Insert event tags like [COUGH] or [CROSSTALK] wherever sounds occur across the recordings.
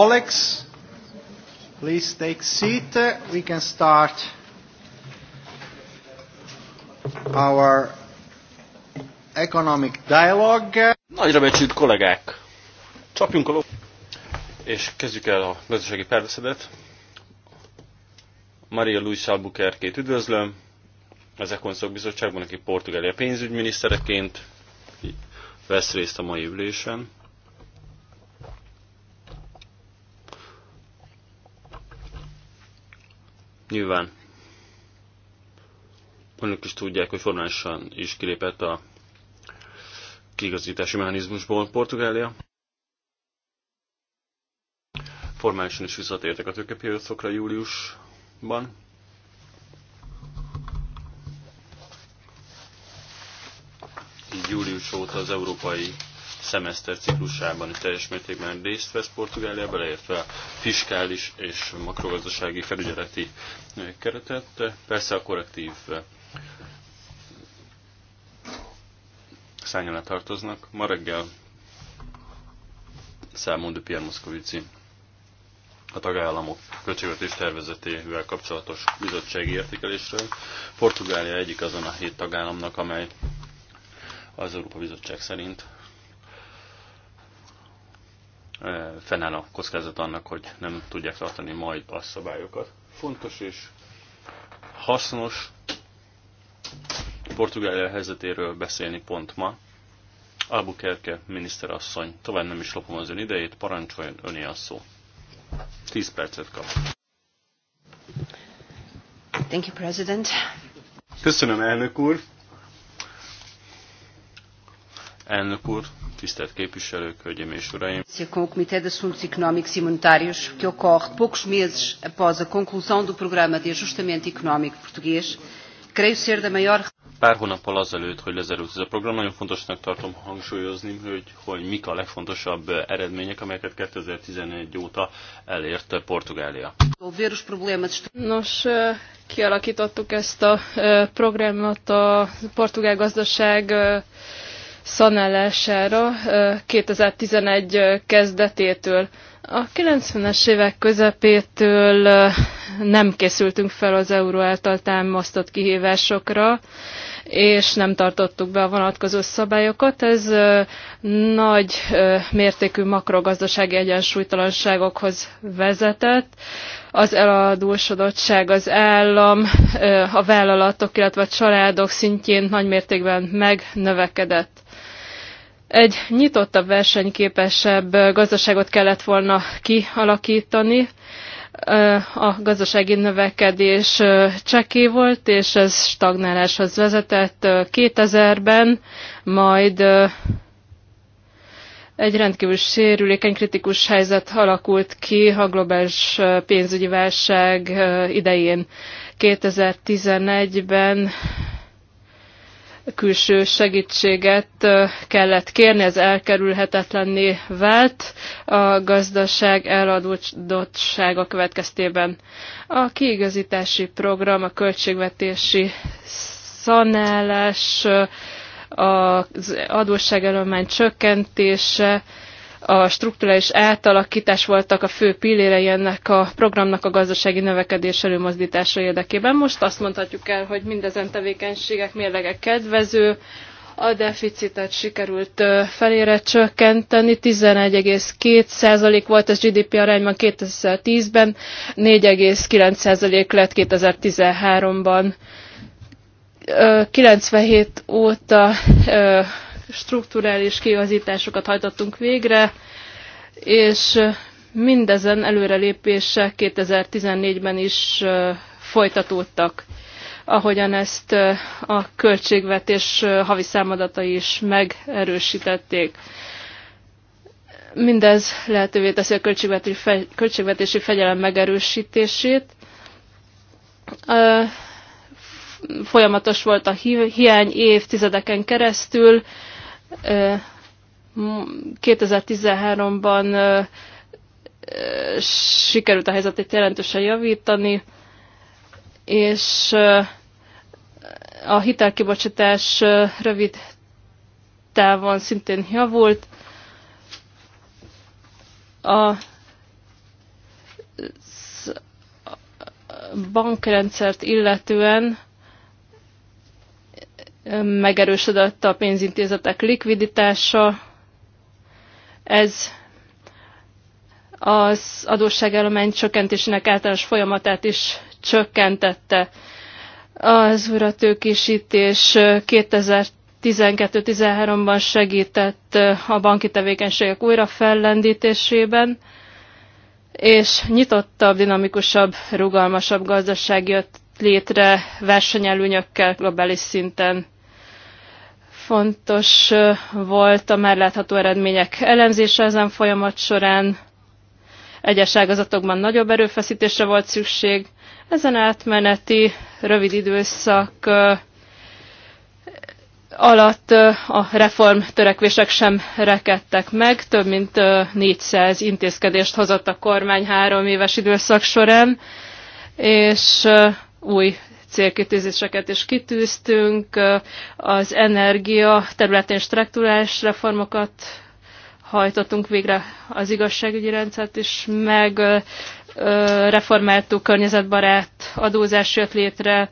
Colleagues, please take seat. We can start our economic dialogue. Nagyra becsült kollégák, csapjunk a ló, és kezdjük el a gazdasági párbeszédet. Maria Luisa Albuquerque-t üdvözlöm, az Ekonszok Bizottságban, aki Portugália pénzügyminisztereként vesz részt a mai ülésen. Nyilván önök is tudják, hogy formálisan is kilépett a kiigazítási mechanizmusból Portugália. Formálisan is visszatértek a tőkepiacokra júliusban. július óta az európai szemeszter ciklusában teljes mértékben részt vesz Portugália, beleértve a fiskális és makrogazdasági felügyeleti eh, keretet. Persze a korrektív eh, szány tartoznak. Ma reggel számon de Pierre Moszkovici a tagállamok költségvetés tervezetével kapcsolatos bizottsági értékelésről. Portugália egyik azon a hét tagállamnak, amely az Európa Bizottság szerint fennáll a kockázat annak, hogy nem tudják tartani majd a szabályokat. Fontos és hasznos Portugália helyzetéről beszélni pont ma. Albuquerque miniszterasszony, tovább nem is lopom az ön idejét, parancsoljon öné a szó. 10 percet kap. Thank you, President. Köszönöm, elnök úr. Elnök úr, tisztelt képviselők, hölgyeim és uraim! com o de Assuntos Económicos e Monetários, que ocorre poucos meses após a conclusão do Programa de Ajustamento Económico Português, creio ser da maior... Pár hónappal azelőtt, hogy lezerült ez a program, nagyon fontosnak tartom hangsúlyozni, hogy, hogy mik a legfontosabb eredmények, amelyeket 2011 óta elért Portugália. Nos, kialakítottuk ezt a programot a portugál gazdaság szanálására 2011 kezdetétől. A 90-es évek közepétől nem készültünk fel az euró által támasztott kihívásokra, és nem tartottuk be a vonatkozó szabályokat. Ez nagy mértékű makrogazdasági egyensúlytalanságokhoz vezetett. Az eladósodottság az állam, a vállalatok, illetve a családok szintjén nagy mértékben megnövekedett. Egy nyitottabb, versenyképesebb gazdaságot kellett volna kialakítani, a gazdasági növekedés cseké volt, és ez stagnáláshoz vezetett 2000-ben, majd egy rendkívül sérülékeny, kritikus helyzet alakult ki a globális pénzügyi válság idején. 2011-ben külső segítséget kellett kérni, ez elkerülhetetlenné vált a gazdaság eladottsága következtében. A kiigazítási program, a költségvetési szanálás, az adósságállomány csökkentése, a strukturális átalakítás voltak a fő pillérei ennek a programnak a gazdasági növekedés előmozdítása érdekében. Most azt mondhatjuk el, hogy mindezen tevékenységek mérlege kedvező, a deficitet sikerült felére csökkenteni, 11,2% volt ez GDP arányban 2010-ben, 4,9% lett 2013-ban. 97 óta strukturális kiigazításokat hajtottunk végre, és mindezen előrelépések 2014-ben is folytatódtak, ahogyan ezt a költségvetés havi számadatai is megerősítették. Mindez lehetővé teszi a költségvetési fegyelem megerősítését. Folyamatos volt a hiány évtizedeken keresztül, 2013-ban sikerült a helyzetet jelentősen javítani, és a hitelkibocsátás rövid távon szintén javult. A bankrendszert illetően megerősödött a pénzintézetek likviditása. Ez az adósságállomány csökkentésének általános folyamatát is csökkentette. Az uratőkésítés 2012-13-ban segített a banki tevékenységek újra fellendítésében, és nyitottabb, dinamikusabb, rugalmasabb gazdaság jött létre versenyelőnyökkel globális szinten. Fontos volt a már látható eredmények elemzése ezen folyamat során. Egyes ágazatokban nagyobb erőfeszítésre volt szükség. Ezen átmeneti rövid időszak alatt a reform törekvések sem rekedtek meg, több mint 400 intézkedést hozott a kormány három éves időszak során, és új célkitűzéseket is kitűztünk, az energia területén struktúrális reformokat hajtottunk végre, az igazságügyi rendszert is meg reformáltuk, környezetbarát adózás jött létre,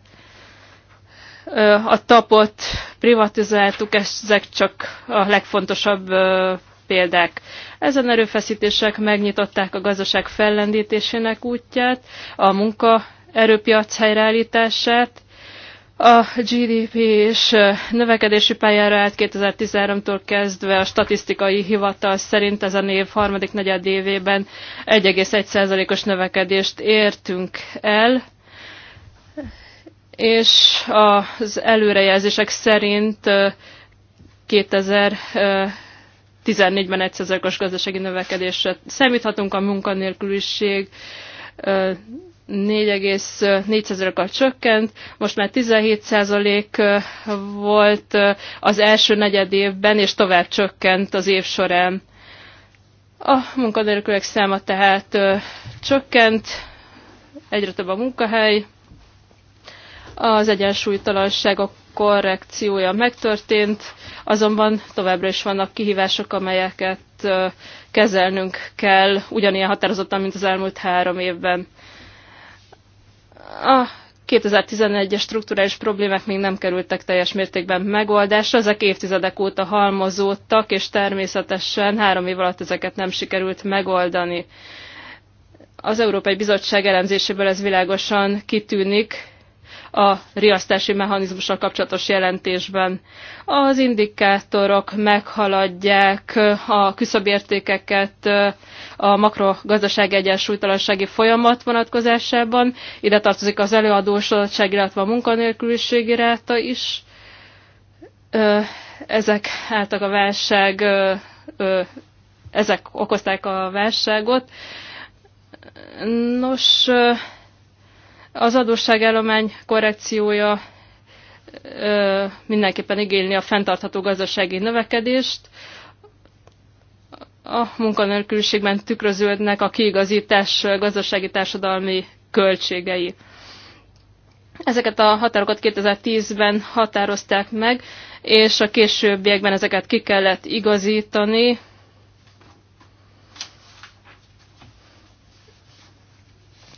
a tapot privatizáltuk, ezek csak a legfontosabb példák. Ezen erőfeszítések megnyitották a gazdaság fellendítésének útját, a munka erőpiac helyreállítását, a GDP és növekedési pályára állt 2013-tól kezdve a statisztikai hivatal szerint ez a név harmadik negyed évében 1,1%-os növekedést értünk el, és az előrejelzések szerint 2014-ben 1%-os gazdasági növekedésre számíthatunk a munkanélküliség 4,4%-kal csökkent, most már 17% volt az első negyed évben, és tovább csökkent az év során. A munkanélkülek száma tehát csökkent, egyre több a munkahely, az egyensúlytalanságok korrekciója megtörtént, azonban továbbra is vannak kihívások, amelyeket kezelnünk kell, ugyanilyen határozottan, mint az elmúlt három évben. A 2011-es strukturális problémák még nem kerültek teljes mértékben megoldásra, ezek évtizedek óta halmozódtak, és természetesen három év alatt ezeket nem sikerült megoldani. Az Európai Bizottság elemzéséből ez világosan kitűnik, a riasztási mechanizmussal kapcsolatos jelentésben. Az indikátorok meghaladják a küszöbértékeket a makrogazdaság egyensúlytalansági folyamat vonatkozásában. Ide tartozik az előadósodottság, illetve a munkanélküliségi ráta is. Ezek álltak a válság, ezek okozták a válságot. Nos, az adósságállomány korrekciója mindenképpen igényli a fenntartható gazdasági növekedést. A munkanélküliségben tükröződnek a kiigazítás gazdasági társadalmi költségei. Ezeket a határokat 2010-ben határozták meg, és a későbbiekben ezeket ki kellett igazítani,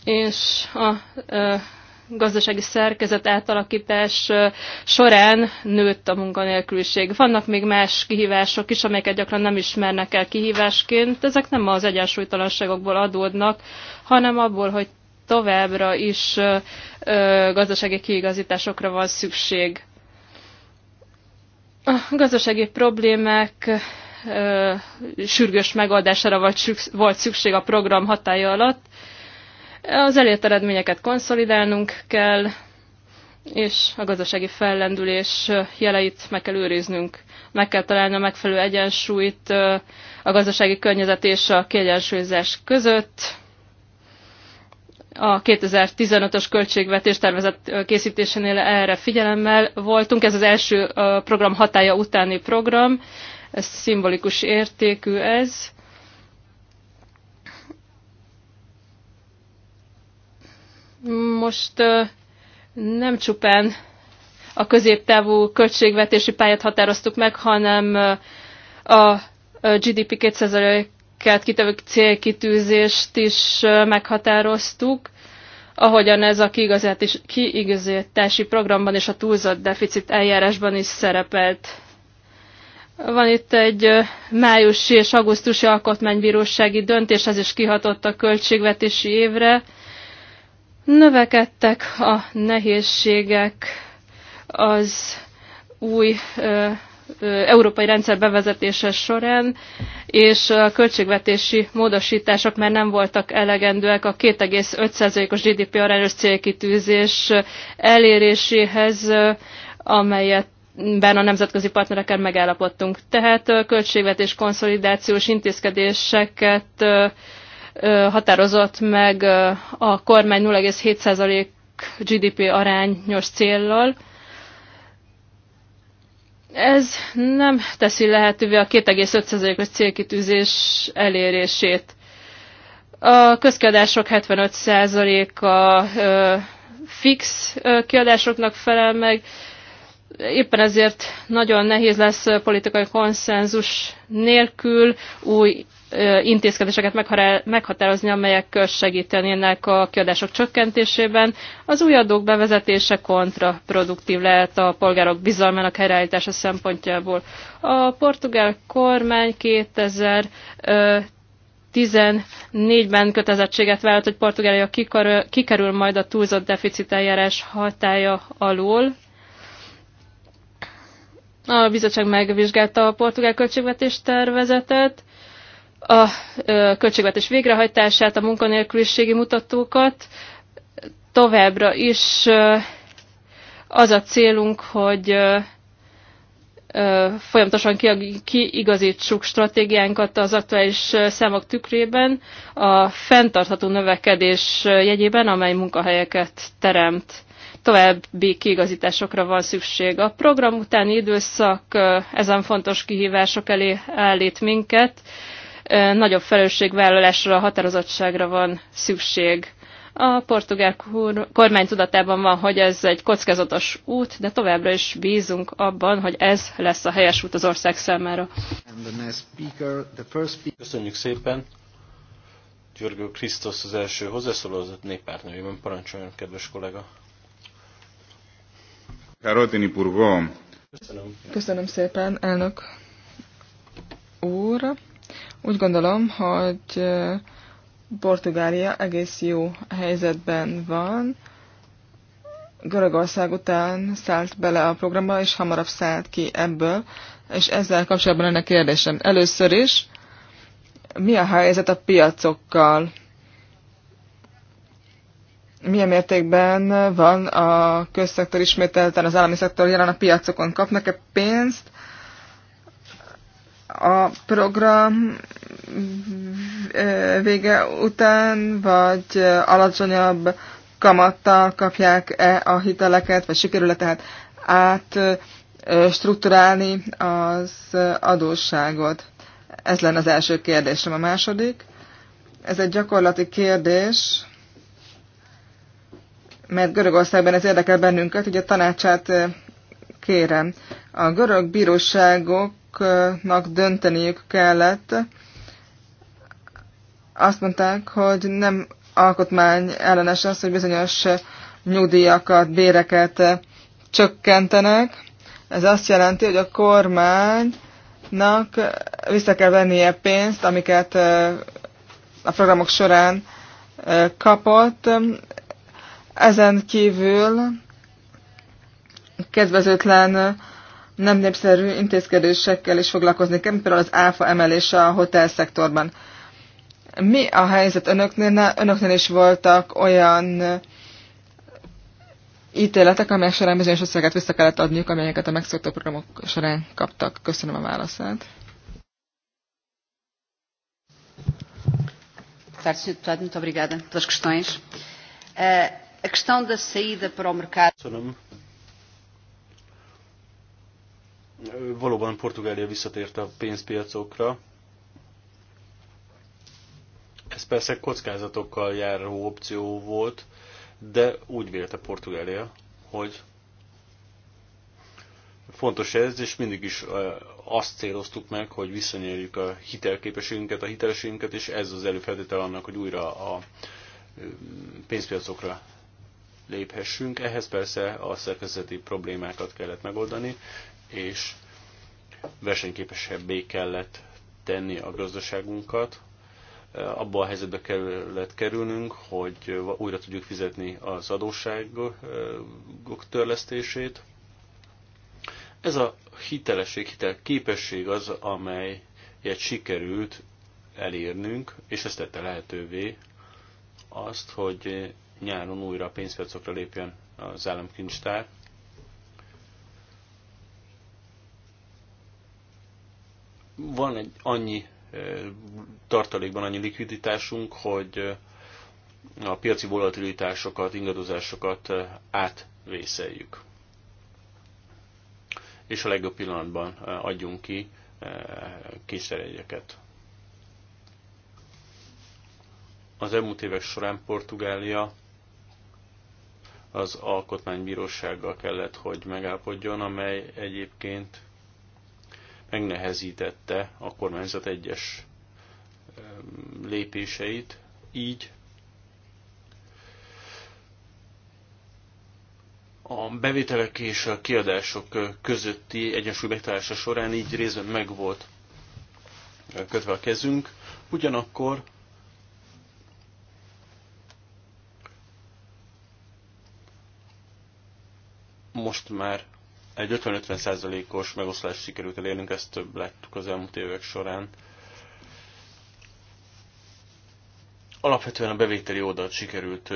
és a gazdasági szerkezet átalakítás során nőtt a munkanélküliség. Vannak még más kihívások is, amelyeket gyakran nem ismernek el kihívásként. Ezek nem az egyensúlytalanságokból adódnak, hanem abból, hogy továbbra is gazdasági kiigazításokra van szükség. A gazdasági problémák sürgős megoldására volt szükség a program hatája alatt, az elért eredményeket konszolidálnunk kell, és a gazdasági fellendülés jeleit meg kell őriznünk. Meg kell találni a megfelelő egyensúlyt a gazdasági környezet és a kiegyensúlyozás között. A 2015-ös költségvetés tervezet készítésénél erre figyelemmel voltunk. Ez az első program hatája utáni program, ez szimbolikus értékű ez Most nem csupán a középtávú költségvetési pályát határoztuk meg, hanem a GDP 2000 et kitevő célkitűzést is meghatároztuk, ahogyan ez a kiigazítási programban és a túlzott deficit eljárásban is szerepelt. Van itt egy májusi és augusztusi alkotmánybírósági döntés, ez is kihatott a költségvetési évre, Növekedtek a nehézségek az új ö, európai rendszer bevezetése során, és a költségvetési módosítások már nem voltak elegendőek a 2,5%-os GDP arányos célkitűzés eléréséhez, amelyet benne a nemzetközi partnerekkel megállapodtunk. Tehát költségvetés konszolidációs intézkedéseket határozott meg a kormány 0,7% GDP arányos céllal. Ez nem teszi lehetővé a 2,5%-os célkitűzés elérését. A közkiadások 75%-a fix kiadásoknak felel meg, éppen ezért nagyon nehéz lesz politikai konszenzus nélkül új intézkedéseket meghatározni, amelyek segítenének a kiadások csökkentésében. Az új adók bevezetése kontraproduktív lehet a polgárok bizalmának helyreállítása szempontjából. A portugál kormány 2000 14-ben kötelezettséget vállalt, hogy Portugália kikerül majd a túlzott deficiteljárás hatája alól. A bizottság megvizsgálta a portugál költségvetés tervezetet, a költségvetés végrehajtását, a munkanélküliségi mutatókat. Továbbra is az a célunk, hogy folyamatosan kiigazítsuk stratégiánkat az aktuális számok tükrében a fenntartható növekedés jegyében, amely munkahelyeket teremt. További kiigazításokra van szükség. A program utáni időszak ezen fontos kihívások elé állít minket, nagyobb felelősségvállalásra, határozottságra van szükség. A portugál kormány tudatában van, hogy ez egy kockázatos út, de továbbra is bízunk abban, hogy ez lesz a helyes út az ország számára. Köszönjük szépen! Györgő Krisztus az első hozzászóló, az parancsoljon, kedves kollega. Köszönöm. Köszönöm szépen, elnök úr. Úgy gondolom, hogy Portugália egész jó helyzetben van. Görögország után szállt bele a programba, és hamarabb szállt ki ebből, és ezzel kapcsolatban lenne kérdésem. Először is, mi a helyzet a piacokkal? Milyen mértékben van a közszektor ismételten, az állami szektor jelen a piacokon? Kapnak-e pénzt? a program vége után, vagy alacsonyabb kamattal kapják-e a hiteleket, vagy sikerül-e tehát át strukturálni az adósságot? Ez lenne az első kérdésem. A második, ez egy gyakorlati kérdés, mert Görögországban ez érdekel bennünket, ugye a tanácsát kérem. A görög bíróságok tagállamoknak dönteniük kellett. Azt mondták, hogy nem alkotmány ellenes az, hogy bizonyos nyugdíjakat, béreket csökkentenek. Ez azt jelenti, hogy a kormánynak vissza kell vennie pénzt, amiket a programok során kapott. Ezen kívül kedvezőtlen nem népszerű intézkedésekkel is foglalkozni kell, például az áfa emelése a hotel szektorban. Mi a helyzet önöknél? Na, Önöknél is voltak olyan ítéletek, amelyek során bizonyos összeget vissza kellett adniuk, amelyeket a megszokott programok során kaptak. Köszönöm a válaszát. E, Köszönöm valóban Portugália visszatért a pénzpiacokra. Ez persze kockázatokkal járó opció volt, de úgy vélte Portugália, hogy fontos ez, és mindig is azt céloztuk meg, hogy visszanyerjük a hitelképességünket, a hitelességünket, és ez az előfeltétel annak, hogy újra a pénzpiacokra léphessünk. Ehhez persze a szerkezeti problémákat kellett megoldani, és versenyképesebbé kellett tenni a gazdaságunkat, abba a helyzetbe kellett kerülnünk, hogy újra tudjuk fizetni az adósságok törlesztését. Ez a hitelesség, hitel képesség az, amelyet sikerült elérnünk, és ezt tette lehetővé azt, hogy nyáron újra a pénzpiacokra lépjen az államkincstár, van egy annyi tartalékban annyi likviditásunk, hogy a piaci volatilitásokat, ingadozásokat átvészeljük. És a legjobb pillanatban adjunk ki kényszeregyeket. Az elmúlt évek során Portugália az alkotmánybírósággal kellett, hogy megállapodjon, amely egyébként megnehezítette a kormányzat egyes lépéseit, így a bevételek és a kiadások közötti egyensúly megtalálása során így részben meg volt kötve a kezünk, ugyanakkor most már egy 50-50 os megoszlást sikerült elérnünk, ezt több láttuk az elmúlt évek során. Alapvetően a bevételi oldalt sikerült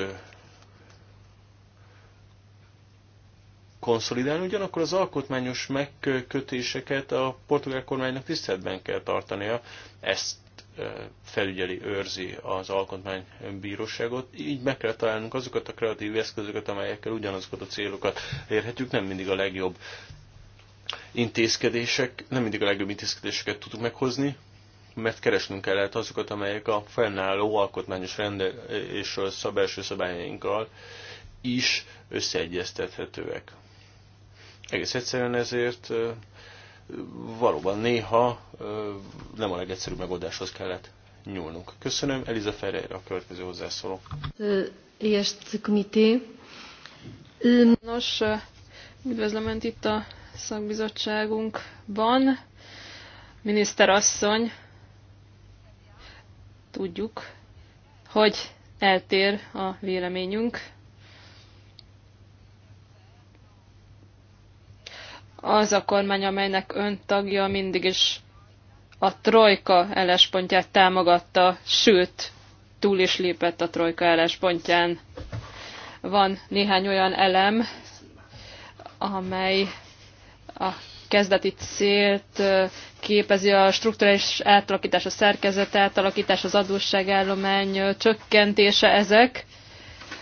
konszolidálni, ugyanakkor az alkotmányos megkötéseket a portugál kormánynak tiszteletben kell tartania. Ezt felügyeli, őrzi az alkotmánybíróságot. Így meg kell találnunk azokat a kreatív eszközöket, amelyekkel ugyanazokat a célokat érhetjük, nem mindig a legjobb intézkedések, nem mindig a legjobb intézkedéseket tudunk meghozni, mert keresnünk kell lehet azokat, amelyek a fennálló alkotmányos rende és a szab első szabályainkkal is összeegyeztethetőek. Egész egyszerűen ezért valóban néha nem a legegyszerűbb megoldáshoz kellett nyúlnunk. Köszönöm, Eliza Ferreira a következő hozzászóló. komité. Nos, üdvözlöm Önt itt a szakbizottságunkban. Miniszterasszony, tudjuk, hogy eltér a véleményünk Az a kormány, amelynek ön tagja mindig is a trojka álláspontját támogatta, sőt, túl is lépett a trojka álláspontján. Van néhány olyan elem, amely a kezdeti célt képezi a strukturális átalakítás, a szerkezet átalakítás, az adósságállomány csökkentése ezek.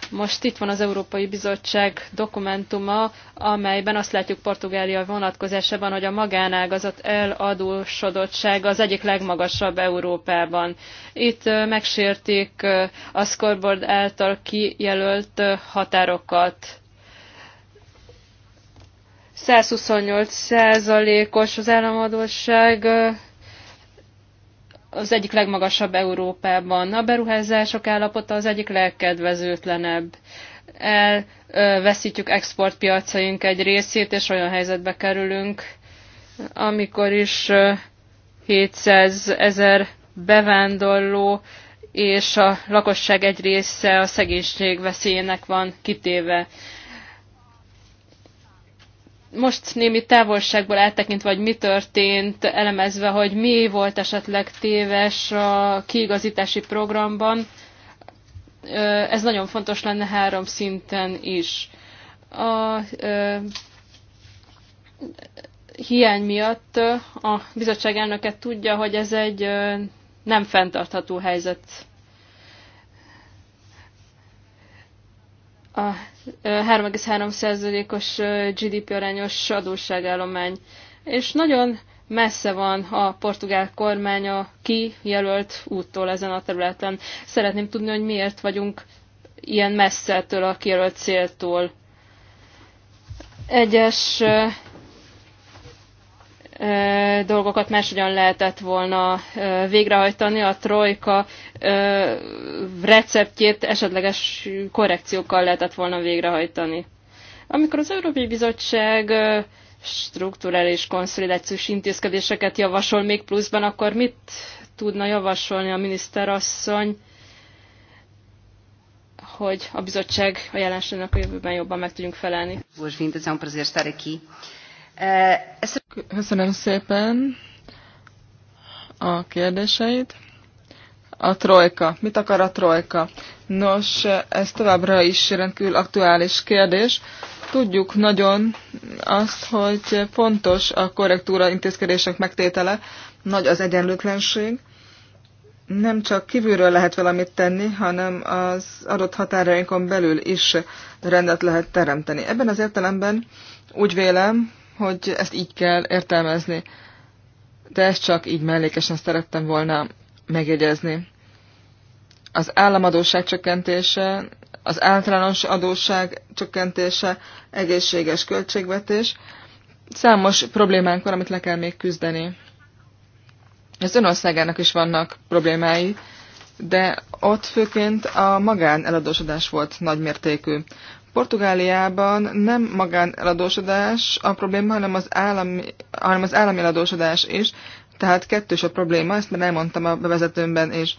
Most itt van az Európai Bizottság dokumentuma, amelyben azt látjuk Portugália vonatkozásában, hogy a magánágazat eladósodottság az egyik legmagasabb Európában. Itt megsértik a scoreboard által kijelölt határokat. 128 százalékos az államadóság az egyik legmagasabb Európában. A beruházások állapota az egyik legkedvezőtlenebb. Elveszítjük exportpiacaink egy részét, és olyan helyzetbe kerülünk, amikor is 700 ezer bevándorló és a lakosság egy része a szegénység veszélyének van kitéve most némi távolságból eltekintve, hogy mi történt, elemezve, hogy mi volt esetleg téves a kiigazítási programban, ez nagyon fontos lenne három szinten is. A hiány miatt a bizottság elnöke tudja, hogy ez egy nem fenntartható helyzet. A 3,3%-os GDP arányos adósságállomány. És nagyon messze van a portugál kormánya kijelölt úttól ezen a területen. Szeretném tudni, hogy miért vagyunk ilyen messze ettől a kijelölt céltól. Egyes dolgokat máshogyan lehetett volna végrehajtani. A trojka receptjét esetleges korrekciókkal lehetett volna végrehajtani. Amikor az Európai Bizottság strukturális konszolidációs intézkedéseket javasol még pluszban, akkor mit tudna javasolni a miniszterasszony, hogy a bizottság jelenségnek a jövőben jobban meg tudjunk felelni? Um eh, Köszönöm szépen a kérdéseit a trojka. Mit akar a trojka? Nos, ez továbbra is rendkívül aktuális kérdés. Tudjuk nagyon azt, hogy fontos a korrektúra intézkedések megtétele, nagy az egyenlőtlenség. Nem csak kívülről lehet valamit tenni, hanem az adott határainkon belül is rendet lehet teremteni. Ebben az értelemben úgy vélem, hogy ezt így kell értelmezni. De ezt csak így mellékesen szerettem volna megjegyezni. Az államadóság csökkentése, az általános adósság csökkentése, egészséges költségvetés, számos problémánk van, amit le kell még küzdeni. Az önországának is vannak problémái, de ott főként a magán eladósodás volt nagymértékű. Portugáliában nem magán eladósodás a probléma, hanem az állami, hanem az állami eladósodás is, tehát kettős a probléma, ezt már elmondtam a bevezetőmben, és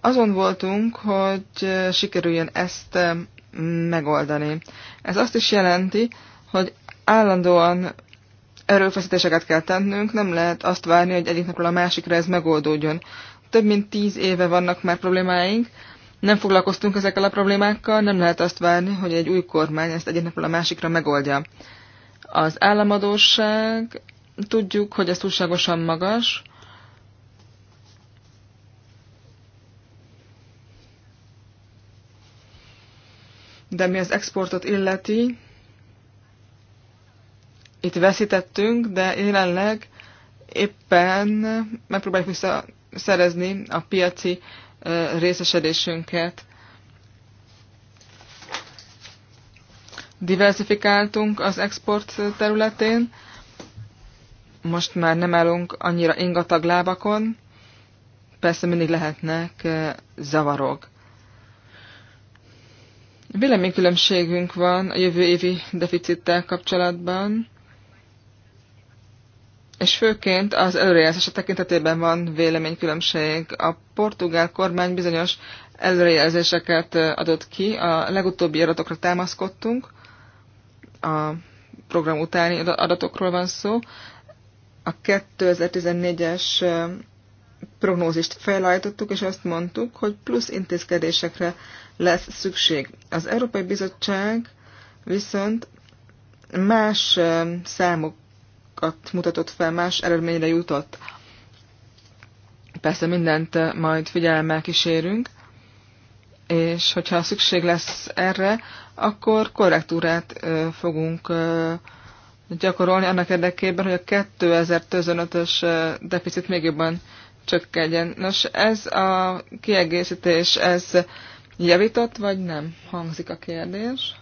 azon voltunk, hogy sikerüljön ezt megoldani. Ez azt is jelenti, hogy állandóan erőfeszítéseket kell tennünk, nem lehet azt várni, hogy egyik napról a másikra ez megoldódjon. Több mint tíz éve vannak már problémáink, nem foglalkoztunk ezekkel a problémákkal, nem lehet azt várni, hogy egy új kormány ezt egyik napról a másikra megoldja. Az államadóság Tudjuk, hogy ez túlságosan magas, de mi az exportot illeti, itt veszítettünk, de jelenleg éppen megpróbáljuk visszaszerezni a piaci részesedésünket. Diversifikáltunk az export területén, most már nem állunk annyira ingatag lábakon, persze mindig lehetnek zavarok. Véleménykülönbségünk van a jövő évi deficittel kapcsolatban, és főként az előrejelzése tekintetében van véleménykülönbség. A portugál kormány bizonyos előrejelzéseket adott ki, a legutóbbi adatokra támaszkodtunk, a program utáni adatokról van szó, a 2014-es prognózist felállítottuk, és azt mondtuk, hogy plusz intézkedésekre lesz szükség. Az Európai Bizottság viszont más számokat mutatott fel, más eredményre jutott. Persze mindent majd figyelemmel kísérünk, és hogyha szükség lesz erre, akkor korrektúrát fogunk gyakorolni annak érdekében, hogy a 2015-ös deficit még jobban csökkenjen. Nos, ez a kiegészítés, ez javított, vagy nem? Hangzik a kérdés.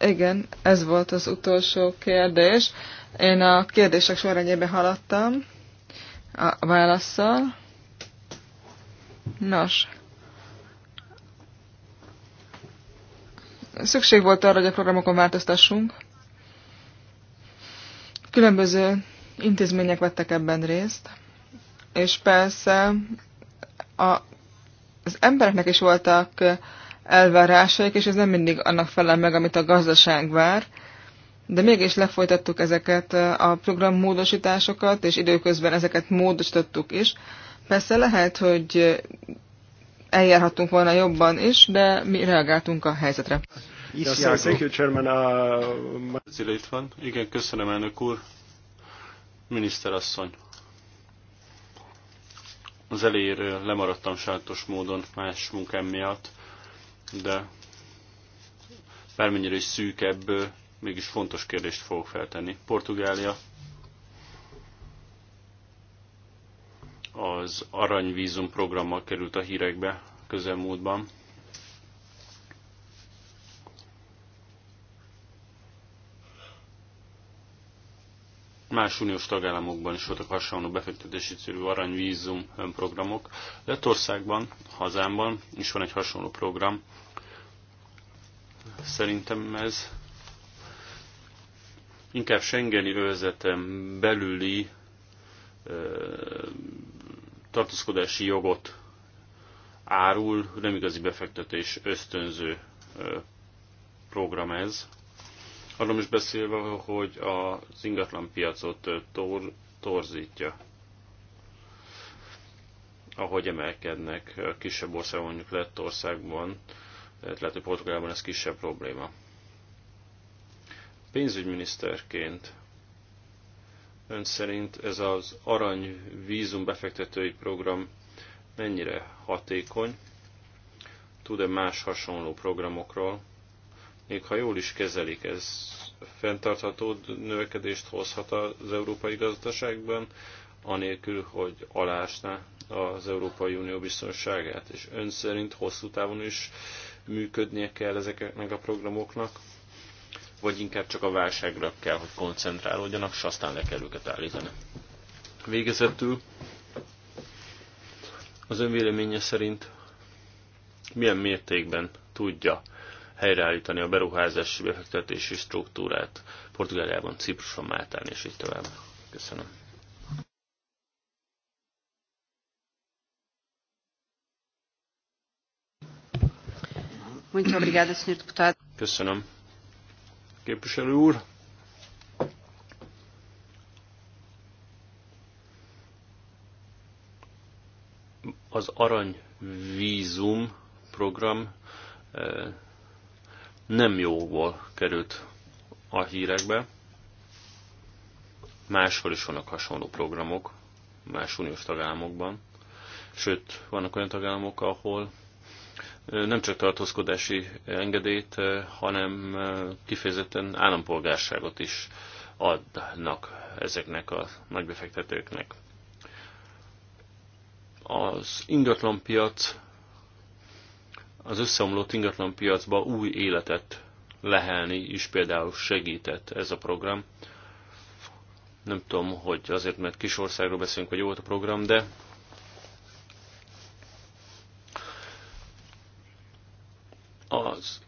Igen, ez volt az utolsó kérdés. Én a kérdések sorrendjében haladtam a válaszsal. Nos, Szükség volt arra, hogy a programokon változtassunk. Különböző intézmények vettek ebben részt, és persze a, az embereknek is voltak elvárásaik, és ez nem mindig annak felel meg, amit a gazdaság vár, de mégis lefolytattuk ezeket a programmódosításokat, és időközben ezeket módosítottuk is. Persze lehet, hogy eljárhattunk volna jobban is, de mi reagáltunk a helyzetre. Uh, itt van. Igen, köszönöm, elnök úr. Miniszterasszony. Az elejéről lemaradtam sajátos módon más munkám miatt, de bármennyire is szűkebb, mégis fontos kérdést fogok feltenni. Portugália az aranyvízum programmal került a hírekbe közelmúltban. Más uniós tagállamokban is voltak hasonló befektetési célú aranyvízum programok. Lettországban, hazámban is van egy hasonló program. Szerintem ez inkább Schengeni övezeten belüli tartózkodási jogot árul, nem igazi befektetés ösztönző program ez. Arról is beszélve, hogy az ingatlan piacot tor, torzítja ahogy emelkednek kisebb országban, mondjuk Lettországban, lehet, hogy Portugálban ez kisebb probléma. Pénzügyminiszterként ön szerint ez az arany vízum befektetői program mennyire hatékony? Tud-e más hasonló programokról? még ha jól is kezelik, ez fenntartható növekedést hozhat az európai gazdaságban, anélkül, hogy alásná az Európai Unió biztonságát, és ön szerint hosszú távon is működnie kell ezeknek a programoknak, vagy inkább csak a válságra kell, hogy koncentrálódjanak, és aztán le kell őket állítani. Végezetül az önvéleménye szerint milyen mértékben tudja helyreállítani a beruházási befektetési struktúrát Portugáliában, Cipruson, Máltán és így tovább. Köszönöm. Köszönöm. Képviselő úr. Az aranyvízum program eh, nem jóból került a hírekbe. Máshol is vannak hasonló programok, más uniós tagállamokban. Sőt, vannak olyan tagállamok, ahol nem csak tartózkodási engedélyt, hanem kifejezetten állampolgárságot is adnak ezeknek a nagybefektetőknek. Az ingatlanpiac az összeomlott ingatlanpiacba új életet lehelni is például segített ez a program. Nem tudom, hogy azért, mert kis országról beszélünk, hogy jó volt a program, de az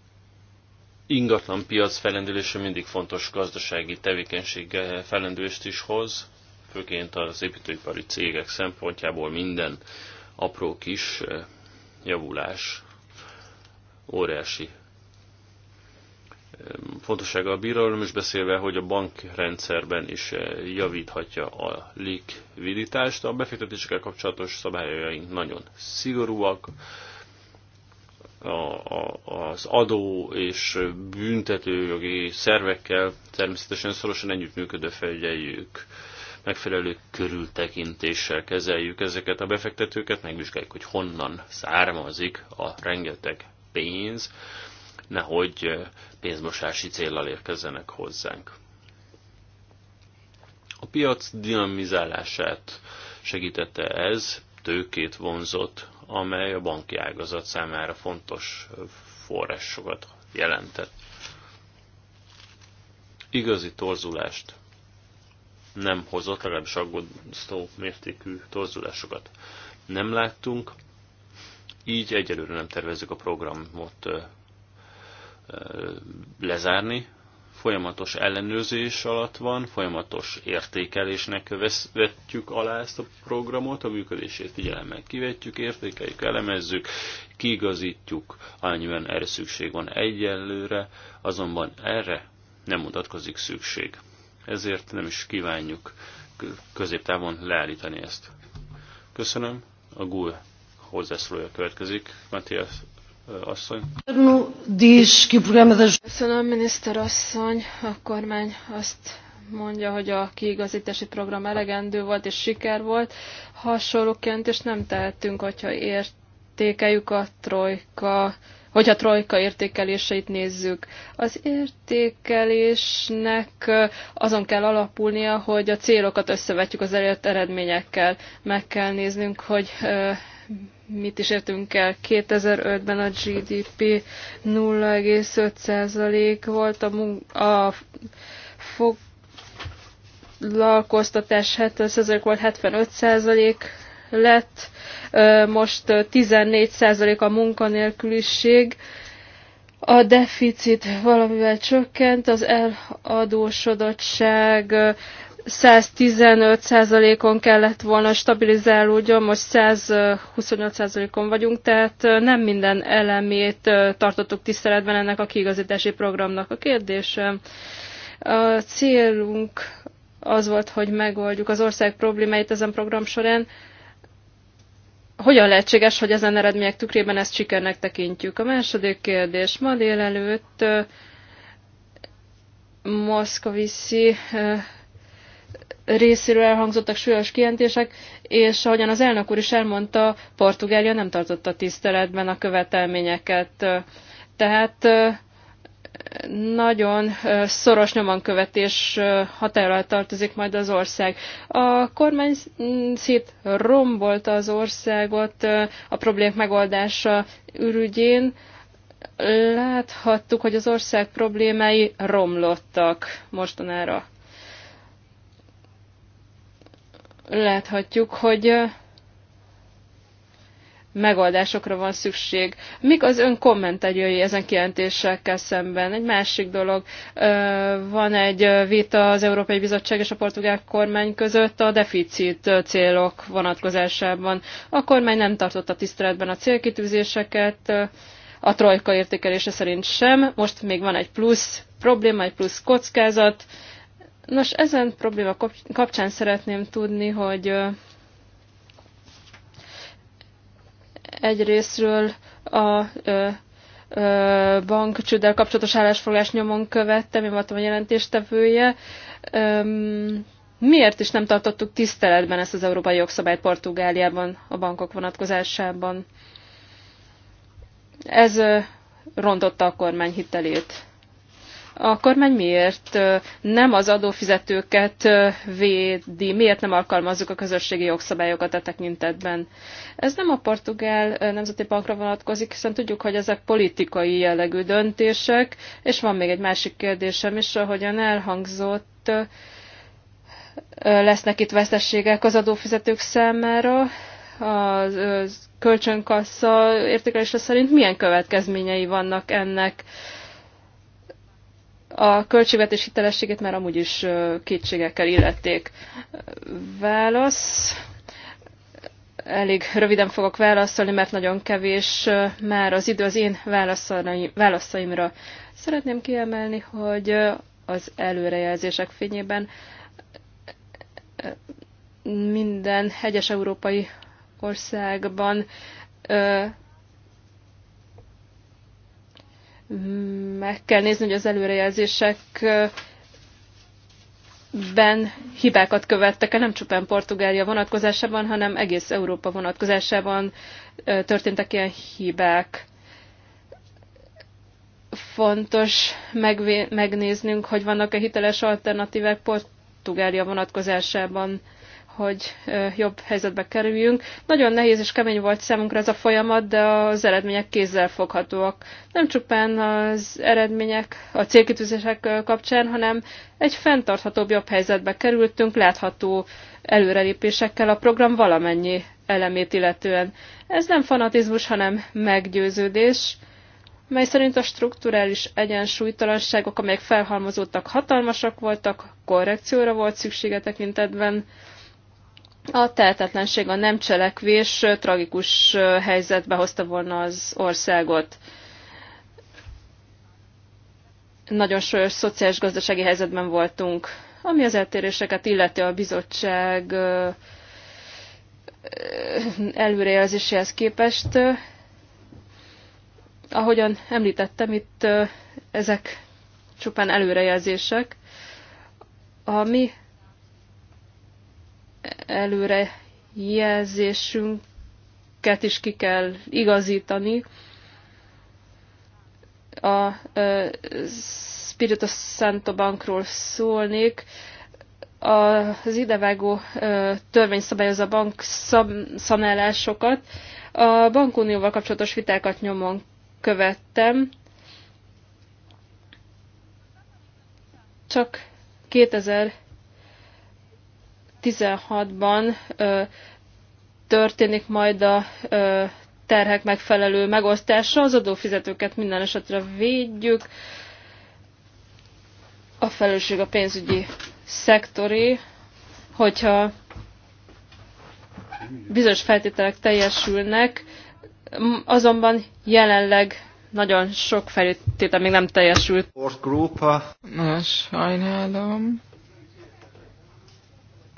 ingatlan piac felendülése mindig fontos gazdasági tevékenység felendülést is hoz, főként az építőipari cégek szempontjából minden apró kis eh, javulás óriási fontossága a bíralom, és beszélve, hogy a bankrendszerben is eh, javíthatja a likviditást. A befektetésekkel kapcsolatos szabályaink nagyon szigorúak, a, a, az adó és büntetőjogi szervekkel természetesen szorosan együttműködő felügyeljük, megfelelő körültekintéssel kezeljük ezeket a befektetőket, megvizsgáljuk, hogy honnan származik a rengeteg pénz, nehogy pénzmosási célral érkezzenek hozzánk. A piac dinamizálását segítette ez, tőkét vonzott, amely a banki ágazat számára fontos forrásokat jelentett. Igazi torzulást nem hozott, legalábbis aggódó mértékű torzulásokat nem láttunk, így egyelőre nem tervezzük a programot lezárni. Folyamatos ellenőrzés alatt van, folyamatos értékelésnek vetjük alá ezt a programot, a működését figyelemmel kivetjük, értékeljük, elemezzük, kiigazítjuk, Annyiben erre szükség van egyelőre, azonban erre nem mutatkozik szükség. Ezért nem is kívánjuk középtávon leállítani ezt. Köszönöm, a GUL e hozzászólója következik. Matthias asszony. Köszönöm, miniszter asszony. A kormány azt mondja, hogy a kiigazítási program elegendő volt és siker volt. Hasonlóként és nem tehetünk, hogyha értékeljük a trojka hogy a trojka értékeléseit nézzük. Az értékelésnek azon kell alapulnia, hogy a célokat összevetjük az elért eredményekkel. Meg kell néznünk, hogy mit is értünk el. 2005-ben a GDP 0,5% volt, a, mun- a foglalkoztatás 70% volt, 75% lett, most 14% a munkanélküliség, a deficit valamivel csökkent, az eladósodottság 115%-on kellett volna stabilizálódjon, most 125%-on vagyunk, tehát nem minden elemét tartottuk tiszteletben ennek a kiigazítási programnak. A kérdésem, a célunk az volt, hogy megoldjuk az ország problémáit ezen program során. Hogyan lehetséges, hogy ezen eredmények tükrében ezt sikernek tekintjük? A második kérdés. Ma délelőtt Moszkoviszi részéről elhangzottak súlyos kijelentések, és ahogyan az elnök úr is elmondta, Portugália nem tartotta tiszteletben a követelményeket. Tehát nagyon szoros nyomankövetés határa tartozik majd az ország. A kormány szét rombolta az országot a problémák megoldása ürügyén. Láthattuk, hogy az ország problémái romlottak mostanára. láthatjuk, hogy megoldásokra van szükség. Mik az ön kommentárjai ezen kijelentésekkel szemben? Egy másik dolog, van egy vita az Európai Bizottság és a portugál kormány között a deficit célok vonatkozásában. A kormány nem tartotta tiszteletben a célkitűzéseket, a trojka értékelése szerint sem. Most még van egy plusz probléma, egy plusz kockázat, Nos, ezen probléma kapcsán szeretném tudni, hogy egyrésztről a bankcsőddel kapcsolatos állásfoglalás nyomon követtem, én voltam a jelentéstevője. Miért is nem tartottuk tiszteletben ezt az európai jogszabályt Portugáliában a bankok vonatkozásában? Ez rontotta a kormány hitelét a kormány miért nem az adófizetőket védi, miért nem alkalmazzuk a közösségi jogszabályokat a e tekintetben. Ez nem a portugál nemzeti bankra vonatkozik, hiszen tudjuk, hogy ezek politikai jellegű döntések, és van még egy másik kérdésem is, ahogyan elhangzott, lesznek itt veszteségek az adófizetők számára, a kölcsönkassa értékelése szerint milyen következményei vannak ennek a költségvetés hitelességét már amúgy is kétségekkel illették. Válasz. Elég röviden fogok válaszolni, mert nagyon kevés már az idő az én válaszaimra. Szeretném kiemelni, hogy az előrejelzések fényében minden hegyes európai országban meg kell nézni, hogy az előrejelzésekben hibákat követtek el, nem csupán Portugália vonatkozásában, hanem egész Európa vonatkozásában történtek ilyen hibák. Fontos megnéznünk, hogy vannak-e hiteles alternatívek Portugália vonatkozásában hogy jobb helyzetbe kerüljünk. Nagyon nehéz és kemény volt számunkra ez a folyamat, de az eredmények kézzel foghatóak. Nem csupán az eredmények a célkitűzések kapcsán, hanem egy fenntarthatóbb jobb helyzetbe kerültünk, látható előrelépésekkel a program valamennyi elemét illetően. Ez nem fanatizmus, hanem meggyőződés mely szerint a strukturális egyensúlytalanságok, amelyek felhalmozódtak, hatalmasak voltak, korrekcióra volt szüksége tekintetben, a tehetetlenség, a nem cselekvés tragikus helyzetbe hozta volna az országot. Nagyon súlyos szociális gazdasági helyzetben voltunk. Ami az eltéréseket illeti a bizottság előrejelzéséhez képest, ahogyan említettem, itt ezek csupán előrejelzések. A mi előre jelzésünket is ki kell igazítani. A Spirito Santo Bankról szólnék. Az idevágó törvény szabályozza a bank szanálásokat. A bankunióval kapcsolatos vitákat nyomon követtem. Csak 2000 16-ban történik majd a ö, terhek megfelelő megosztása, az adófizetőket minden esetre védjük, a felelősség a pénzügyi szektori, hogyha bizonyos feltételek teljesülnek, azonban jelenleg nagyon sok feltétel még nem teljesült. sajnálom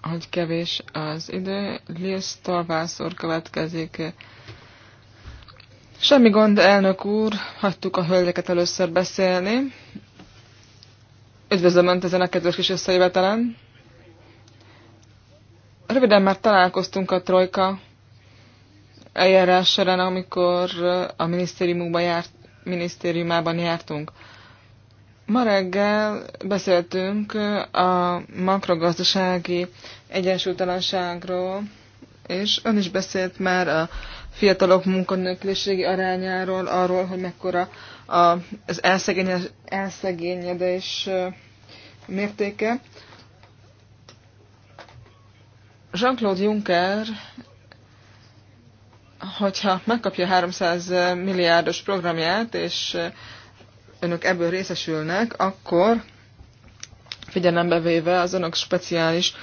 hogy kevés az idő. Lils Torvász következik. Semmi gond, elnök úr, hagytuk a hölgyeket először beszélni. Üdvözlöm Önt ezen a kedves kis összejövetelen. Röviden már találkoztunk a Trojka eljárás során, amikor a minisztériumban, járt, minisztériumában jártunk. Ma reggel beszéltünk a makrogazdasági egyensúlytalanságról, és ön is beszélt már a fiatalok munkanélküliségi arányáról, arról, hogy mekkora az elszegényedés mértéke. Jean-Claude Juncker, hogyha megkapja 300 milliárdos programját, és önök ebből részesülnek, akkor figyelembe véve az önök speciális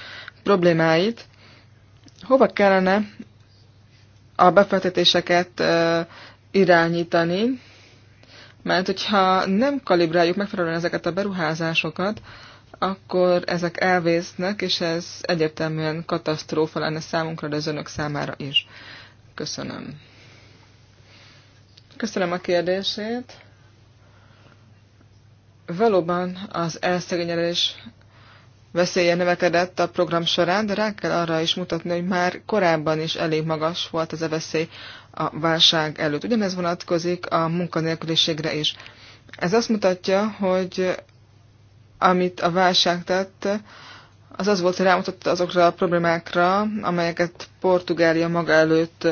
problémáit, hova kellene a befektetéseket irányítani, mert hogyha nem kalibráljuk megfelelően ezeket a beruházásokat, akkor ezek elvésznek, és ez egyértelműen katasztrófa lenne számunkra, de az önök számára is. Köszönöm. Köszönöm a kérdését valóban az elszegényelés veszélye növekedett a program során, de rá kell arra is mutatni, hogy már korábban is elég magas volt ez a veszély a válság előtt. Ugyanez vonatkozik a munkanélküliségre is. Ez azt mutatja, hogy amit a válság tett, az az volt, hogy rámutatta azokra a problémákra, amelyeket Portugália maga előtt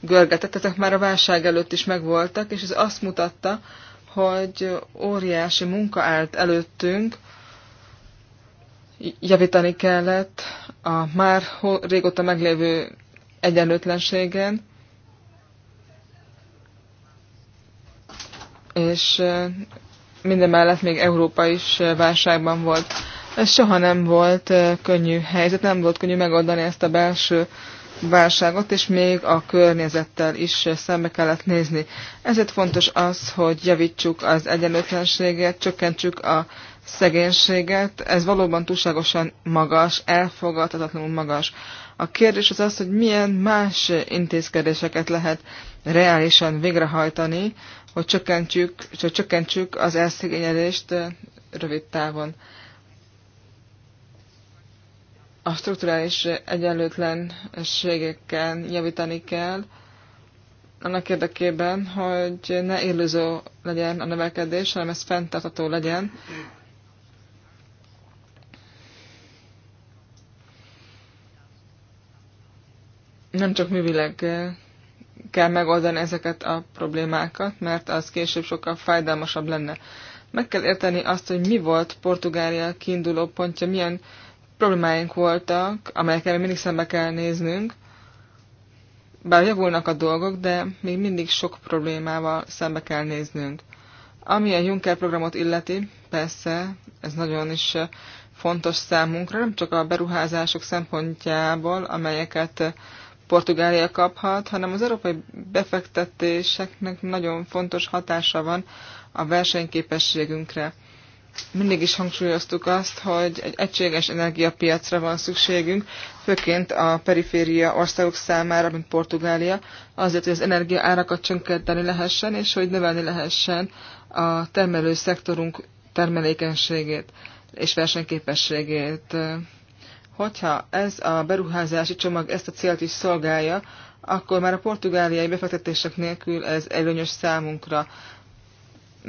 görgetett. Ezek már a válság előtt is megvoltak, és ez azt mutatta, hogy óriási munka állt előttünk, javítani kellett a már régóta meglévő egyenlőtlenségen, és minden mellett még Európa is válságban volt. Ez soha nem volt könnyű helyzet, nem volt könnyű megoldani ezt a belső válságot, és még a környezettel is szembe kellett nézni. Ezért fontos az, hogy javítsuk az egyenlőtlenséget, csökkentsük a szegénységet. Ez valóban túlságosan magas, elfogadhatatlanul magas. A kérdés az az, hogy milyen más intézkedéseket lehet reálisan végrehajtani, hogy csökkentsük, hogy csökkentsük az elszegényedést eh, rövid távon a strukturális egyenlőtlenségekkel javítani kell, annak érdekében, hogy ne illúzó legyen a növekedés, hanem ez fenntartható legyen. Nem csak művileg kell megoldani ezeket a problémákat, mert az később sokkal fájdalmasabb lenne. Meg kell érteni azt, hogy mi volt Portugália kiinduló pontja, milyen uh, problémáink voltak, amelyekkel mindig szembe kell néznünk, bár javulnak a dolgok, de még mindig sok problémával szembe kell néznünk. Ami a Juncker programot illeti, persze, ez nagyon is eh, fontos számunkra, nem csak a beruházások szempontjából, amelyeket eh, Portugália kaphat, hanem az európai befektetéseknek nagyon fontos hatása van a versenyképességünkre mindig is hangsúlyoztuk azt, hogy egy egységes energiapiacra van szükségünk, főként a periféria országok számára, mint Portugália, azért, hogy az energia árakat csökkenteni lehessen, és hogy növelni lehessen a termelő szektorunk termelékenységét és versenyképességét. Hogyha ez a beruházási csomag ezt a célt is szolgálja, akkor már a portugáliai befektetések nélkül ez előnyös számunkra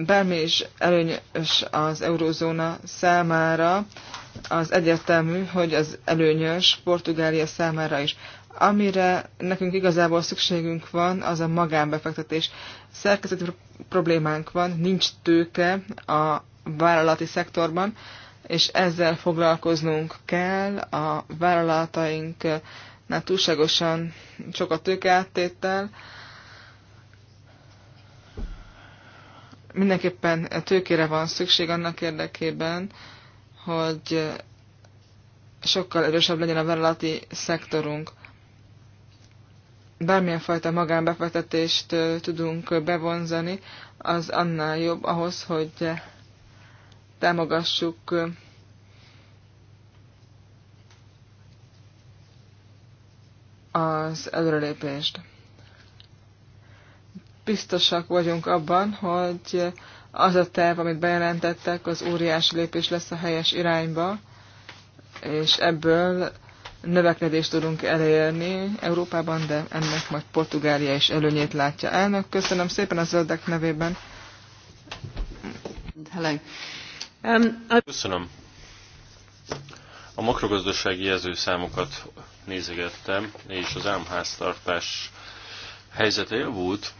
bármi is előnyös az eurózóna számára, az egyértelmű, hogy az előnyös Portugália számára is. Amire nekünk igazából szükségünk van, az a magánbefektetés. Szerkezeti problémánk van, nincs tőke a vállalati szektorban, és ezzel foglalkoznunk kell a vállalatainknál túlságosan sok a tőkeáttétel, mindenképpen tőkére van szükség annak érdekében, hogy sokkal erősebb legyen a vállalati szektorunk. Bármilyen fajta magánbefektetést tudunk bevonzani, az annál jobb ahhoz, hogy támogassuk az előrelépést biztosak vagyunk abban, hogy az a terv, amit bejelentettek, az óriási lépés lesz a helyes irányba, és ebből növekedést tudunk elérni Európában, de ennek majd Portugália is előnyét látja. Elnök, köszönöm szépen a zöldek nevében. Hello. Um, köszönöm. A makrogazdasági jelzőszámokat nézegettem, és az álmháztartás helyzete javult,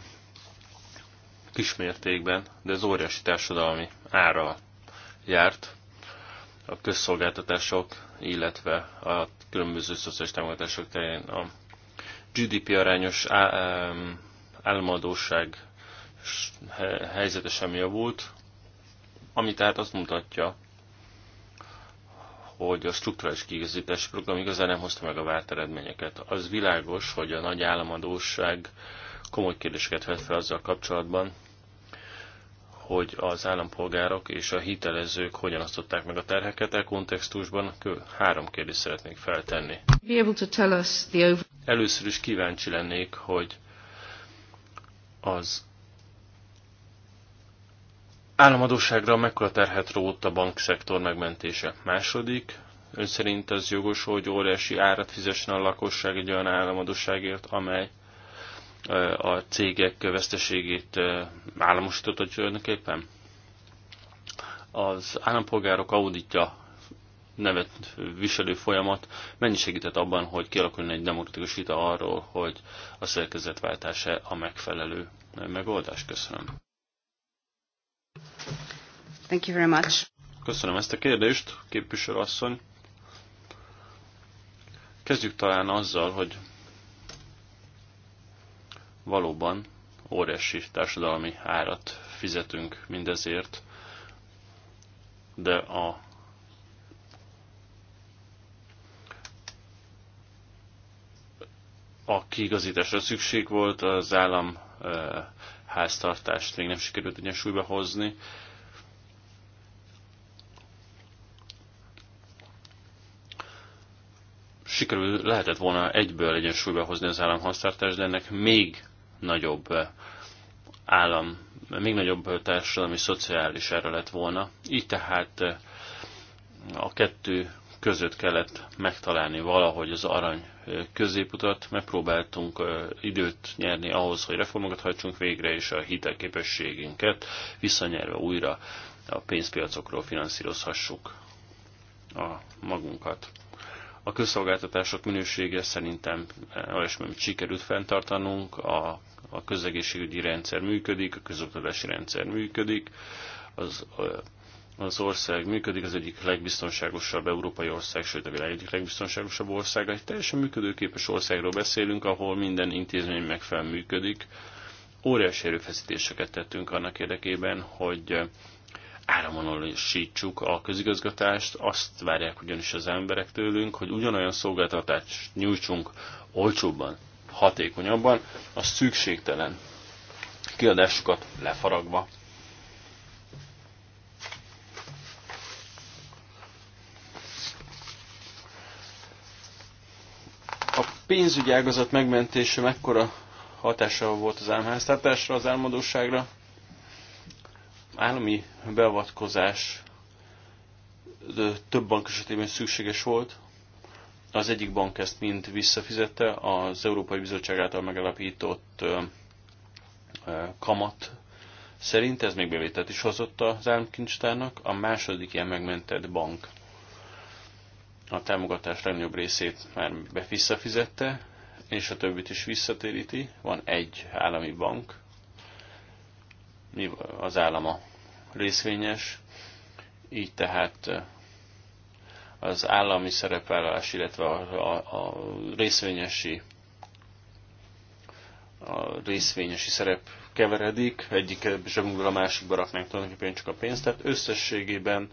kismértékben, de ez óriási társadalmi ára járt a közszolgáltatások, illetve a különböző szociális támogatások terén a GDP arányos államadóság helyzete sem javult, ami tehát azt mutatja, hogy a strukturális kiigazítási program igazán nem hozta meg a várt eredményeket. Az világos, hogy a nagy államadóság komoly kérdéseket vet fel azzal kapcsolatban, hogy az állampolgárok és a hitelezők hogyan osztották meg a terheket e kontextusban, három kérdést szeretnék feltenni. Először is kíváncsi lennék, hogy az államadóságra mekkora terhet rótt a bankszektor megmentése. Második, ön szerint az jogos, hogy óriási árat fizessen a lakosság egy olyan államadóságért, amely a cégek veszteségét államosított tulajdonképpen? Az állampolgárok auditja nevet viselő folyamat mennyi segített abban, hogy kialakuljon egy demokratikus vita arról, hogy a szerkezetváltása a megfelelő megoldás? Köszönöm. Thank you very much. Köszönöm ezt a kérdést, asszony Kezdjük talán azzal, hogy valóban óriási társadalmi árat fizetünk mindezért, de a a kiigazításra szükség volt, az állam háztartást még nem sikerült egyensúlyba hozni. Sikerült lehetett volna egyből egyensúlyba hozni az államháztartást, de ennek még nagyobb eh, állam, még nagyobb társadalmi szociális erre lett volna. Így tehát eh, a kettő között kellett megtalálni valahogy az arany eh, középutat, megpróbáltunk időt nyerni ahhoz, hogy reformokat hajtsunk végre, és a hitelképességünket visszanyerve újra a pénzpiacokról finanszírozhassuk a magunkat. A közszolgáltatások minősége szerintem olyasmi, amit sikerült fenntartanunk, a a közegészségügyi rendszer működik, a közoktatási rendszer működik, az, az ország működik, az egyik legbiztonságosabb európai ország, sőt a világ egyik legbiztonságosabb országa. Egy teljesen működőképes országról beszélünk, ahol minden intézmény megfelelően működik. Óriási erőfeszítéseket tettünk annak érdekében, hogy áramvonalasítsuk a közigazgatást, azt várják ugyanis az emberek tőlünk, hogy ugyanolyan szolgáltatást nyújtsunk olcsóbban, hatékonyabban, a szükségtelen kiadásokat lefaragva. A pénzügyi ágazat megmentése mekkora hatása volt az álmháztartásra, az álmodóságra? Állami beavatkozás több bank esetében szükséges volt, az egyik bank ezt mind visszafizette, az Európai Bizottság által megalapított kamat szerint ez még bevételt is hozott az államkincstárnak. A második ilyen megmentett bank a támogatás legnagyobb részét már visszafizette, és a többit is visszatéríti. Van egy állami bank, az állama részvényes, így tehát az állami szerepvállalás, illetve a, a, a részvényesi a részvényesi szerep keveredik, egyik zsebünkből a másikba raknánk tulajdonképpen csak a pénzt, tehát összességében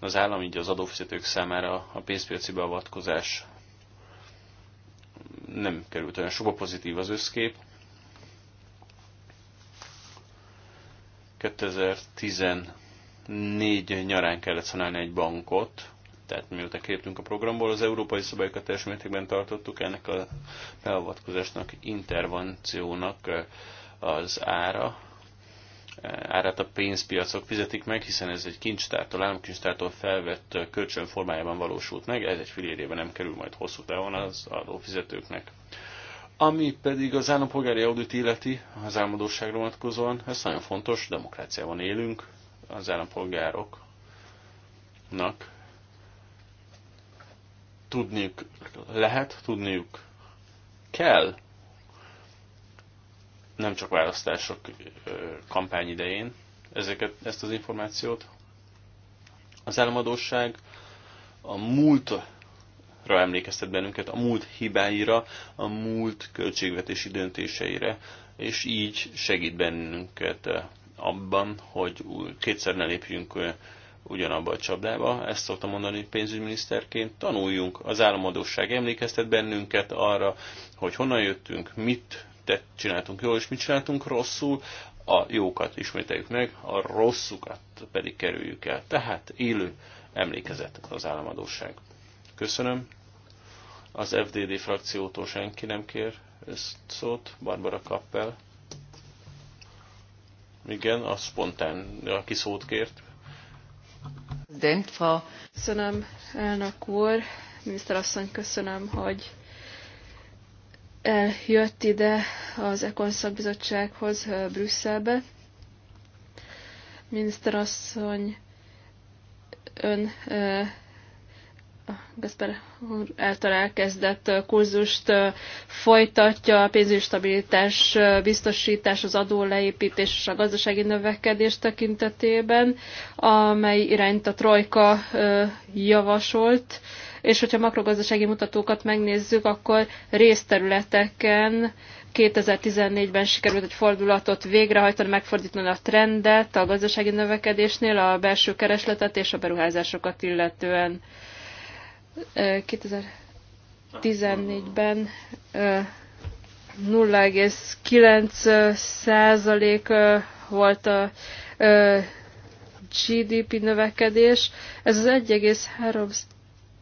az állam így az adófizetők számára a pénzpiaci beavatkozás nem került olyan sokba pozitív az összkép. 2014 nyarán kellett szanálni egy bankot, tehát miután kértünk a programból, az európai szabályokat teljes mértékben tartottuk, ennek a beavatkozásnak, intervenciónak eh, az ára, eh, árát a pénzpiacok fizetik meg, hiszen ez egy kincstártól, államkincstártól felvett eh, kölcsön formájában valósult meg, ez egy filérjében nem kerül majd hosszú távon az adófizetőknek. Ami pedig az állampolgári audit illeti, az álmodóságra vonatkozóan, ez nagyon fontos, demokráciában élünk, az állampolgároknak tudniuk lehet, tudniuk kell, nem csak választások kampány idején ezeket, ezt az információt. Az államadóság a múltra emlékeztet bennünket, a múlt hibáira, a múlt költségvetési döntéseire, és így segít bennünket abban, hogy kétszer ne lépjünk ugyanabba a csapdába. Ezt szoktam mondani pénzügyminiszterként. Tanuljunk, az államadóság emlékeztet bennünket arra, hogy honnan jöttünk, mit tett, csináltunk jól, és mit csináltunk rosszul. A jókat ismételjük meg, a rosszukat pedig kerüljük el. Tehát élő emlékezet az államadóság. Köszönöm. Az FDD frakciótól senki nem kér ezt szót. Barbara Kappel. Igen, a spontán, aki szót kért. Präsident, Frau. Köszönöm, elnök úr. Miniszterasszony, köszönöm, hogy eljött ide az Ekon szakbizottsághoz Brüsszelbe. Miniszterasszony, ön Gaspar úr által elkezdett kurzust folytatja, a pénzügyi stabilitás biztosítás, az adó leépítés és a gazdasági növekedés tekintetében, amely irányt a Trojka javasolt. És hogyha makrogazdasági mutatókat megnézzük, akkor részterületeken 2014-ben sikerült egy fordulatot végrehajtani, megfordítani a trendet a gazdasági növekedésnél, a belső keresletet és a beruházásokat illetően. 2014-ben 0,9 százalék volt a GDP növekedés. Ez az 1,3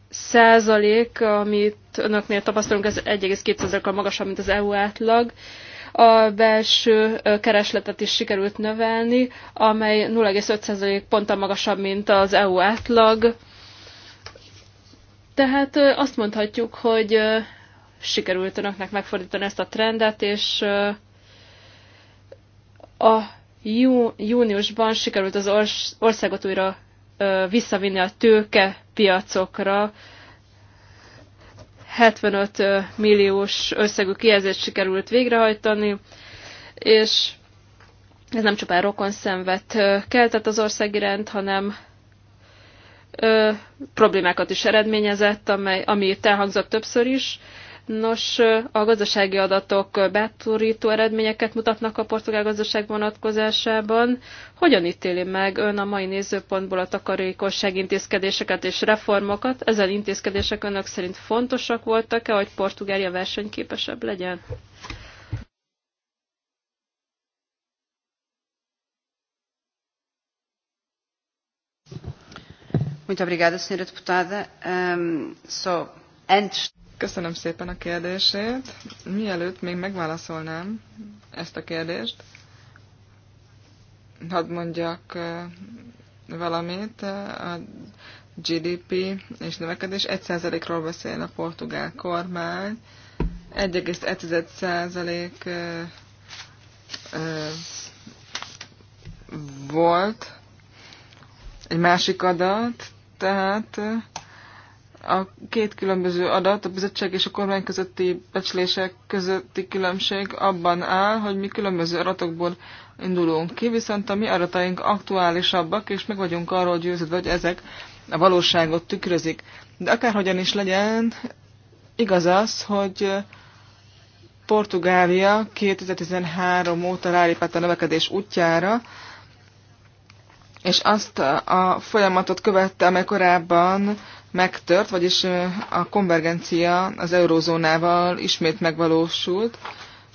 százalék, amit önöknél tapasztalunk, ez 12 százalékkal magasabb, mint az EU átlag. A belső keresletet is sikerült növelni, amely 0,5% ponttal magasabb, mint az EU átlag tehát azt mondhatjuk, hogy sikerült önöknek megfordítani ezt a trendet, és a jú, júniusban sikerült az országot újra visszavinni a tőke piacokra. 75 milliós összegű kijelzést sikerült végrehajtani, és ez nem csupán rokon szenvet keltett az ország iránt, hanem ö, problémákat is eredményezett, amely, ami itt elhangzott többször is. Nos, a gazdasági adatok betúrító eredményeket mutatnak a portugál gazdaság vonatkozásában. Hogyan ítéli meg ön a mai nézőpontból a takarékosság intézkedéseket és reformokat? Ezen intézkedések önök szerint fontosak voltak-e, hogy Portugália versenyképesebb legyen? Muito obrigada, senhora deputada. Um, so, antes... Köszönöm szépen a kérdését. Mielőtt még megválaszolnám ezt a kérdést, hadd mondjak eh, valamit. A GDP és növekedés 1%-ról beszél a portugál kormány, 1,1% eh, eh, volt egy másik adat, tehát eh, a két különböző adat, a bizottság és a kormány közötti becslések közötti különbség abban áll, hogy mi különböző adatokból indulunk ki, viszont a mi adataink aktuálisabbak, és meg vagyunk arról győződve, hogy ezek a valóságot tükrözik. De akárhogyan is legyen, igaz az, hogy Portugália 2013 óta rálépett a növekedés útjára, és azt a folyamatot követte, amely korábban megtört, vagyis a konvergencia az eurózónával ismét megvalósult.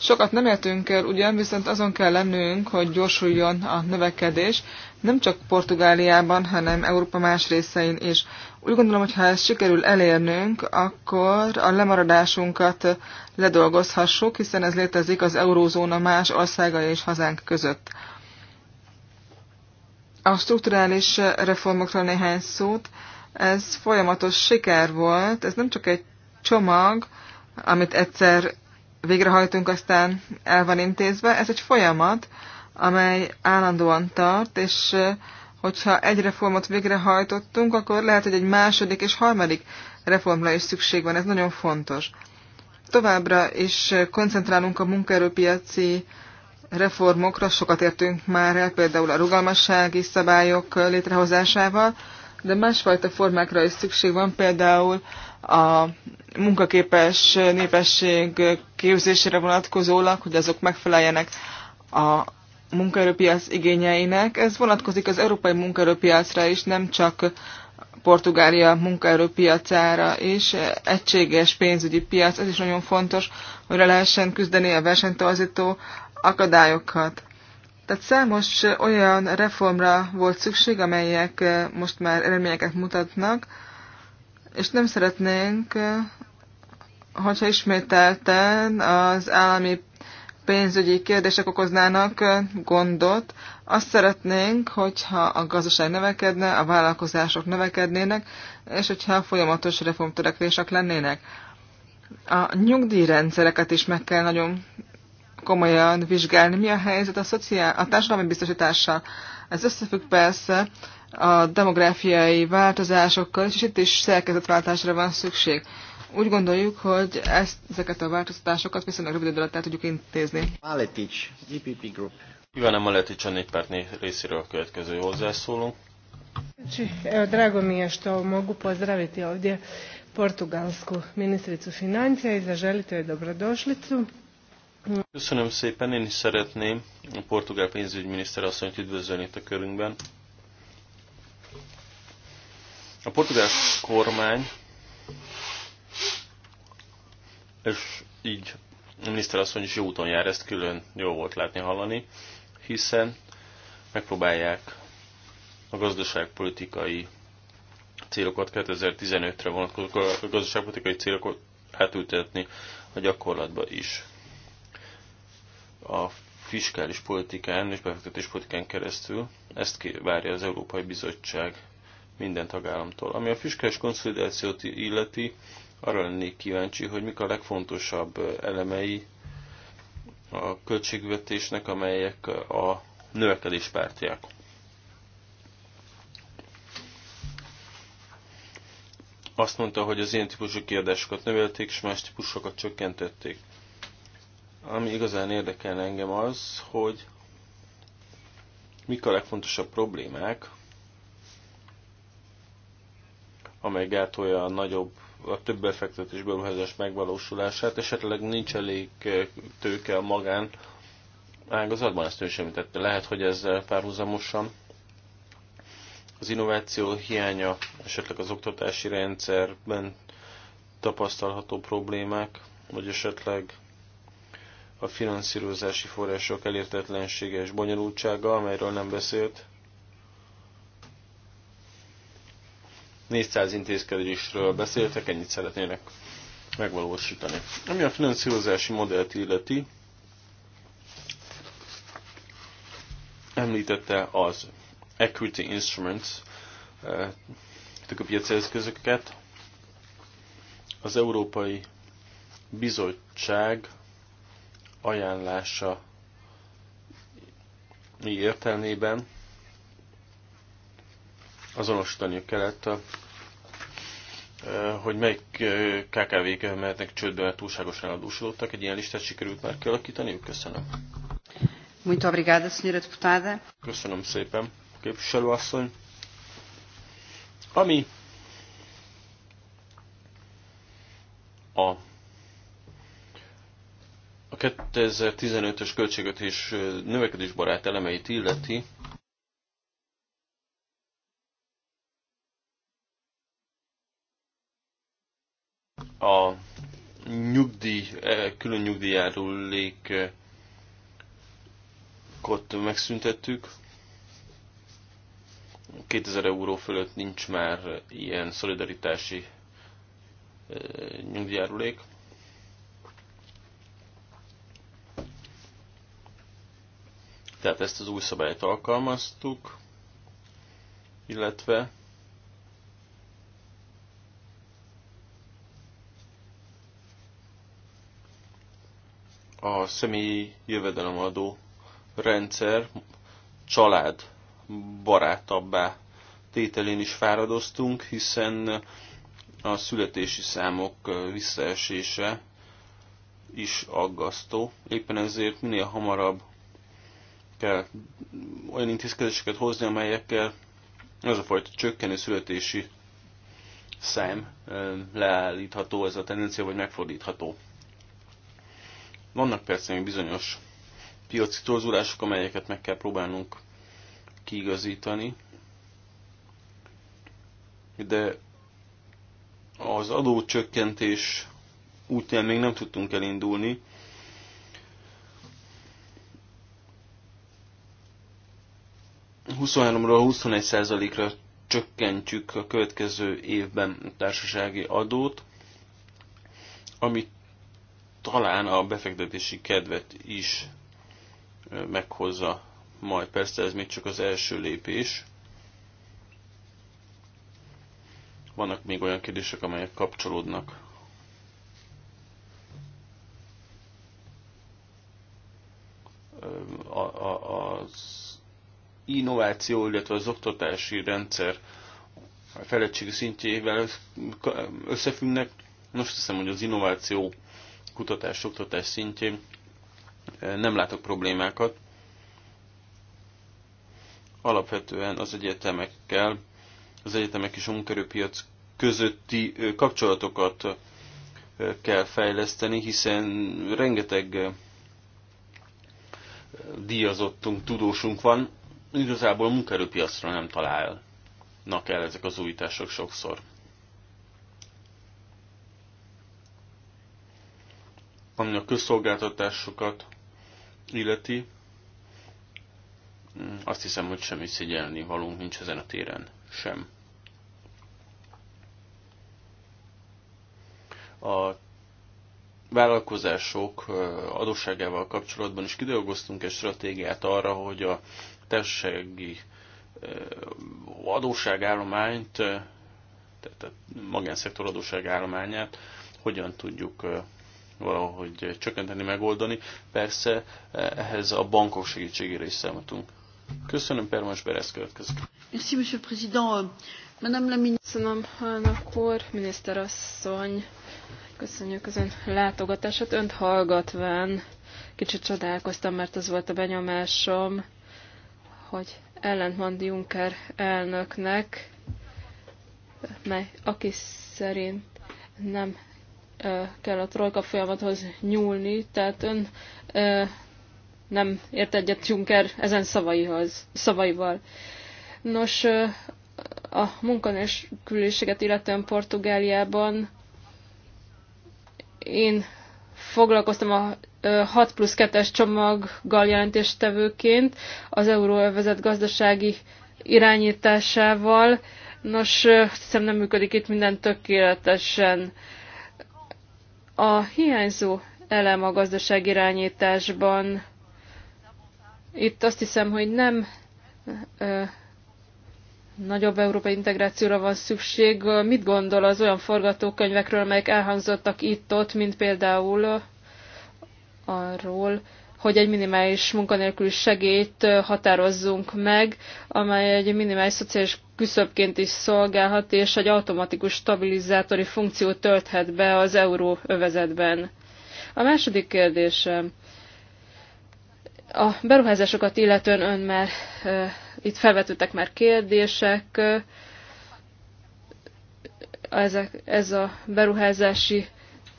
Sokat nem értünk el ugyan, viszont azon kell lennünk, hogy gyorsuljon a növekedés, nem csak Portugáliában, hanem Európa más részein is. Úgy gondolom, hogy ha ezt sikerül elérnünk, akkor a lemaradásunkat ledolgozhassuk, hiszen ez létezik az eurózóna más országa és hazánk között. A strukturális reformokról néhány szót. Ez folyamatos siker volt, ez nem csak egy csomag, amit egyszer végrehajtunk, aztán el van intézve. Ez egy folyamat, amely állandóan tart, és hogyha egy reformot végrehajtottunk, akkor lehet, hogy egy második és harmadik reformra is szükség van. Ez nagyon fontos. Továbbra is koncentrálunk a munkaerőpiaci reformokra sokat értünk már el, például a rugalmassági szabályok létrehozásával, de másfajta formákra is szükség van, például a munkaképes népesség képzésére vonatkozólag, hogy azok megfeleljenek a munkaerőpiac igényeinek. Ez vonatkozik az európai munkaerőpiacra is, nem csak Portugália munkaerőpiacára is. Egységes pénzügyi piac, ez is nagyon fontos, hogy le lehessen küzdeni a versenytorzító akadályokat. Tehát számos olyan reformra volt szükség, amelyek most már eredményeket mutatnak, és nem szeretnénk, hogyha ismételten az állami pénzügyi kérdések okoznának gondot. Azt szeretnénk, hogyha a gazdaság növekedne, a vállalkozások növekednének, és hogyha folyamatos reformtörekvések lennének. A nyugdíjrendszereket is meg kell nagyon komolyan vizsgálni. Mi a helyzet a, szociál, a társadalmi biztosítással? Ez összefügg persze a demográfiai változásokkal, és itt is szerkezetváltásra van szükség. Úgy gondoljuk, hogy ezt, ezeket a változtatásokat viszonylag rövid idő alatt el tudjuk intézni. Maletics, GPP Group. Ivana Maletics a néppártné részéről a következő hozzászólunk. Evo, drago mi je što mogu pozdraviti ovdje portugalsku ministricu financija i zaželiti joj dobrodošlicu Köszönöm szépen, én is szeretném a portugál pénzügyminiszter asszonyt üdvözölni itt a körünkben. A portugál kormány, és így a miniszter asszony is jó úton jár, ezt külön jó volt látni, hallani, hiszen megpróbálják a gazdaságpolitikai célokat 2015-re vonatkozó gazdaságpolitikai célokat átültetni a gyakorlatba is a fiskális politikán és befektetés politikán keresztül. Ezt várja az Európai Bizottság minden tagállamtól. Ami a fiskális konszolidációt illeti, arra lennék kíváncsi, hogy mik a legfontosabb elemei a költségvetésnek, amelyek a növekedés pártják. Azt mondta, hogy az ilyen típusú kiadásokat növelték, és más típusokat csökkentették. Ami igazán érdekel engem az, hogy mik a legfontosabb problémák, amely gátolja a nagyobb, a több befektetés beruházás megvalósulását, esetleg nincs elég eh, tőke a magán ágazatban, ezt ő sem tette. Lehet, hogy ezzel eh, párhuzamosan az innováció hiánya, esetleg az oktatási rendszerben tapasztalható problémák, vagy esetleg a finanszírozási források elértetlensége és bonyolultsága, amelyről nem beszélt. 400 intézkedésről beszéltek, ennyit szeretnének megvalósítani. Ami a finanszírozási modellt illeti, említette az equity instruments tőkepiaci eh, eszközöket. Az Európai Bizottság ajánlása értelmében azonosítaniuk kellett, eh, hogy melyik eh, KKV-k mehetnek csődbe, mert túlságosan eladósodottak. Egy ilyen listát sikerült már kialakítaniuk? Köszönöm. Muito obrigada, senhora deputada. Köszönöm szépen, képviselőasszony. Ami a 2015-ös költségvetés növekedésbarát elemeit illeti, a nyugdíj, e, külön nyugdíjárulékot megszüntettük. 2000 euró fölött nincs már ilyen szolidaritási e, nyugdíjárulék. Tehát ezt az új szabályt alkalmaztuk, illetve a személyi jövedelemadó rendszer család barátabbá tételén is fáradoztunk, hiszen a születési számok visszaesése is aggasztó. Éppen ezért minél hamarabb kell olyan intézkedéseket hozni, amelyekkel az a fajta csökkenő születési szám leállítható, ez a tendencia, vagy megfordítható. Vannak persze még bizonyos piaci torzulások, amelyeket meg kell próbálnunk kiigazítani, de az adócsökkentés útján még nem tudtunk elindulni, 23-ról 21%-ra csökkentjük a következő évben a társasági adót, ami talán a befektetési kedvet is meghozza majd. Persze ez még csak az első lépés. Vannak még olyan kérdések, amelyek kapcsolódnak a, a, az innováció, illetve az oktatási rendszer fejlettségi szintjével összefüggnek. Most hiszem, hogy az innováció kutatás, oktatás szintjén eh, nem látok problémákat. Alapvetően az egyetemekkel, az egyetemek és a munkerőpiac közötti eh, kapcsolatokat eh, kell fejleszteni, hiszen rengeteg díjazottunk, tudósunk van, igazából munkerőpiacra nem találnak el ezek az újítások sokszor. Ami a közszolgáltatásokat illeti, mm, azt hiszem, hogy semmi szigyelni valunk nincs ezen a téren sem. A vállalkozások adósságával kapcsolatban is kidolgoztunk egy stratégiát arra, hogy a társasági adósságállományt, tehát a magánszektor adósságállományát hogyan tudjuk valahogy csökkenteni, megoldani. Persze e, ehhez a bankok segítségére is számítunk. Köszönöm, Permas Berez következik. Merci, monsieur le président. Euh, Madame la ministre. Köszönöm, elnök úr, miniszterasszony. Köszönjük az ön látogatását. Önt hallgatván kicsit csodálkoztam, mert az volt a benyomásom, hogy ellentmond Juncker elnöknek, mely, aki szerint nem kell a trojka folyamathoz nyúlni, tehát ön nem ért egyet Juncker ezen szavaihoz, szavaival. Nos, a munkanélküliséget illetően Portugáliában én foglalkoztam a 6 plusz 2-es csomaggal jelentéstevőként az euróövezet gazdasági irányításával. Nos, hiszem nem működik itt minden tökéletesen. A hiányzó elem a gazdaság irányításban. Itt azt hiszem, hogy nem nagyobb európai integrációra van szükség. Mit gondol az olyan forgatókönyvekről, amelyek elhangzottak itt-ott, mint például arról, hogy egy minimális munkanélküli segélyt határozzunk meg, amely egy minimális szociális küszöbként is szolgálhat, és egy automatikus stabilizátori funkciót tölthet be az euró övezetben. A második kérdésem. A beruházásokat illetően ön már itt felvetődtek már kérdések, ezek, ez a beruházási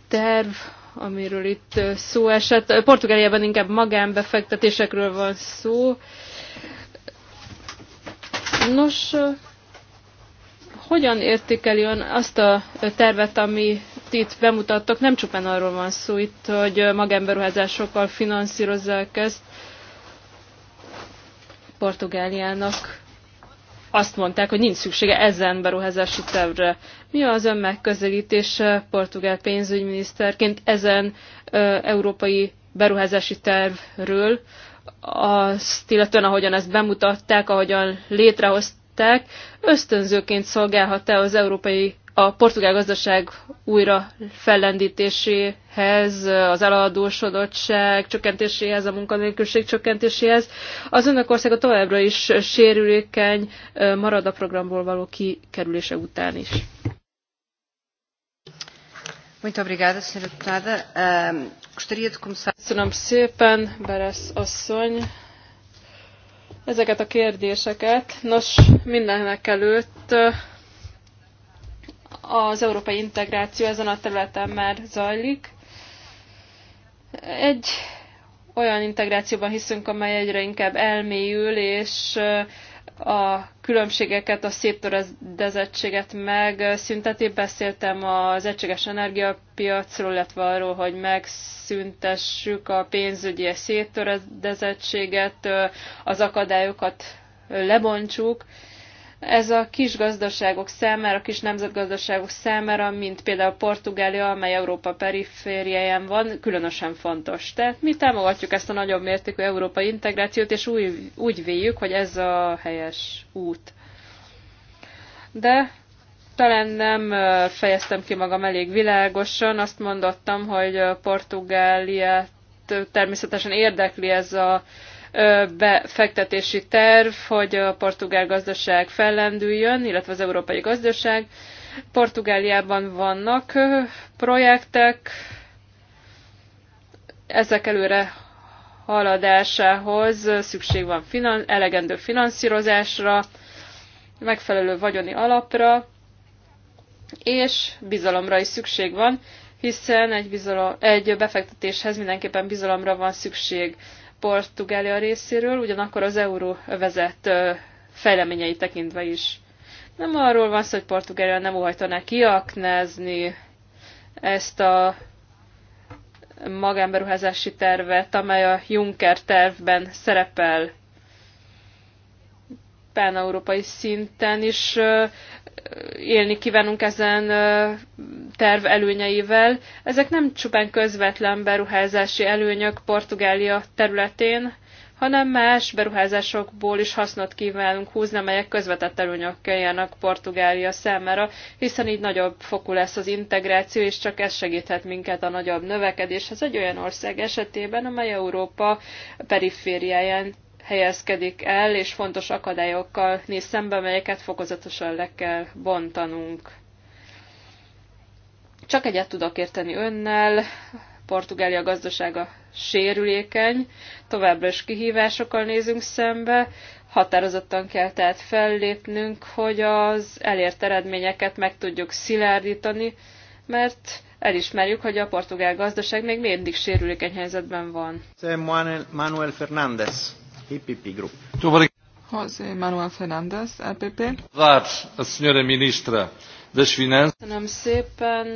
terv, amiről itt szó esett. Portugáliában inkább magánbefektetésekről van szó. Nos, hogyan értékeli ön azt a tervet, amit itt bemutattak? Nem csupán arról van szó itt, hogy magánberuházásokkal finanszírozzák ezt, Portugáliának azt mondták, hogy nincs szüksége ezen beruházási tervre. Mi az ön megközelítése portugál pénzügyminiszterként ezen ö, európai beruházási tervről, azt illetően ahogyan ezt bemutatták, ahogyan létrehozták, ösztönzőként szolgálhat-e az európai a portugál gazdaság újra fellendítéséhez, az eladósodottság csökkentéséhez, a munkanélküliség csökkentéséhez. Az önök országa továbbra is sérülékeny marad a programból való kikerülése után is. Muito obrigada, Sr. Deputada. Uh, gostaria de começar... Köszönöm szépen, Beres asszony, ezeket a kérdéseket. Nos, mindenek előtt uh, az európai integráció ezen a területen már zajlik. Egy olyan integrációban hiszünk, amely egyre inkább elmélyül, és a különbségeket, a széttöredezettséget megszünteti. Beszéltem az egységes energiapiacról, illetve arról, hogy megszüntessük a pénzügyi széttöredezettséget, az akadályokat lebontsuk, ez a kis gazdaságok számára, a kis nemzetgazdaságok számára, mint például Portugália, amely Európa perifériáján van, különösen fontos. Tehát mi támogatjuk ezt a nagyobb mértékű európai integrációt, és úgy, úgy véljük, hogy ez a helyes út. De talán nem fejeztem ki magam elég világosan, azt mondottam, hogy Portugáliát természetesen érdekli ez a befektetési terv, hogy a portugál gazdaság fellendüljön, illetve az európai gazdaság. Portugáliában vannak projektek, ezek előre haladásához szükség van finan elegendő finanszírozásra, megfelelő vagyoni alapra, és bizalomra is szükség van, hiszen egy, bizalom, egy befektetéshez mindenképpen bizalomra van szükség. Portugália részéről, ugyanakkor az euró vezet fejleményei tekintve is. Nem arról van szó, hogy Portugália nem óhajtaná kiaknázni ezt a magánberuházási tervet, amely a Juncker tervben szerepel pán-európai szinten is élni kívánunk ezen terv előnyeivel. Ezek nem csupán közvetlen beruházási előnyök Portugália területén, hanem más beruházásokból is hasznot kívánunk húzni, amelyek közvetett előnyökkel járnak Portugália számára, hiszen így nagyobb fokú lesz az integráció, és csak ez segíthet minket a nagyobb növekedéshez egy olyan ország esetében, amely Európa perifériáján helyezkedik el, és fontos akadályokkal néz szembe, melyeket fokozatosan le kell bontanunk. Csak egyet tudok érteni önnel, Portugália gazdasága sérülékeny, továbbra is kihívásokkal nézünk szembe, határozottan kell tehát fellépnünk, hogy az elért eredményeket meg tudjuk szilárdítani, mert elismerjük, hogy a portugál gazdaság még mindig sérülékeny helyzetben van. Manuel Fernández. EPP Group. José Manuel Fernández, EPP. Várs, a senhora ministra das finanças. Köszönöm szépen.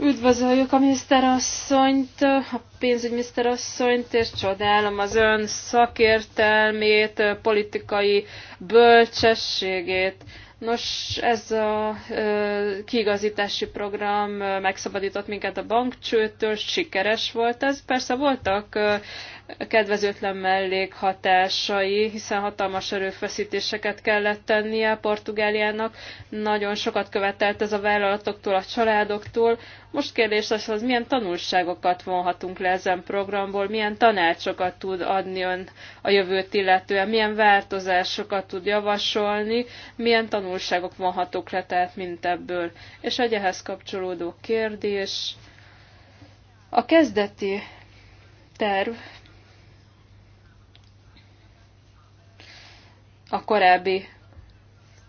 Üdvözöljük a miniszterasszonyt, a pénzügyminiszterasszonyt, és csodálom az ön szakértelmét, politikai bölcsességét. Nos, ez a kiigazítási program megszabadított minket a bankcsőtől, sikeres volt ez. Persze voltak kedvezőtlen mellékhatásai, hiszen hatalmas erőfeszítéseket kellett tennie Portugáliának. Nagyon sokat követelt ez a vállalatoktól, a családoktól. Most kérdés az, hogy milyen tanulságokat vonhatunk le ezen programból, milyen tanácsokat tud adni ön a jövőt illetően, milyen változásokat tud javasolni, milyen tanulságok vonhatók le tehát ebből. És egy ehhez kapcsolódó kérdés. A kezdeti terv a korábbi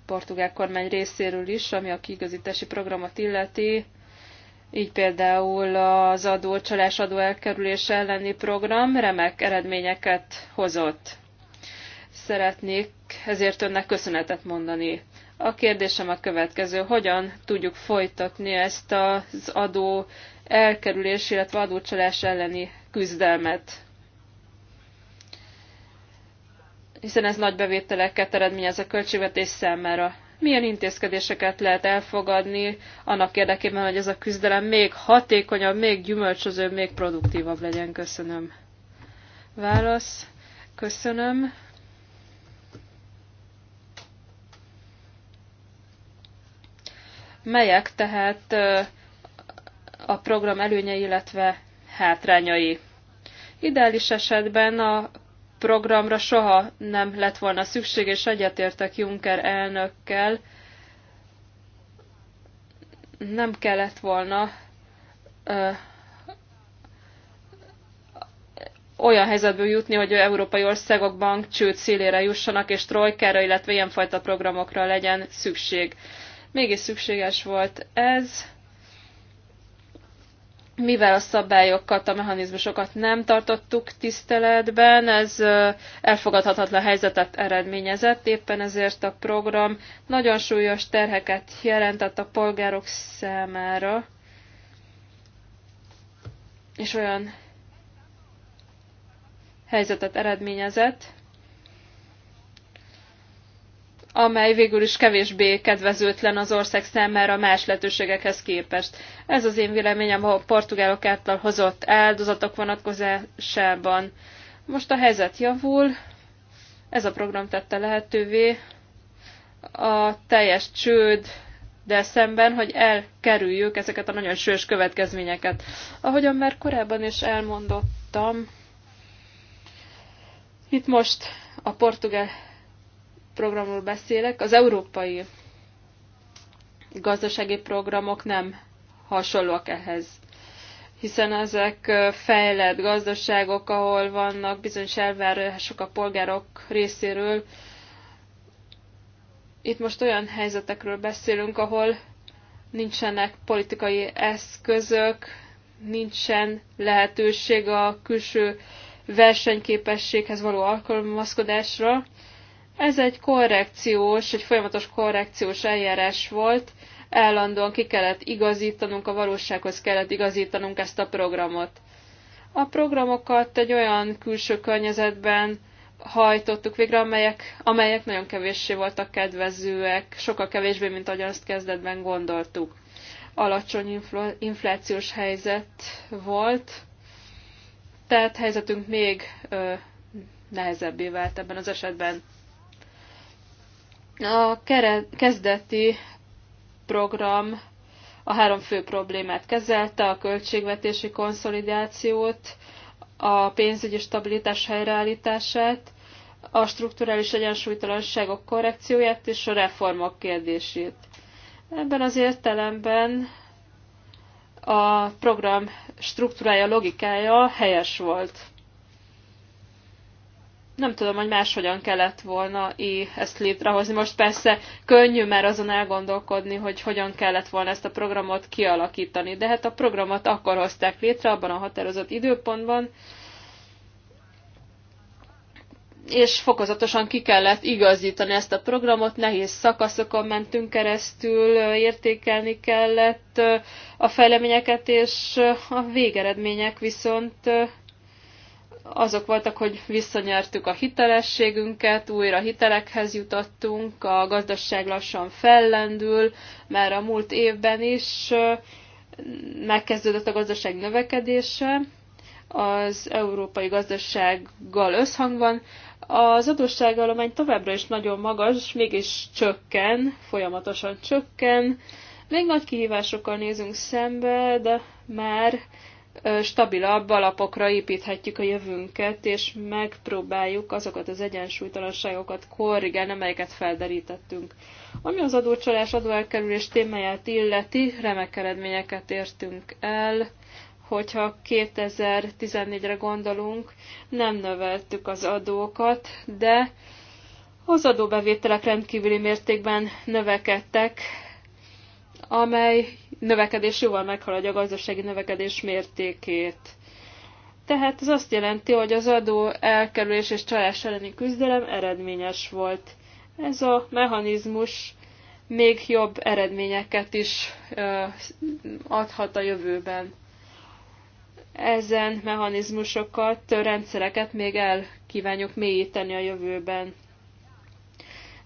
portugál kormány részéről is, ami a kiigazítási programot illeti, így például az adó elkerülés elleni program remek eredményeket hozott. Szeretnék ezért önnek köszönetet mondani. A kérdésem a következő, hogyan tudjuk folytatni ezt az adó elkerülés, illetve adócsalás elleni küzdelmet? hiszen ez nagy bevételeket eredményez a költségvetés számára. Milyen intézkedéseket lehet elfogadni annak érdekében, hogy ez a küzdelem még hatékonyabb, még gyümölcsözőbb, még produktívabb legyen? Köszönöm. Válasz. Köszönöm. Melyek tehát a program előnyei, illetve hátrányai? Ideális esetben a programra soha nem lett volna szükség, és egyetértek Juncker elnökkel, nem kellett volna ö, olyan helyzetből jutni, hogy európai országok bank csőd szélére jussanak, és trojkára, illetve ilyenfajta programokra legyen szükség. Mégis szükséges volt ez, mivel a szabályokat, a mechanizmusokat nem tartottuk tiszteletben, ez elfogadhatatlan helyzetet eredményezett, éppen ezért a program nagyon súlyos terheket jelentett a polgárok számára, és olyan helyzetet eredményezett, amely végül is kevésbé kedvezőtlen az ország számára más lehetőségekhez képest. Ez az én véleményem a portugálok által hozott áldozatok vonatkozásában. Most a helyzet javul, ez a program tette lehetővé a teljes csőd de szemben, hogy elkerüljük ezeket a nagyon sős következményeket. Ahogyan már korábban is elmondottam, itt most a portugál programról beszélek, az európai gazdasági programok nem hasonlóak ehhez hiszen ezek fejlett gazdaságok, ahol vannak bizonyos elvárások a polgárok részéről. Itt most olyan helyzetekről beszélünk, ahol nincsenek politikai eszközök, nincsen lehetőség a külső versenyképességhez való alkalmazkodásra, ez egy korrekciós, egy folyamatos korrekciós eljárás volt, állandóan ki kellett igazítanunk, a valósághoz kellett igazítanunk ezt a programot. A programokat egy olyan külső környezetben hajtottuk végre, amelyek, amelyek nagyon kevéssé voltak kedvezőek, sokkal kevésbé, mint ahogy azt kezdetben gondoltuk. Alacsony inflációs helyzet volt, tehát helyzetünk még ö, nehezebbé vált ebben az esetben. A kezdeti program a három fő problémát kezelte, a költségvetési konszolidációt, a pénzügyi stabilitás helyreállítását, a strukturális egyensúlytalanságok korrekcióját és a reformok kérdését. Ebben az értelemben a program struktúrája, logikája helyes volt nem tudom, hogy máshogyan kellett volna ezt létrehozni. Most persze könnyű már azon elgondolkodni, hogy hogyan kellett volna ezt a programot kialakítani, de hát a programot akkor hozták létre, abban a határozott időpontban, és fokozatosan ki kellett igazítani ezt a programot, nehéz szakaszokon mentünk keresztül, értékelni kellett a fejleményeket, és a végeredmények viszont azok voltak, hogy visszanyertük a hitelességünket, újra hitelekhez jutottunk, a gazdaság lassan fellendül, mert a múlt évben is megkezdődött a gazdaság növekedése, az európai gazdasággal összhangban. Az adósságállomány továbbra is nagyon magas, mégis csökken, folyamatosan csökken. Még nagy kihívásokkal nézünk szembe, de már stabilabb alapokra építhetjük a jövőnket, és megpróbáljuk azokat az egyensúlytalanságokat korrigálni, amelyeket felderítettünk. Ami az adócsalás adóelkerülés témáját illeti, remek eredményeket értünk el, hogyha 2014-re gondolunk, nem növeltük az adókat, de az adóbevételek rendkívüli mértékben növekedtek, amely növekedés jóval meghaladja a gazdasági növekedés mértékét. Tehát ez azt jelenti, hogy az adó elkerülés és csalás elleni küzdelem eredményes volt. Ez a mechanizmus még jobb eredményeket is adhat a jövőben. Ezen mechanizmusokat, rendszereket még el kívánjuk mélyíteni a jövőben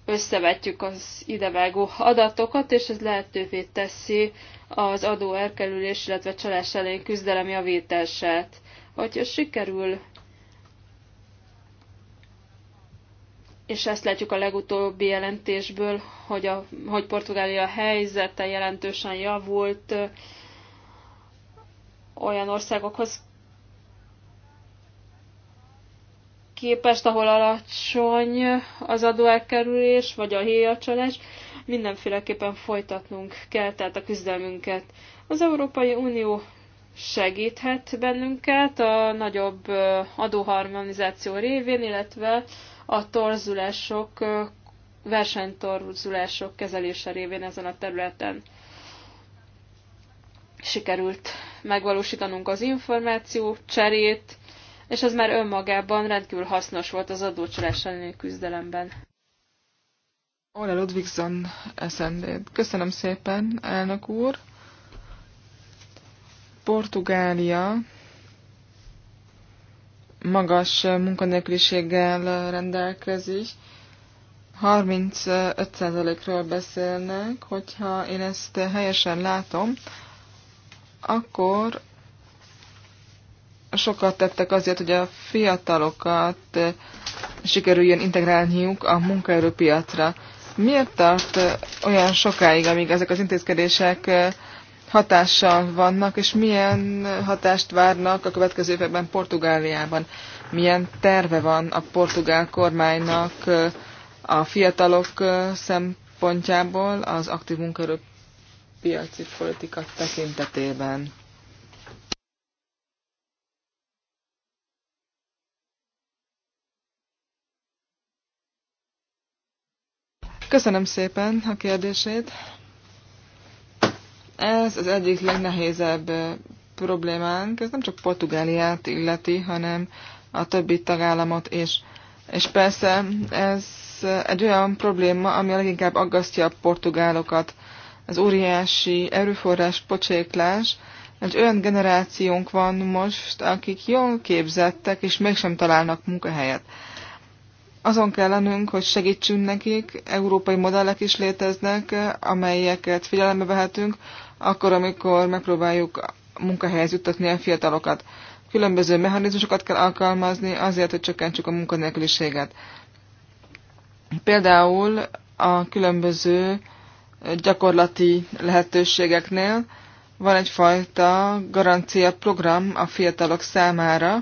összevetjük az idevágó adatokat, és ez lehetővé teszi az adó elkerülés, illetve csalás elleni küzdelem javítását. Hogyha sikerül, és ezt látjuk a legutóbbi jelentésből, hogy, a, hogy Portugália helyzete jelentősen javult olyan országokhoz képest, ahol alacsony az adóelkerülés, vagy a héjacsalás, mindenféleképpen folytatnunk kell, tehát a küzdelmünket. Az Európai Unió segíthet bennünket a nagyobb adóharmonizáció révén, illetve a torzulások, versenytorzulások kezelése révén ezen a területen. Sikerült megvalósítanunk az információ cserét, és ez már önmagában rendkívül hasznos volt az adócsalás elleni küzdelemben. Ola Ludvigson eszendét. Köszönöm szépen, elnök úr. Portugália magas munkanélküliséggel rendelkezik. 35%-ról beszélnek, hogyha én ezt helyesen látom, akkor sokat tettek azért, hogy a fiatalokat eh, sikerüljön integrálniuk a munkaerőpiacra. Miért tart eh, olyan sokáig, amíg ezek az intézkedések eh, hatással vannak, és milyen hatást várnak a következő években Portugáliában? Milyen terve van a portugál kormánynak a fiatalok szempontjából az aktív munkaerőpiaci politika tekintetében? Köszönöm szépen a kérdését. Ez az egyik legnehézebb problémánk. Ez nem csak Portugáliát illeti, hanem a többi tagállamot is. És persze ez egy olyan probléma, ami leginkább aggasztja a portugálokat. Az óriási erőforrás pocséklás, egy olyan generációnk van most, akik jól képzettek, és mégsem találnak munkahelyet azon kell lennünk, hogy segítsünk nekik, európai modellek is léteznek, amelyeket figyelembe vehetünk, akkor, amikor megpróbáljuk munkahelyhez juttatni a fiatalokat. Különböző mechanizmusokat kell alkalmazni azért, hogy csökkentsük a munkanélküliséget. Például a különböző gyakorlati lehetőségeknél van egyfajta garancia program a fiatalok számára,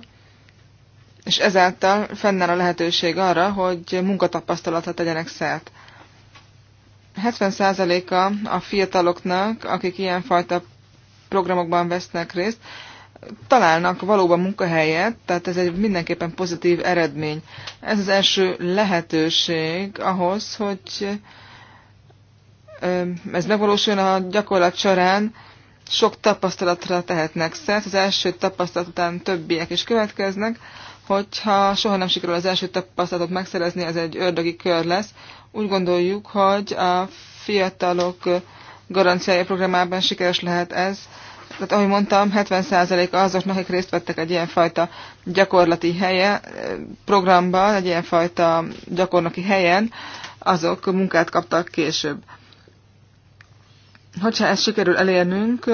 és ezáltal fennáll a lehetőség arra, hogy munkatapasztalatra tegyenek szert. 70%-a a fiataloknak, akik ilyenfajta programokban vesznek részt, találnak valóban munkahelyet, tehát ez egy mindenképpen pozitív eredmény. Ez az első lehetőség ahhoz, hogy ez megvalósuljon a gyakorlat során, sok tapasztalatra tehetnek szert, az első tapasztalat után többiek is következnek, hogyha soha nem sikerül az első tapasztalatot megszerezni, ez egy ördögi kör lesz. Úgy gondoljuk, hogy a fiatalok garanciája programában sikeres lehet ez. Tehát ahogy mondtam, 70%-a azoknak, akik részt vettek egy ilyenfajta gyakorlati helye, programban, egy ilyenfajta gyakornoki helyen, azok munkát kaptak később hogyha ezt sikerül elérnünk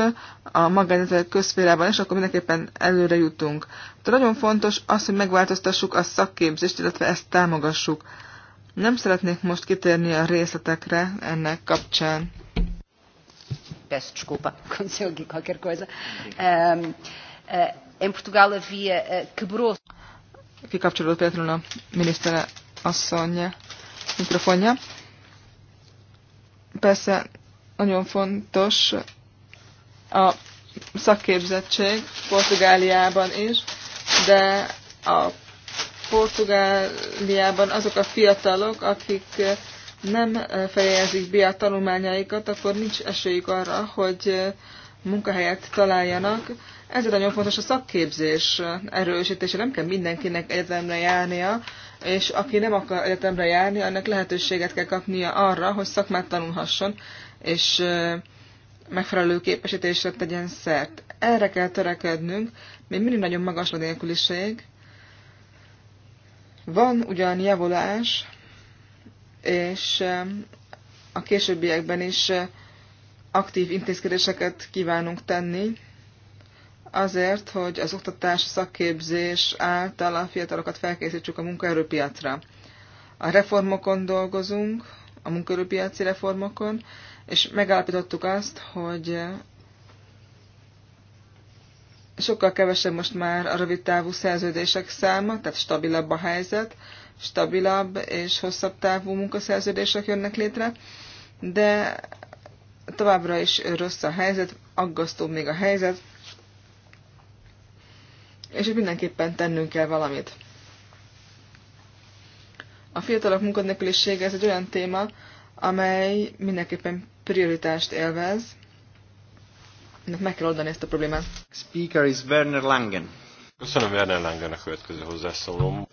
a magánéletek közférában is, akkor mindenképpen előre jutunk. De nagyon fontos az, hogy megváltoztassuk a szakképzést, illetve ezt támogassuk. Nem szeretnék most kitérni a részletekre ennek kapcsán. [LAUGHS] qualquer coisa. Ehm, eh, em Portugal havia eh, Kikapcsolódott például a miniszter asszony mikrofonja. Persze nagyon fontos a szakképzettség Portugáliában is, de a Portugáliában azok a fiatalok, akik nem fejezik be a tanulmányaikat, akkor nincs esélyük arra, hogy munkahelyet találjanak. Ezért nagyon fontos a szakképzés erősítése. Nem kell mindenkinek egyetemre járnia, és aki nem akar egyetemre járni, annak lehetőséget kell kapnia arra, hogy szakmát tanulhasson, és megfelelő képesítésre tegyen szert. Erre kell törekednünk, még mindig nagyon magas a nélküliség. Van ugyan javulás, és a későbbiekben is aktív intézkedéseket kívánunk tenni, azért, hogy az oktatás szakképzés által a fiatalokat felkészítsük a munkaerőpiacra. A reformokon dolgozunk, a munkaerőpiaci reformokon, és megállapítottuk azt, hogy sokkal kevesebb most már a rövid távú szerződések száma, tehát stabilabb a helyzet, stabilabb és hosszabb távú munkaszerződések jönnek létre, de továbbra is rossz a helyzet, aggasztó még a helyzet, és itt mindenképpen tennünk kell valamit. A fiatalok munkanélkülisége ez egy olyan téma, amely mindenképpen prioritást élvez. Meg kell oldani ezt a problémát. Speaker is Werner Langen. Köszönöm Werner Langen a következő hozzászólom.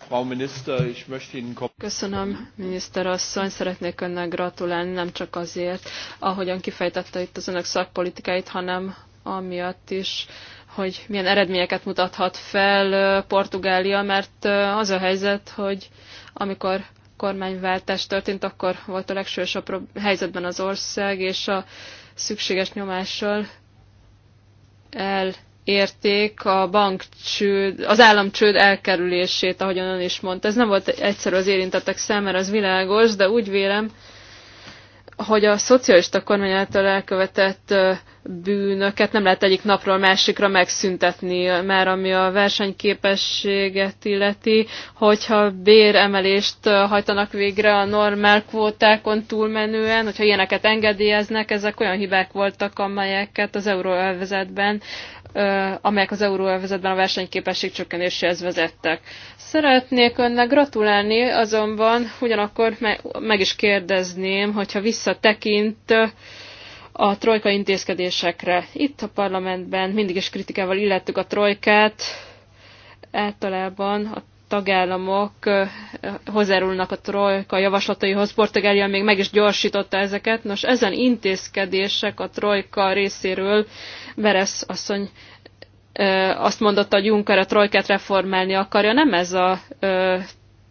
Köszönöm, miniszter asszony, szeretnék önnek gratulálni, nem csak azért, ahogyan kifejtette itt az önök szakpolitikáit, hanem amiatt is, hogy milyen eredményeket mutathat fel Portugália, mert az a helyzet, hogy amikor kormányváltás történt, akkor volt a legsősabb helyzetben az ország, és a szükséges nyomással elérték a csőd, az államcsőd elkerülését, ahogyan ön is mondta. Ez nem volt egyszerű az érintettek számára, az világos, de úgy vélem, hogy a szocialista kormány által elkövetett bűnöket nem lehet egyik napról másikra megszüntetni, már ami a versenyképességet illeti, hogyha béremelést hajtanak végre a normál kvótákon túlmenően, hogyha ilyeneket engedélyeznek, ezek olyan hibák voltak, amelyeket az euróelvezetben amelyek az euróövezetben a versenyképesség csökkenéséhez vezettek. Szeretnék önnek gratulálni, azonban ugyanakkor meg is kérdezném, hogyha visszatekint a trojka intézkedésekre. Itt a parlamentben mindig is kritikával illettük a trojkát, általában a tagállamok hozzárulnak a trojka javaslataihoz. Portugália még meg is gyorsította ezeket. Nos, ezen intézkedések a trojka részéről Veres asszony azt mondotta, hogy Juncker a trojkát reformálni akarja. Nem ez a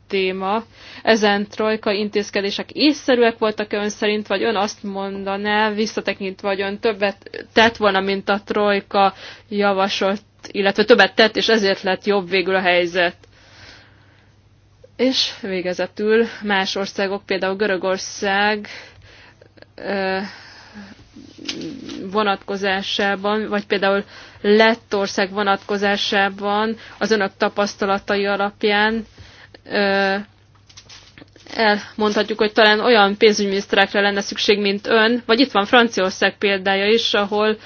téma. Ezen trojka intézkedések észszerűek voltak ön szerint, vagy ön azt mondaná, visszatekintve, vagy ön többet tett volna, mint a trojka javasolt, illetve többet tett, és ezért lett jobb végül a helyzet. És végezetül más országok, például Görögország vonatkozásában, vagy például Lettország vonatkozásában az önök tapasztalatai alapján elmondhatjuk, hogy talán olyan pénzügyminiszterekre lenne szükség, mint ön, vagy itt van Franciaország példája is, ahol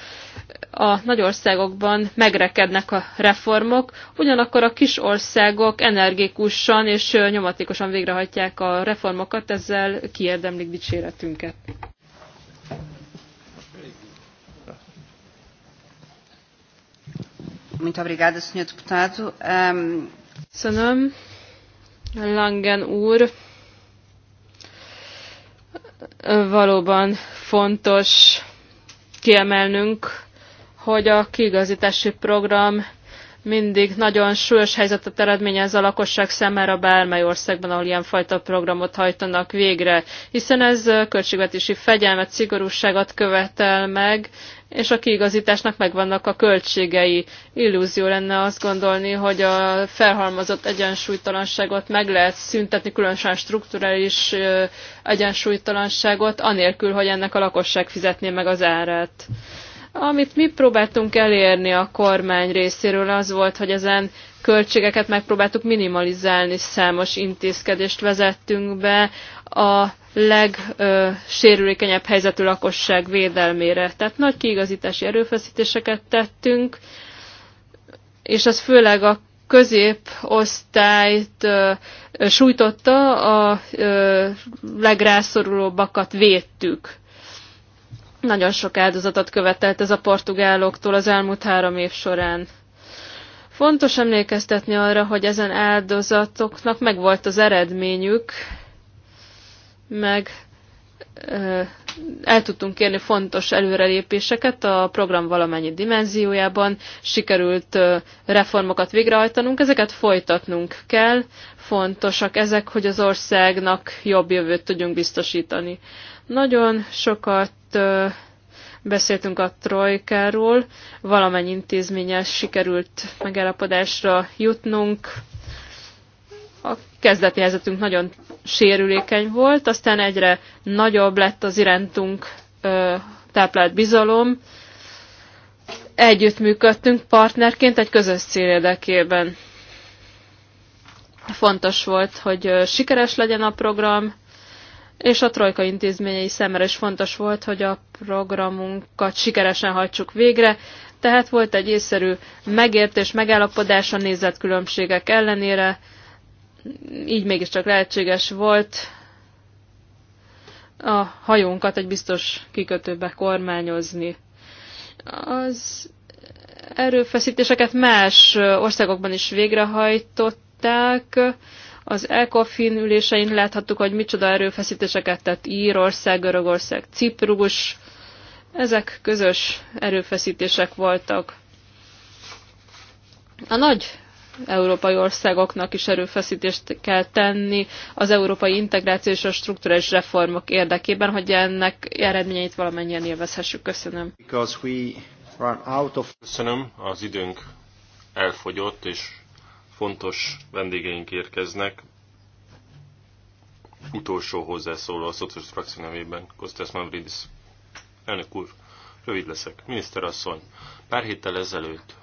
a nagy országokban megrekednek a reformok, ugyanakkor a kis országok energikusan és nyomatékosan végrehajtják a reformokat, ezzel kiérdemlik dicséretünket. Muito obrigada, senhor Deputado. Um... Köszönöm. Langen úr valóban fontos kiemelnünk hogy a kiigazítási program mindig nagyon súlyos helyzetet eredményez a lakosság számára bármely országban, ahol ilyenfajta programot hajtanak végre, hiszen ez költségvetési fegyelmet, szigorúságot követel meg, és a kiigazításnak megvannak a költségei. Illúzió lenne azt gondolni, hogy a felhalmozott egyensúlytalanságot meg lehet szüntetni, különösen strukturális egyensúlytalanságot, anélkül, hogy ennek a lakosság fizetné meg az árát. Amit mi próbáltunk elérni a kormány részéről az volt, hogy ezen költségeket megpróbáltuk minimalizálni, számos intézkedést vezettünk be a legsérülékenyebb helyzetű lakosság védelmére. Tehát nagy kiigazítási erőfeszítéseket tettünk, és ez főleg a középosztályt ö, sújtotta, a ö, legrászorulóbbakat védtük. Nagyon sok áldozatot követelt ez a portugáloktól az elmúlt három év során. Fontos emlékeztetni arra, hogy ezen áldozatoknak megvolt az eredményük, meg el tudtunk kérni fontos előrelépéseket a program valamennyi dimenziójában, sikerült reformokat végrehajtanunk, ezeket folytatnunk kell, fontosak ezek, hogy az országnak jobb jövőt tudjunk biztosítani. Nagyon sokat itt beszéltünk a trojkáról, valamennyi intézményes sikerült megállapodásra jutnunk. A kezdeti helyzetünk nagyon sérülékeny volt, aztán egyre nagyobb lett az irántunk táplált bizalom. Együttműködtünk partnerként egy közös cél érdekében. Fontos volt, hogy sikeres legyen a program, és a trojka intézményei számára is fontos volt, hogy a programunkat sikeresen hajtsuk végre, tehát volt egy észszerű megértés, megállapodás a nézetkülönbségek ellenére, így mégiscsak lehetséges volt a hajónkat egy biztos kikötőbe kormányozni. Az erőfeszítéseket más országokban is végrehajtották, az ECOFIN ülésein láthattuk, hogy micsoda erőfeszítéseket tett Írország, Görögország, Ciprus. Ezek közös erőfeszítések voltak. A nagy európai országoknak is erőfeszítést kell tenni az európai integráció és a struktúrális reformok érdekében, hogy ennek eredményeit valamennyien élvezhessük. Köszönöm. Köszönöm, az időnk elfogyott, és fontos vendégeink érkeznek. Utolsó hozzászóló a szociális frakció nevében, Kostas Mavridis. Elnök úr, rövid leszek. Miniszterasszony, pár héttel ezelőtt,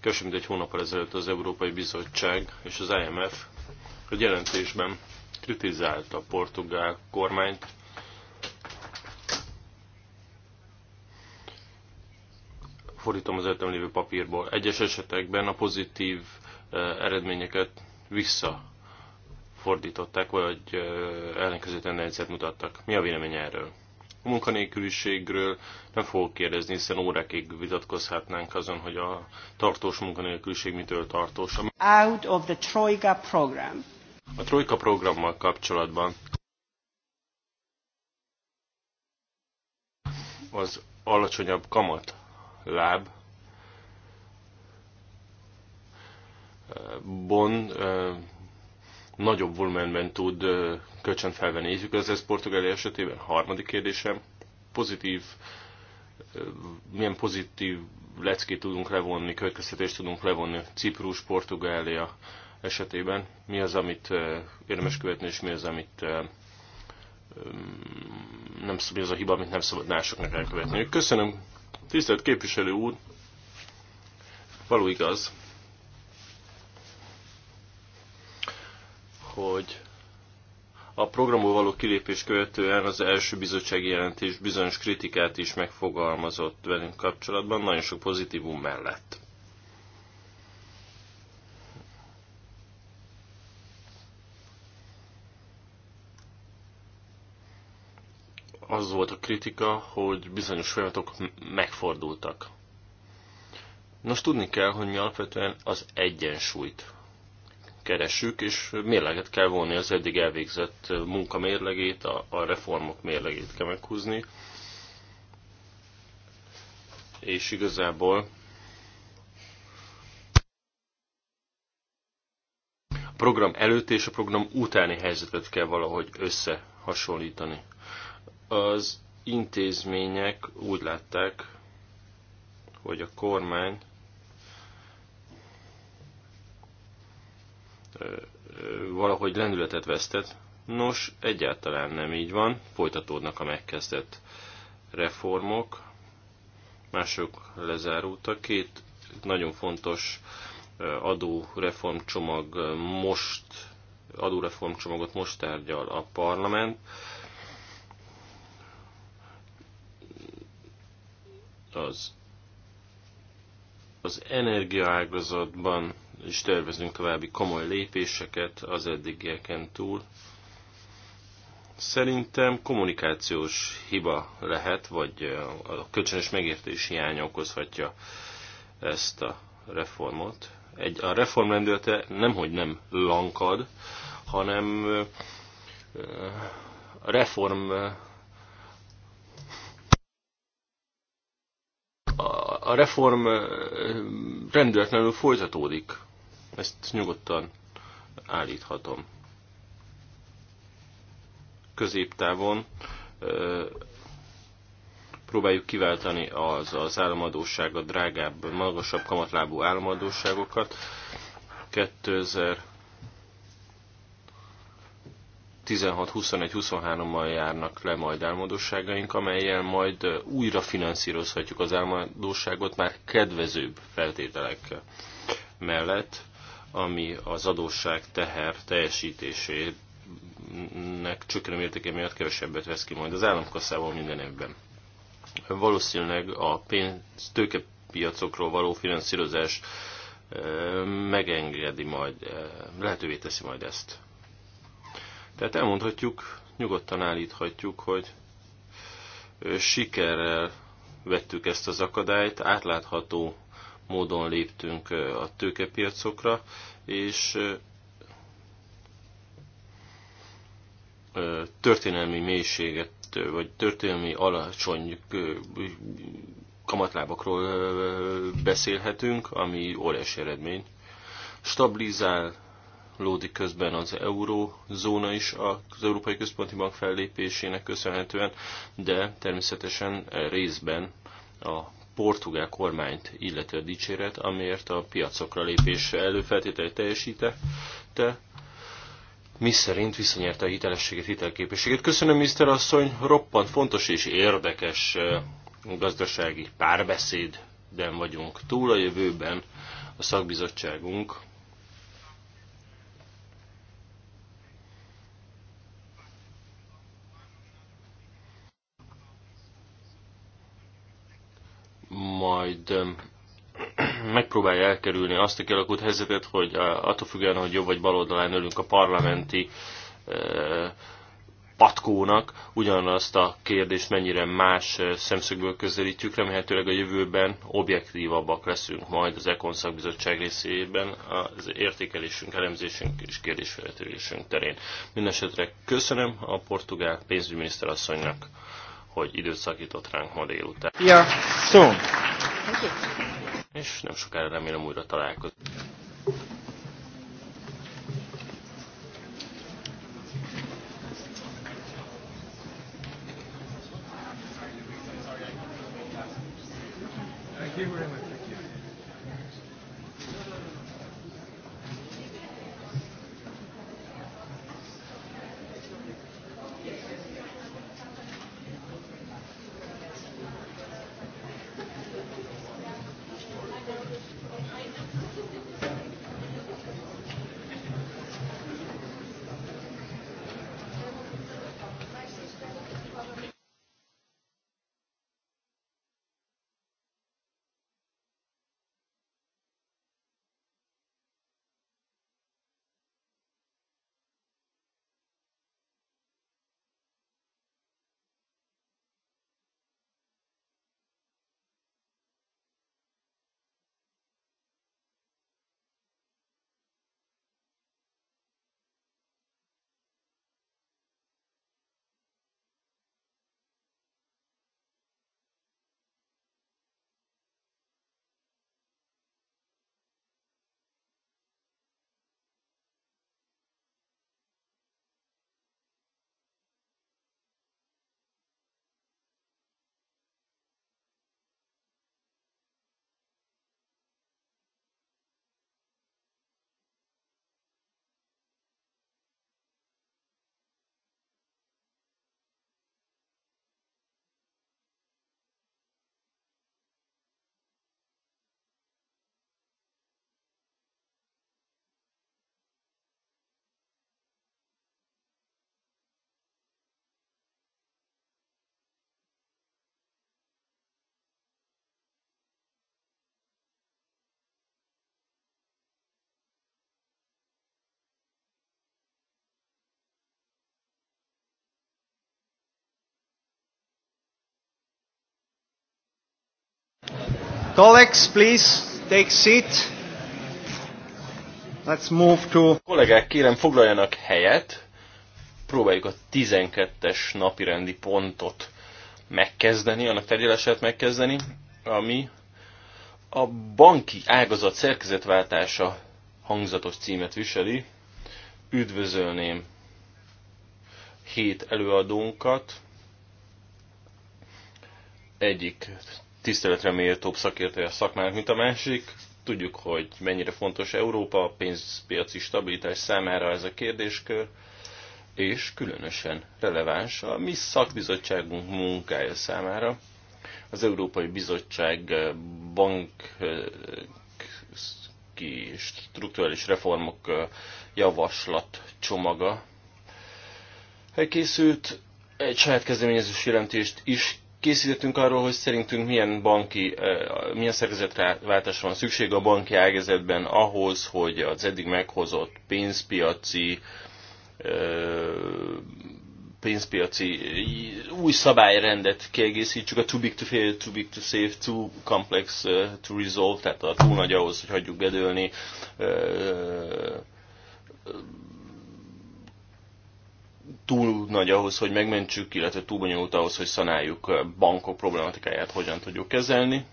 kevesebb mint egy hónappal ezelőtt az Európai Bizottság és az IMF a jelentésben kritizálta a portugál kormányt, fordítom az előttem lévő papírból. Egyes esetekben a pozitív eredményeket visszafordították, vagy ellenkező tendenciát mutattak. Mi a vélemény erről? A munkanélküliségről nem fogok kérdezni, hiszen órákig vitatkozhatnánk azon, hogy a tartós munkanélküliség mitől tartós. Out of the Troika program. A Troika programmal kapcsolatban az alacsonyabb kamat láb Bon nagyobb volumenben tud kölcsön felvenni. Nézzük az ez Portugália esetében. Harmadik kérdésem, pozitív, milyen pozitív leckét tudunk levonni, következtetést tudunk levonni Ciprus, Portugália esetében. Mi az, amit érdemes követni, és mi az, amit nem mi az a hiba, amit nem szabad másoknak elkövetni. Köszönöm, tisztelt képviselő úr! Való igaz, hogy a programból való kilépés követően az első bizottsági jelentés bizonyos kritikát is megfogalmazott velünk kapcsolatban, nagyon sok pozitívum mellett. Az volt a kritika, hogy bizonyos folyamatok megfordultak. Nos, tudni kell, hogy mi alapvetően az egyensúlyt keresük, és mérleget kell vonni az eddig elvégzett munka mérlegét, a, a reformok mérlegét kell meghúzni. És igazából a program előtt és a program utáni helyzetet kell valahogy összehasonlítani. Az intézmények úgy látták, hogy a kormány valahogy lendületet vesztett. Nos, egyáltalán nem így van, folytatódnak a megkezdett reformok, mások lezárultak. Két nagyon fontos adóreformcsomag most, adóreformcsomagot most tárgyal a parlament. Az, az energiaágazatban és tervezünk további komoly lépéseket az eddigieken túl. Szerintem kommunikációs hiba lehet, vagy a kölcsönös megértés hiánya okozhatja ezt a reformot. Egy, a reform rendülete nemhogy nem lankad, hanem a reform a reform rendületlenül folytatódik. Ezt nyugodtan állíthatom. Középtávon próbáljuk kiváltani az, az államadóság, a drágább, magasabb kamatlábú államadóságokat. 2016, 21, 23-mal járnak le majd álmodosságaink, amelyel majd újra finanszírozhatjuk az álmodosságot már kedvezőbb feltételek mellett ami az adósság teher teljesítésének csökkenő mértéke miatt kevesebbet vesz ki majd az államkasszából minden évben. Valószínűleg a pénz, tőkepiacokról való finanszírozás megengedi majd, lehetővé teszi majd ezt. Tehát elmondhatjuk, nyugodtan állíthatjuk, hogy sikerrel vettük ezt az akadályt, átlátható módon léptünk a tőkepiacokra, és történelmi mélységet, vagy történelmi alacsony kamatlábakról beszélhetünk, ami óriási eredmény. Stabilizál lódik közben az eurózóna is az Európai Központi Bank fellépésének köszönhetően, de természetesen részben a portugál kormányt illető a dicséret, amiért a piacokra lépés előfeltételeit teljesítette, mi szerint visszanyerte a hitelességet, hitelképességet. Köszönöm, Mr. Asszony, roppant fontos és érdekes gazdasági párbeszéd ben vagyunk túl a jövőben. A szakbizottságunk majd [CLEARS THROAT] megpróbálja elkerülni azt a kialakult helyzetet, hogy attól függően, hogy jobb vagy baloldalán ülünk a parlamenti patkónak, ugyanazt a kérdést mennyire más szemszögből közelítjük, remélhetőleg a jövőben objektívabbak leszünk majd az Ekon szakbizottság részében az értékelésünk, elemzésünk és kérdésfeltérésünk terén. Mindenesetre köszönöm a portugál pénzügyminiszter asszonynak hogy időszakított ránk ma délután. Ja, szó! És nem sokára remélem újra találkozunk. Colleagues, please take seat. Let's move to... Kollégák, kérem foglaljanak helyet. Próbáljuk a 12-es napirendi pontot megkezdeni, annak tegyelesét megkezdeni, ami a banki ágazat szerkezetváltása hangzatos címet viseli. Üdvözölném hét előadónkat, egyik tiszteletre méltóbb szakértője a szakmának, mint a másik. Tudjuk, hogy mennyire fontos Európa a pénzpiaci stabilitás számára ez a kérdéskör, és különösen releváns a mi szakbizottságunk munkája számára. Az Európai Bizottság eh, bank eh, ki strukturális reformok eh, javaslat csomaga elkészült. Egy saját kezdeményezős jelentést is készítettünk arról, hogy szerintünk milyen banki, eh, milyen szervezetváltásra van szükség a banki ágazatban ahhoz, hogy az eddig meghozott pénzpiaci eh, pénzpiaci eh, új szabályrendet kiegészítsük, a too big to fail, too big to save, too complex to resolve, tehát a túl nagy ahhoz, hogy hagyjuk bedőlni túl nagy ahhoz, hogy megmentsük, illetve túl bonyolult ahhoz, hogy szanáljuk bankok problematikáját, hogyan tudjuk kezelni.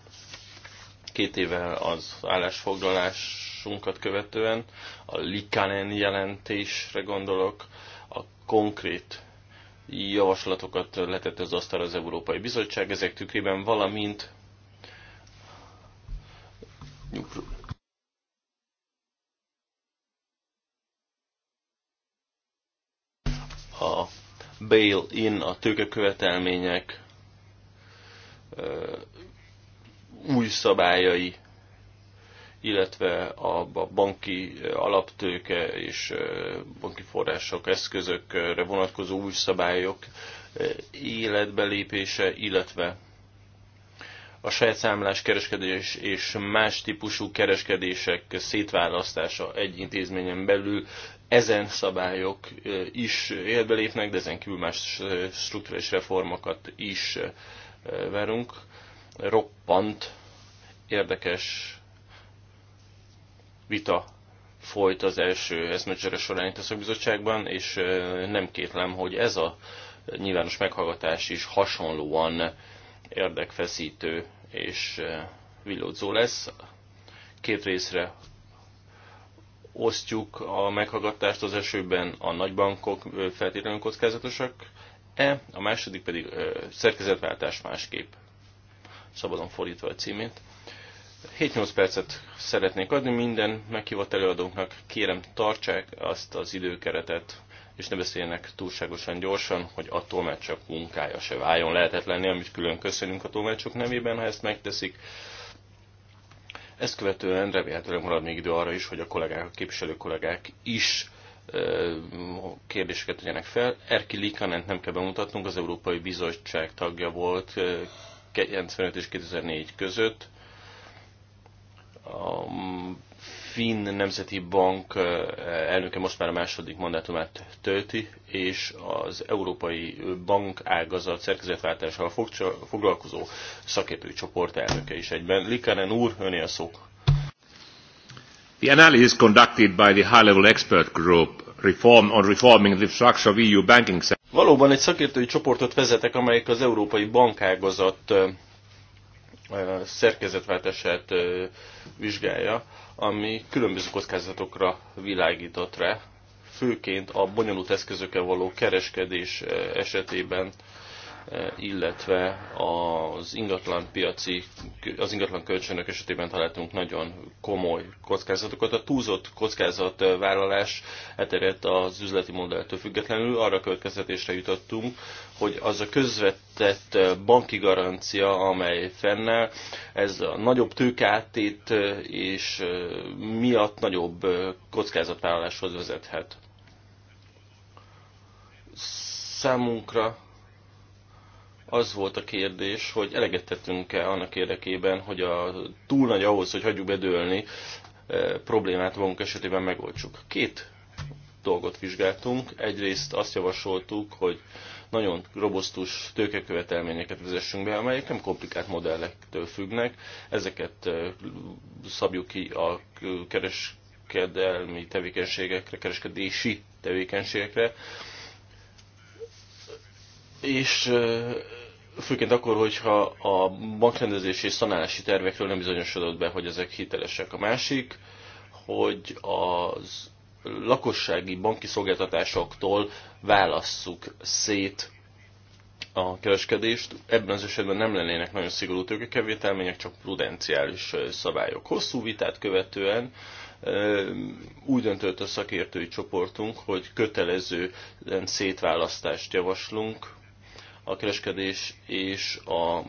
Két éve az állásfoglalásunkat követően a Likanen jelentésre gondolok, a konkrét javaslatokat letett az asztal az Európai Bizottság ezek tükrében, valamint a bail-in, a tőkekövetelmények új szabályai, illetve a banki alaptőke és banki források, eszközökre vonatkozó új szabályok életbe lépése, illetve a saját számlás kereskedés és más típusú kereskedések szétválasztása egy intézményen belül ezen szabályok is életbe lépnek, de ezen kívül más strukturális reformokat is verünk. Roppant érdekes vita folyt az első eszmecsere során itt a szakbizottságban, és nem kétlem, hogy ez a nyilvános meghallgatás is hasonlóan érdekfeszítő és villódzó lesz. Két részre osztjuk a meghallgatást az esőben a nagybankok feltétlenül kockázatosak-e, a második pedig e, szerkezetváltás másképp. Szabadon fordítva a címét. 7-8 percet szeretnék adni minden meghívott előadónknak. Kérem, tartsák azt az időkeretet, és ne beszéljenek túlságosan gyorsan, hogy a tolmácsok munkája se váljon lehetetlenni, amit külön köszönünk a tolmácsok nevében, ha ezt megteszik. Ezt követően remélhetőleg marad még idő arra is, hogy a kollégák, a képviselő kollégák is kérdéseket tegyenek fel. Erki Likanent nem kell bemutatnunk, az Európai Bizottság tagja volt 95 és 2004 között. A Finn Nemzeti Bank elnöke most már a második mandátumát tölti, és az Európai Bank ágazat szerkezetváltással foglalkozó szakértői csoport elnöke is egyben. Likaren úr, öné a szó. The analysis conducted by the high-level expert group reform on reforming the structure of EU banking sector. Valóban egy szakértői csoportot vezetek, amelyik az európai bankágazat szerkezetváltását vizsgálja ami különböző kockázatokra világított rá, főként a bonyolult eszközökkel való kereskedés eh, esetében Eh, illetve az ingatlan piaci, az ingatlan kölcsönök esetében találtunk nagyon komoly kockázatokat. A túlzott kockázatvállalás eh, elterjedt az üzleti modelltől függetlenül. Arra következtetésre jutottunk, hogy az a közvetett eh, banki garancia, amely fennel, ez a nagyobb tőkátét és miatt nagyobb kockázatvállaláshoz vezethet. Számunkra az volt a kérdés, hogy eleget tettünk-e annak érdekében, hogy a túl nagy ahhoz, hogy hagyjuk bedőlni, eh, problémát magunk esetében megoldsuk. Két dolgot vizsgáltunk. Egyrészt azt javasoltuk, hogy nagyon robosztus tőkekövetelményeket vezessünk be, amelyek nem komplikált modellektől függnek. Ezeket eh, szabjuk ki a kereskedelmi tevékenységekre, kereskedési tevékenységekre, és eh, főként akkor, hogyha a bankrendezési és szanálási tervekről nem bizonyosodott be, hogy ezek hitelesek. A másik, hogy az lakossági banki szolgáltatásoktól válasszuk szét a kereskedést. Ebben az esetben nem lennének nagyon szigorú tőkekevételmények, csak prudenciális szabályok. Hosszú vitát követően úgy döntött a szakértői csoportunk, hogy kötelező szétválasztást javaslunk a kereskedés és a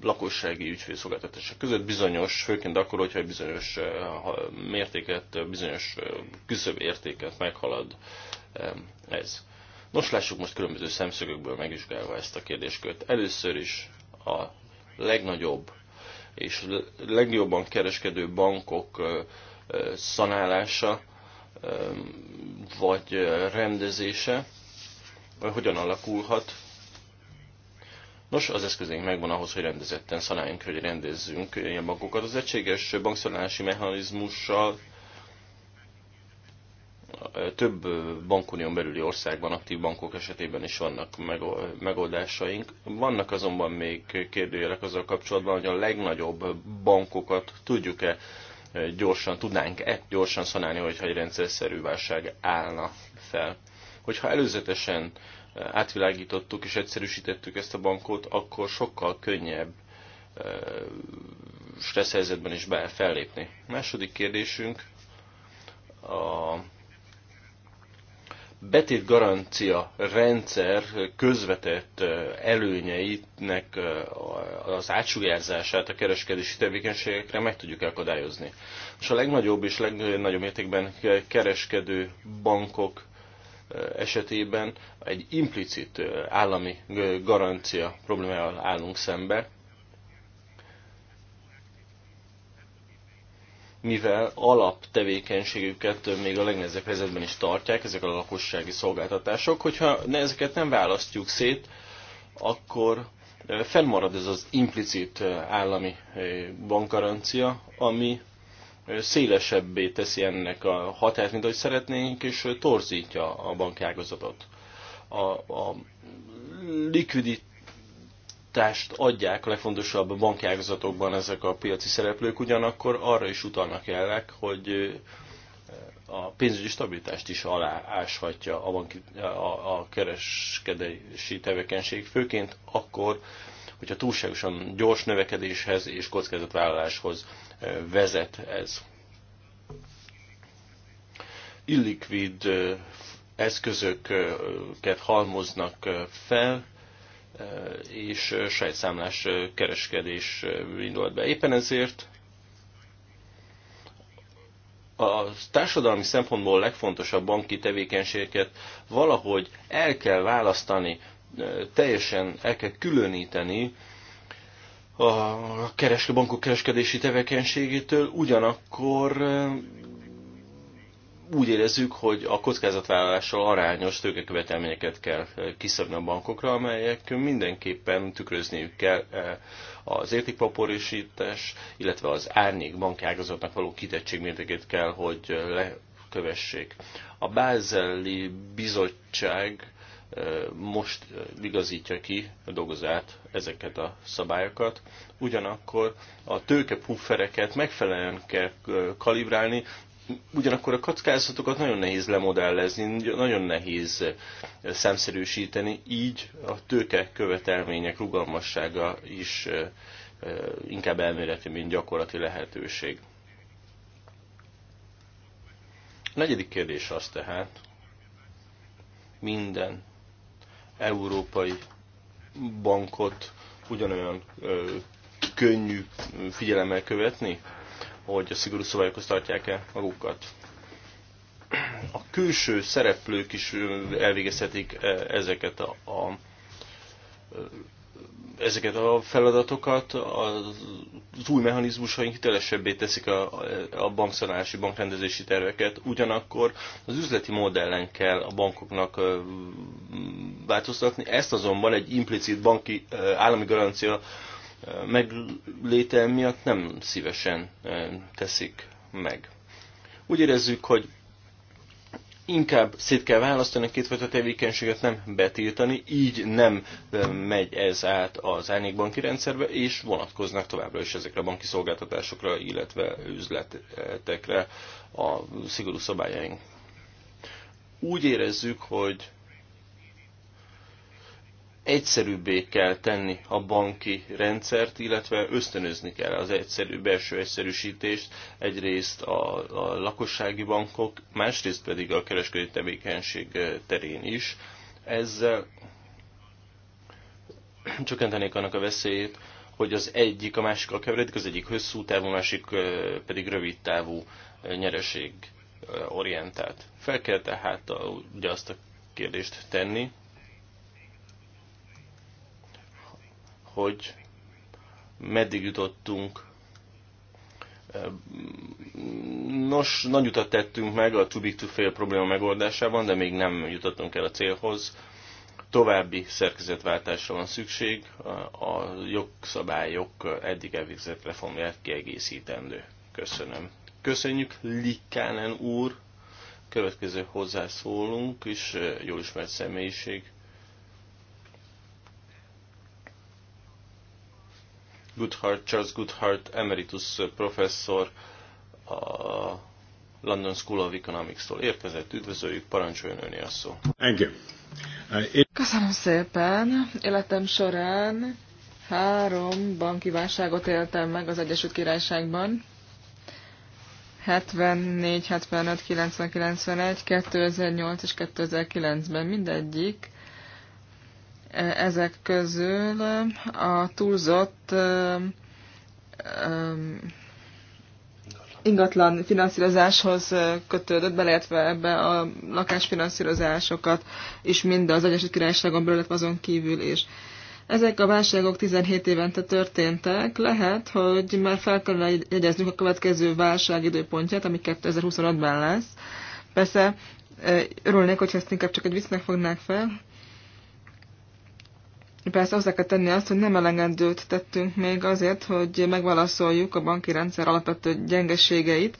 lakossági ügyfélszolgáltatások között bizonyos, főként akkor, hogyha egy bizonyos eh, mértéket, bizonyos eh, küszöbb értéket meghalad ez. Nos, lássuk most különböző szemszögökből megvizsgálva ezt a kérdéskört. Először is a legnagyobb és legjobban kereskedő bankok eh, szanálása vagy rendezése, hogyan alakulhat. Nos, az eszközénk megvan ahhoz, hogy rendezetten szaláljunk, hogy rendezzünk ilyen bankokat. Az egységes bankszalási mechanizmussal több bankunión belüli országban aktív bankok esetében is vannak megoldásaink. Vannak azonban még kérdőjelek azzal kapcsolatban, hogy a legnagyobb bankokat tudjuk-e gyorsan, tudnánk-e gyorsan szanálni, hogyha egy rendszerszerű válság állna fel. Hogyha előzetesen eh, átvilágítottuk és egyszerűsítettük ezt a bankot, akkor sokkal könnyebb eh, stressz helyzetben is be fellépni. Második kérdésünk a betét garancia rendszer közvetett eh, előnyeinek az átsugárzását a kereskedési tevékenységekre meg tudjuk akadályozni. És a legnagyobb és legnagyobb értékben kereskedő bankok esetében egy implicit állami garancia problémával állunk szembe, mivel alaptevékenységüket még a legnehezebb helyzetben is tartják, ezek a lakossági szolgáltatások. Hogyha ezeket nem választjuk szét, akkor fennmarad ez az implicit állami bankgarancia, ami szélesebbé teszi ennek a hatályt, mint ahogy szeretnénk, és torzítja a bankágazatot. A, a likviditást adják a legfontosabb bankágazatokban ezek a piaci szereplők, ugyanakkor arra is utalnak jelek, hogy eh, a pénzügyi stabilitást is alááshatja a, banki, a, a kereskedési tevékenység, főként akkor, hogyha túlságosan gyors növekedéshez és kockázatvállaláshoz vezet ez. Illiquid eszközöket halmoznak fel, és sejtszámlás kereskedés indult be. Éppen ezért a társadalmi szempontból legfontosabb banki tevékenységeket valahogy el kell választani teljesen el kell különíteni a kereske, bankok kereskedési tevékenységétől, ugyanakkor úgy érezzük, hogy a kockázatvállalással arányos tőkekövetelményeket kell kiszabni a bankokra, amelyek mindenképpen tükrözniük kell az értékpaporisítás, illetve az árnyék bankágazatnak való kitettség mértékét kell, hogy lekövessék. A Bázeli Bizottság most igazítja ki a dolgozát ezeket a szabályokat. Ugyanakkor a tőkepuffereket megfelelően kell kalibrálni, ugyanakkor a kockázatokat nagyon nehéz lemodellezni, nagyon nehéz szemszerűsíteni, így a tőke követelmények rugalmassága is inkább elméleti, mint gyakorlati lehetőség. A negyedik kérdés az tehát, minden európai bankot ugyanolyan ö, könnyű figyelemmel követni, hogy a szigorú szabályokhoz tartják-e magukat. A külső szereplők is elvégezhetik e, ezeket a, a ezeket a feladatokat az új mechanizmusaink hitelesebbé teszik a, a bankszanálási, bankrendezési terveket, ugyanakkor az üzleti modellen kell a bankoknak változtatni, ezt azonban egy implicit banki állami garancia megléte miatt nem szívesen teszik meg. Úgy érezzük, hogy inkább szét kell választani a kétfajta tevékenységet, nem betiltani, így nem megy ez át az árnyékbanki rendszerbe, és vonatkoznak továbbra is ezekre a banki szolgáltatásokra, illetve üzletekre a szigorú szabályaink. Úgy érezzük, hogy egyszerűbbé kell tenni a banki rendszert, illetve ösztönözni kell az egyszerű belső egyszerűsítést, egyrészt a, a lakossági bankok, másrészt pedig a kereskedő tevékenység eh, terén is. Ezzel [CLEARS THROAT] csökkentenék annak a veszélyét, hogy az egyik a másikkal keveredik, az egyik hosszú távú, másik eh, pedig rövid távú eh, nyereség orientált. Fel kell tehát a, ugye azt a kérdést tenni, hogy meddig jutottunk. Nos, nagy utat tettünk meg a too big to fail probléma megoldásában, de még nem jutottunk el a célhoz. További szerkezetváltásra van szükség, a jogszabályok eddig elvégzett reformját kiegészítendő. Köszönöm. Köszönjük Likkánen úr, következő hozzászólunk, és jól ismert személyiség, Goodhart, Charles Goodhart emeritus professzor a London School of Economics-tól érkezett. Üdvözöljük, parancsoljon önni a szó. Uh, Köszönöm szépen. Életem során három banki válságot éltem meg az Egyesült Királyságban. 74, 75, 90, 91, 2008 és 2009-ben mindegyik ezek közül a túlzott ingatlan finanszírozáshoz kötődött, beleértve ebbe a lakásfinanszírozásokat, és mind az Egyesült Királyságon belül, azon kívül is. Ezek a válságok 17 évente történtek, lehet, hogy már fel kellene jegyeznünk a következő válság időpontját, ami 2025-ben lesz. Persze örülnék, hogyha ezt inkább csak egy visznek fognák fel, Persze hozzá kell tenni azt, hogy nem elengedőt tettünk még azért, hogy megválaszoljuk a banki rendszer alapvető gyengeségeit,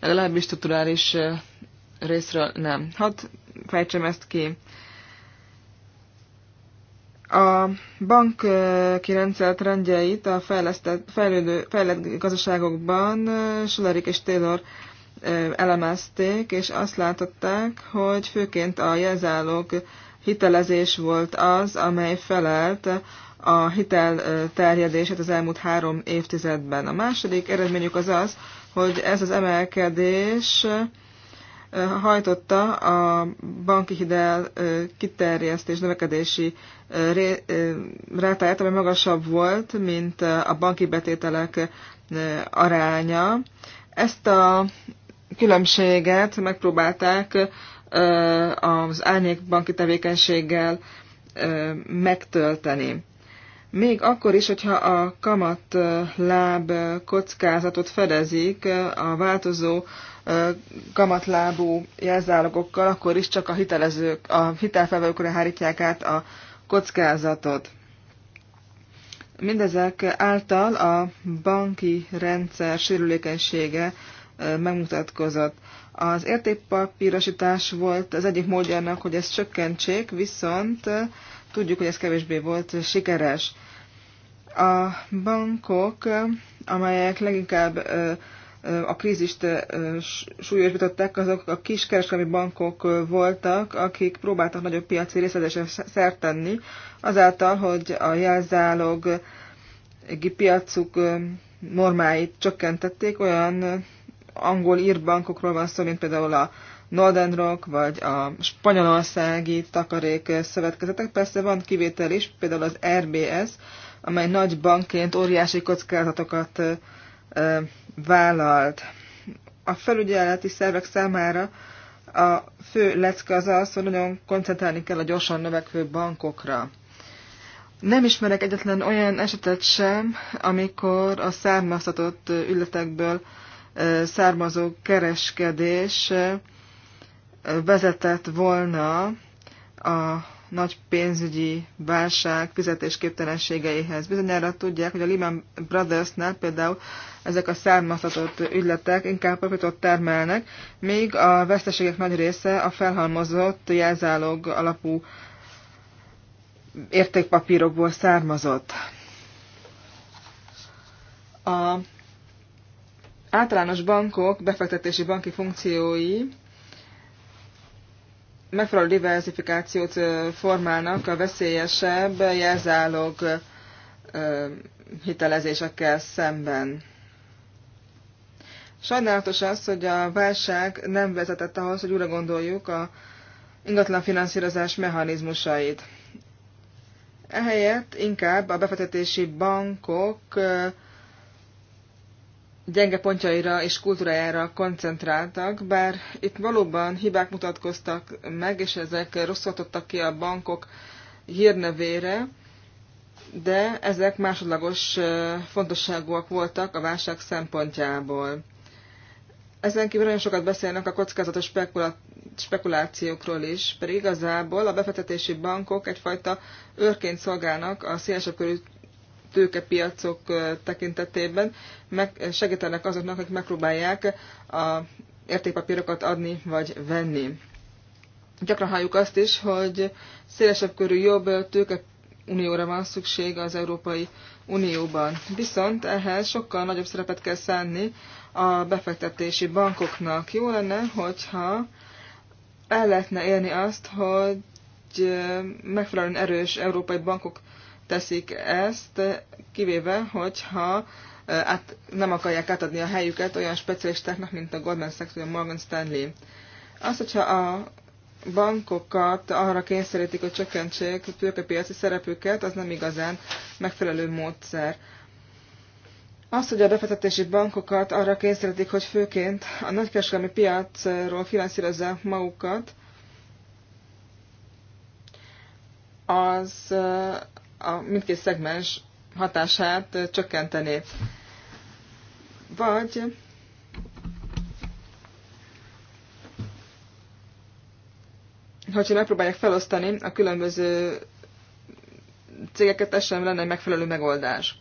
legalábbis struktúrális részről nem. Hadd fejtsem ezt ki. A banki rendszert rendjeit a fejlődő, fejlett gazdaságokban Solarik és Taylor elemezték, és azt látották, hogy főként a jelzálók hitelezés volt az, amely felelt a hitel terjedését az elmúlt három évtizedben. A második eredményük az az, hogy ez az emelkedés hajtotta a banki hitel kiterjesztés növekedési rátáját, ami magasabb volt, mint a banki betételek aránya. Ezt a különbséget megpróbálták az árnyékbanki tevékenységgel megtölteni. Még akkor is, hogyha a kamat láb kockázatot fedezik a változó kamatlábú jelzálogokkal, akkor is csak a hitelezők, a hitelfelvevőkre hárítják át a kockázatot. Mindezek által a banki rendszer sérülékenysége megmutatkozott. Az értékpapírosítás volt az egyik módjának, hogy ezt csökkentsék, viszont tudjuk, hogy ez kevésbé volt sikeres. A bankok, amelyek leginkább a krízist súlyosbították, azok a kereskedelmi bankok voltak, akik próbáltak nagyobb piaci részletesre szert tenni, azáltal, hogy a jelzálog piacuk normáit csökkentették, olyan angol-ír bankokról van szó, mint például a Northern Rock, vagy a spanyolországi takarék szövetkezetek. Persze van kivétel is, például az RBS, amely nagy bankként óriási kockázatokat vállalt. A felügyeleti szervek számára a fő lecke az az, hogy nagyon koncentrálni kell a gyorsan növekvő bankokra. Nem ismerek egyetlen olyan esetet sem, amikor a származtatott ületekből származó kereskedés vezetett volna a nagy pénzügyi válság fizetésképtelenségeihez. Bizonyára tudják, hogy a Lehman Brothersnál például ezek a származtatott ügyletek inkább profitot termelnek, míg a veszteségek nagy része a felhalmozott jelzálog alapú értékpapírokból származott. A általános bankok befektetési banki funkciói megfelelő diversifikációt formálnak a veszélyesebb jelzálog hitelezésekkel szemben. Sajnálatos az, hogy a válság nem vezetett ahhoz, hogy újra gondoljuk a ingatlan finanszírozás mechanizmusait. Ehelyett inkább a befektetési bankok gyenge pontjaira és kultúrájára koncentráltak, bár itt valóban hibák mutatkoztak meg, és ezek rosszatottak ki a bankok hírnevére, de ezek másodlagos fontosságúak voltak a válság szempontjából. Ezen kívül nagyon sokat beszélnek a kockázatos spekulációkról is, pedig igazából a befektetési bankok egyfajta őrként szolgálnak a szélesebb körű tőkepiacok tekintetében meg, segítenek azoknak, akik megpróbálják a értékpapírokat adni vagy venni. Gyakran halljuk azt is, hogy szélesebb körű jobb tőke unióra van szükség az Európai Unióban. Viszont ehhez sokkal nagyobb szerepet kell szánni a befektetési bankoknak. Jó lenne, hogyha el lehetne élni azt, hogy megfelelően erős európai bankok teszik ezt, kivéve, hogyha át, nem akarják átadni a helyüket olyan specialistáknak, mint a Goldman Sachs vagy a Morgan Stanley. Az, hogyha a bankokat arra kényszerítik, hogy csökkentsék a tőkepiaci szerepüket, az nem igazán megfelelő módszer. Az, hogy a befektetési bankokat arra kényszerítik, hogy főként a nagykereskedelmi piacról finanszírozzák magukat, az a mindkét szegmens hatását csökkenteni. Vagy hogyha megpróbálják felosztani a különböző cégeket, ez sem lenne egy megfelelő megoldás.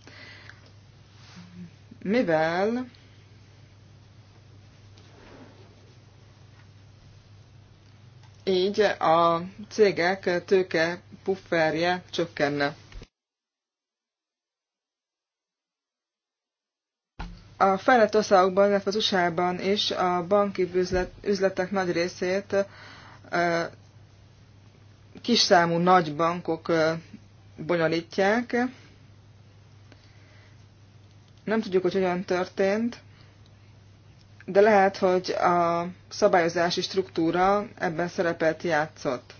Mivel így a cégek tőke pufferje csökkenne. A fejlett országokban, illetve az USA-ban is a banki üzlet, üzletek nagy részét kiszámú nagy bankok bonyolítják. Nem tudjuk, hogy hogyan történt, de lehet, hogy a szabályozási struktúra ebben szerepet játszott.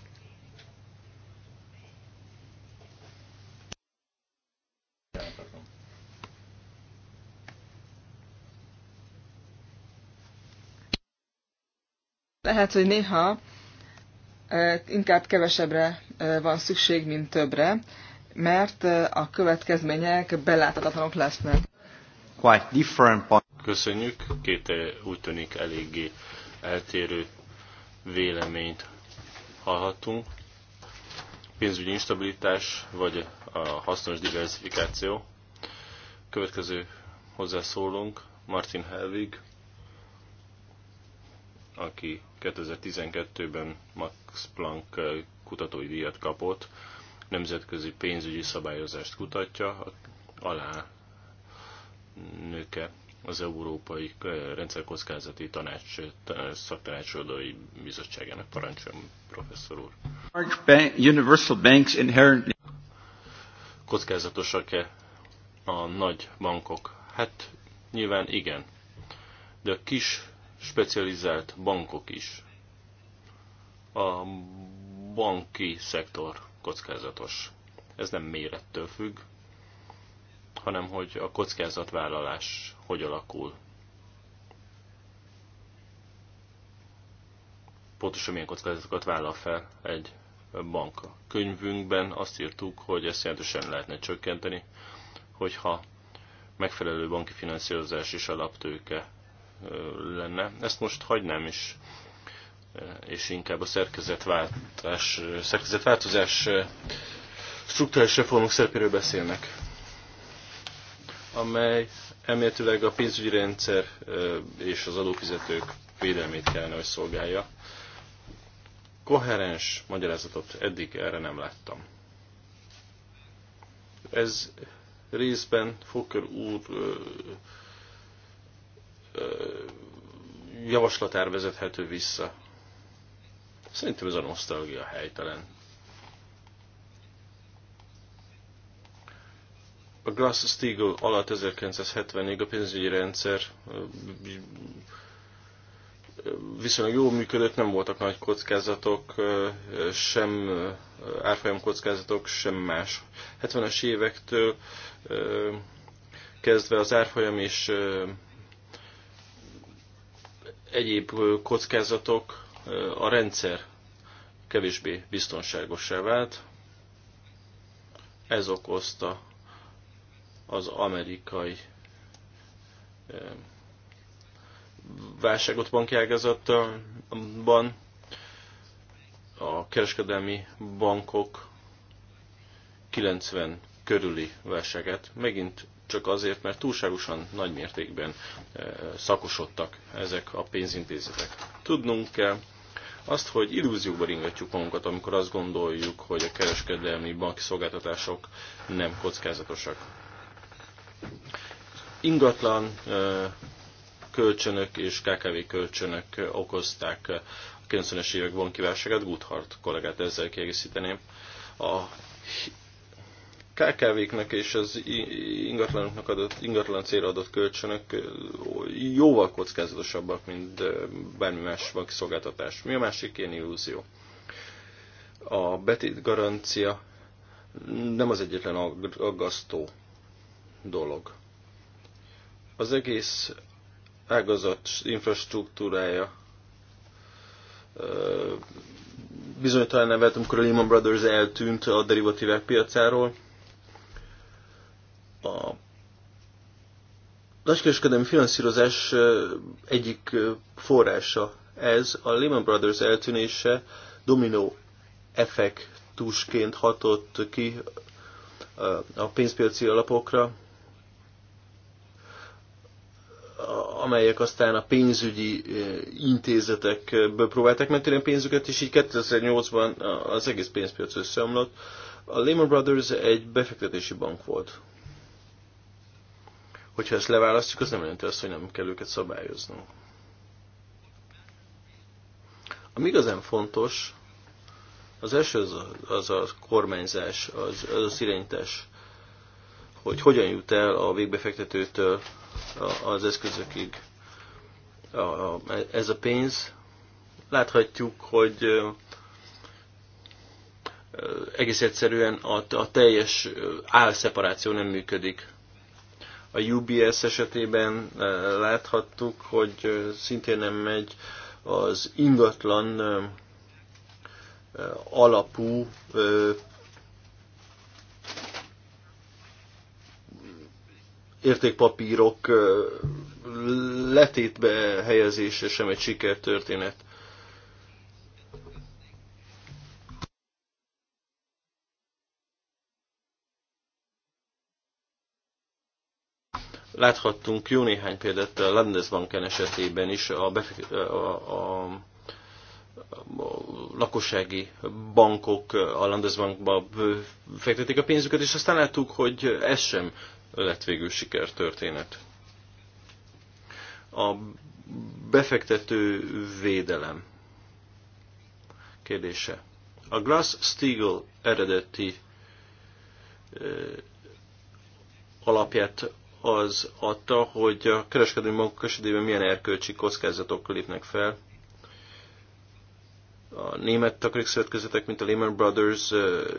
Lehet, hogy néha inkább kevesebbre van szükség, mint többre, mert a következmények beláthatatlanok lesznek. Quite different point. Köszönjük. Két úgy tűnik eléggé eltérő véleményt hallhatunk. Pénzügyi instabilitás, vagy a hasznos diversifikáció. Következő hozzászólunk, Martin Helvig, aki 2012-ben Max Planck eh, kutatói díjat kapott, nemzetközi pénzügyi szabályozást kutatja, alá nőke az Európai eh, Rendszerkockázati Tanács eh, szaktanácsolódói bizottságának parancsolom, professzor úr. Universal banks inherently... Kockázatosak-e a nagy bankok? Hát nyilván igen. De a kis specializált bankok is. A banki szektor kockázatos. Ez nem mérettől függ, hanem hogy a kockázatvállalás hogy alakul. Pontosan milyen kockázatokat vállal fel egy bank. A könyvünkben azt írtuk, hogy ezt jelentősen lehetne csökkenteni, hogyha megfelelő banki finanszírozás és alaptőke lenne. Ezt most hagynám is, eh, és inkább a szerkezetváltás, eh, szerkezetváltozás eh, struktúrális reformok szerepéről beszélnek, amely elméletileg a pénzügyi rendszer és az adófizetők védelmét kellene, hogy szolgálja. Koherens magyarázatot eddig erre nem láttam. Ez részben Fokker úr javaslatára vezethető vissza. Szerintem ez a nosztalgia helytelen. A Glass-Steagall alatt 1970-ig a pénzügyi rendszer viszonylag jól működött, nem voltak nagy kockázatok, sem árfolyam kockázatok, sem más. 70-es évektől kezdve az árfolyam és egyéb kockázatok a rendszer kevésbé biztonságosá vált. Ez okozta az amerikai válságot banki ágazatban. A kereskedelmi bankok 90 körüli válságát megint csak azért, mert túlságosan nagy mértékben eh, szakosodtak ezek a pénzintézetek. Tudnunk kell azt, hogy illúzióba ringatjuk magunkat, amikor azt gondoljuk, hogy a kereskedelmi banki szolgáltatások nem kockázatosak. Ingatlan eh, kölcsönök és KKV kölcsönök eh, okozták a 90-es évek bankiválságát, Guthart kollégát ezzel kiegészíteném. A KKV-knek és az ingatlanoknak adott, ingatlan célra adott kölcsönök jóval kockázatosabbak, mint bármi más banki szolgáltatás. Mi a másik ilyen illúzió? A betét garancia nem az egyetlen aggasztó dolog. Az egész ágazat infrastruktúrája bizonytalan nevet, amikor a Lehman Brothers eltűnt a derivatívák piacáról, a nagykereskedelmi finanszírozás egyik forrása ez, a Lehman Brothers eltűnése dominó effektusként hatott ki a pénzpiaci alapokra, amelyek aztán a pénzügyi intézetekből próbálták menteni a pénzüket, és így 2008-ban az egész pénzpiac összeomlott. A Lehman Brothers egy befektetési bank volt. Hogyha ezt leválasztjuk, az nem jelenti azt, hogy nem kell őket szabályoznunk. Ami igazán fontos, az első az a, az a kormányzás, az, az a irányítás, hogy hogyan jut el a végbefektetőtől az eszközökig a, a, ez a pénz. Láthatjuk, hogy egész egyszerűen a, a teljes álszeparáció nem működik. A UBS esetében eh, láthattuk, hogy eh, szintén nem megy az ingatlan eh, alapú értékpapírok letétbe helyezése sem egy sikertörténet. Láthattunk jó néhány példát a Landesbanken esetében is a, befek- a, a, a lakossági bankok a Landesbankba fektetik a pénzüket, és aztán láttuk, hogy ez sem lett végül sikertörténet. A befektető védelem kérdése. A Glass-Steagall eredeti alapját az adta, hogy a kereskedelmi bankok esetében milyen erkölcsi kockázatok lépnek fel. A német takarékszövetkezetek, mint a Lehman Brothers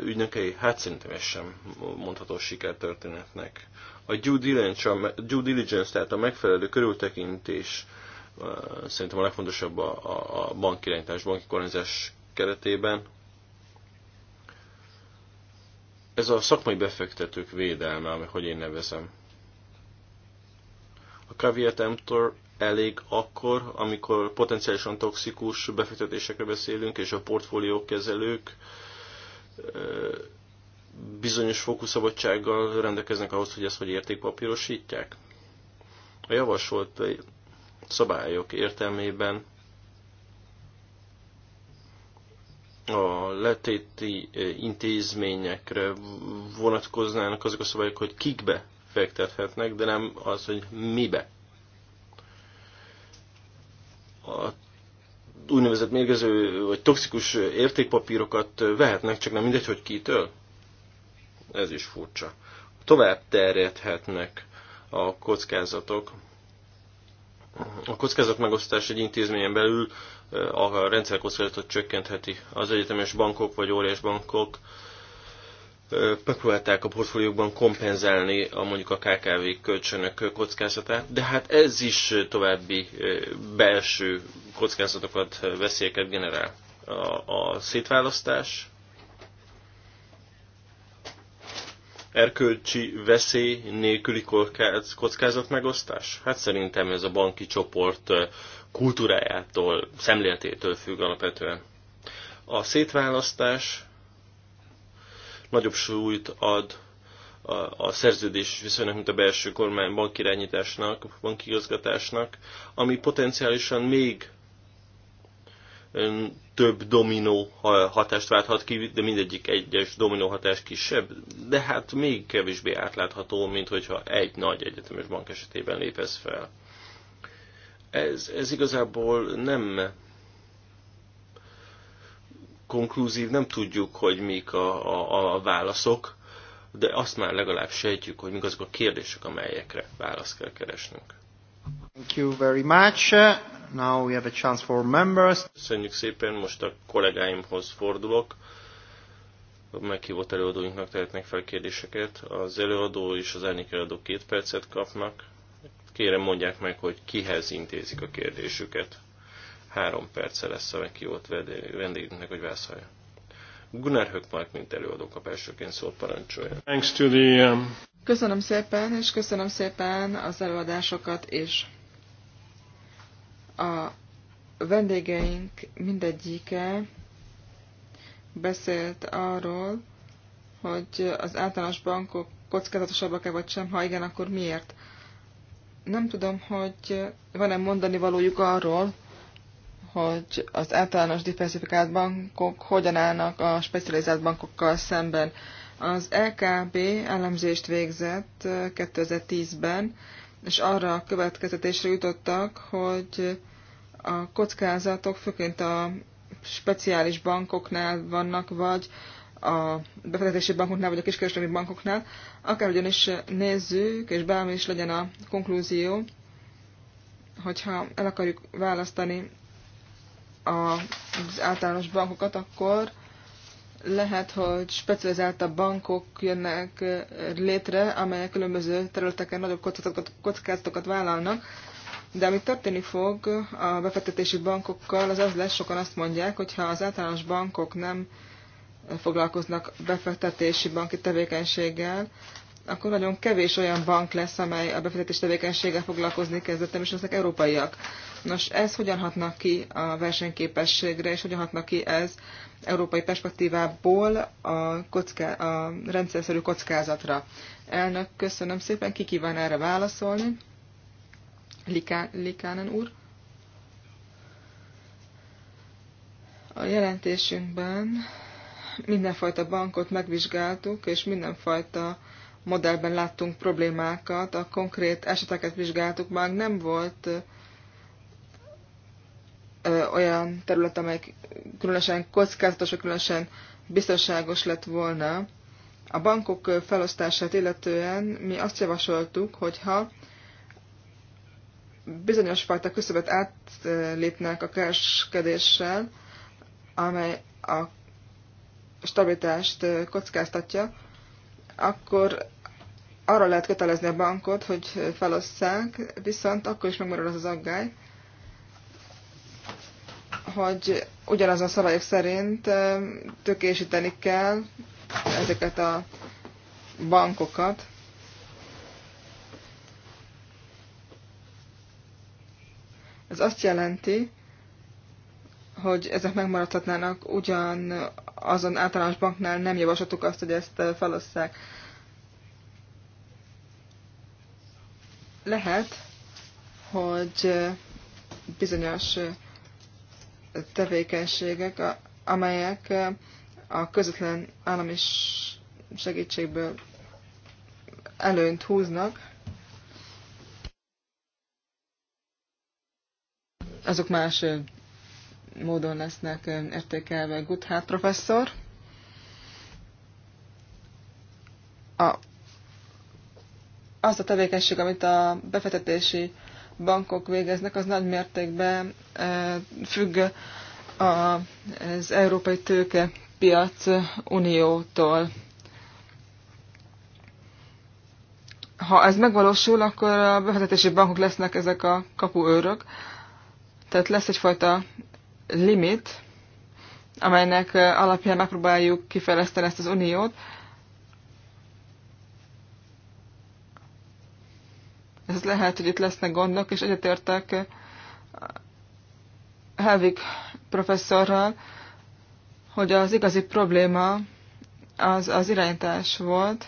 ügynökei, hát szerintem ez sem mondható sikertörténetnek. A due diligence, a due diligence tehát a megfelelő körültekintés szerintem a legfontosabb a, a, a bankirányítás, banki kormányzás keretében. Ez a szakmai befektetők védelme, ahogy én nevezem caveat emptor elég akkor, amikor potenciálisan toxikus befektetésekre beszélünk, és a portfóliókezelők bizonyos fókuszabadsággal rendelkeznek ahhoz, hogy ezt hogy értékpapírosítják. A javasolt szabályok értelmében a letéti intézményekre vonatkoznának azok a szabályok, hogy kikbe fektethetnek, de nem az, hogy mibe. A úgynevezett mérgező vagy toxikus értékpapírokat vehetnek, csak nem mindegy, hogy kitől. Ez is furcsa. Tovább terjedhetnek a kockázatok. A kockázat megosztás egy intézményen belül eh, a rendszerkockázatot csökkentheti. Az egyetemes bankok vagy óriás bankok megpróbálták a portfóliókban kompenzálni a mondjuk a KKV kölcsönök kockázatát, de hát ez is további belső kockázatokat, veszélyeket generál. A, a szétválasztás, erkölcsi veszély nélküli kockázat megosztás? Hát szerintem ez a banki csoport kultúrájától, szemléletétől függ alapvetően. A szétválasztás nagyobb súlyt ad a szerződés viszonynak, mint a belső kormány bankirányításnak, bankigazgatásnak, ami potenciálisan még több dominó hatást válthat ki, de mindegyik egyes dominó hatás kisebb, de hát még kevésbé átlátható, mint hogyha egy nagy egyetemes bank esetében lép fel. Ez, ez igazából nem konklúzív, nem tudjuk, hogy mik a, a, a válaszok, de azt már legalább sejtjük, hogy mik azok a kérdések, amelyekre választ kell keresnünk. Thank you very much. Now we have a chance for members. Köszönjük szépen, most a kollégáimhoz fordulok. A meghívott előadóinknak tehetnek fel kérdéseket. Az előadó és az elnök előadó két percet kapnak. Kérem mondják meg, hogy kihez intézik a kérdésüket. Három perce lesz a meghívott vendégünknek, hogy válaszolja. Gunnar Höckmark, mint előadók a belsőként szólt parancsolja. Thanks to the, um... Köszönöm szépen, és köszönöm szépen az előadásokat, és a vendégeink mindegyike beszélt arról, hogy az általános bankok kockázatosabbak-e vagy sem, ha igen, akkor miért? Nem tudom, hogy van-e mondani valójuk arról, hogy az általános diversifikált bankok hogyan állnak a specializált bankokkal szemben. Az LKB elemzést végzett 2010-ben, és arra a következetésre jutottak, hogy a kockázatok főként a speciális bankoknál vannak, vagy a befektetési bankoknál, vagy a kiskereskedelmi bankoknál. Akár ugyanis nézzük, és bármi is legyen a konklúzió, hogyha el akarjuk választani az általános bankokat, akkor lehet, hogy specializáltabb bankok jönnek létre, amelyek különböző területeken nagyobb kockázatokat, kockázatokat vállalnak, de ami történni fog a befektetési bankokkal, az az lesz, sokan azt mondják, hogy ha az általános bankok nem foglalkoznak befektetési banki tevékenységgel, akkor nagyon kevés olyan bank lesz, amely a befizetés tevékenységgel foglalkozni kezdettem, és ezek európaiak. Nos, ez hogyan hatnak ki a versenyképességre, és hogyan hatnak ki ez európai perspektívából a, kocká, a rendszerszerű kockázatra? Elnök, köszönöm szépen. Ki kíván erre válaszolni? Liká, Likánen úr. A jelentésünkben mindenfajta bankot megvizsgáltuk, és mindenfajta modellben láttunk problémákat, a konkrét eseteket vizsgáltuk már nem volt olyan terület, amely különösen kockázatos, vagy különösen biztonságos lett volna. A bankok felosztását illetően mi azt javasoltuk, hogyha bizonyos fajta küszöbet átlépnek a kereskedéssel, amely a stabilitást kockáztatja, akkor arra lehet kötelezni a bankot, hogy felosszák, viszont akkor is megmarad az az aggály, hogy ugyanaz a szabályok szerint tökésíteni kell ezeket a bankokat. Ez azt jelenti, hogy ezek megmaradhatnának ugyan azon általános banknál nem javaslatuk azt, hogy ezt felosszák. Lehet, hogy bizonyos tevékenységek, amelyek a közvetlen állami segítségből előnyt húznak, azok más módon lesznek értékelve Guthard professzor. A az a tevékenység, amit a befektetési bankok végeznek, az nagy mértékben e, függ az Európai Tőke Piac Uniótól. Ha ez megvalósul, akkor a befektetési bankok lesznek ezek a kapuőrök, tehát lesz egyfajta limit, amelynek alapján megpróbáljuk kifejleszteni ezt az uniót, ez lehet, hogy itt lesznek gondok, és egyetértek Helvig professzorral, hogy az igazi probléma az, az irányítás volt,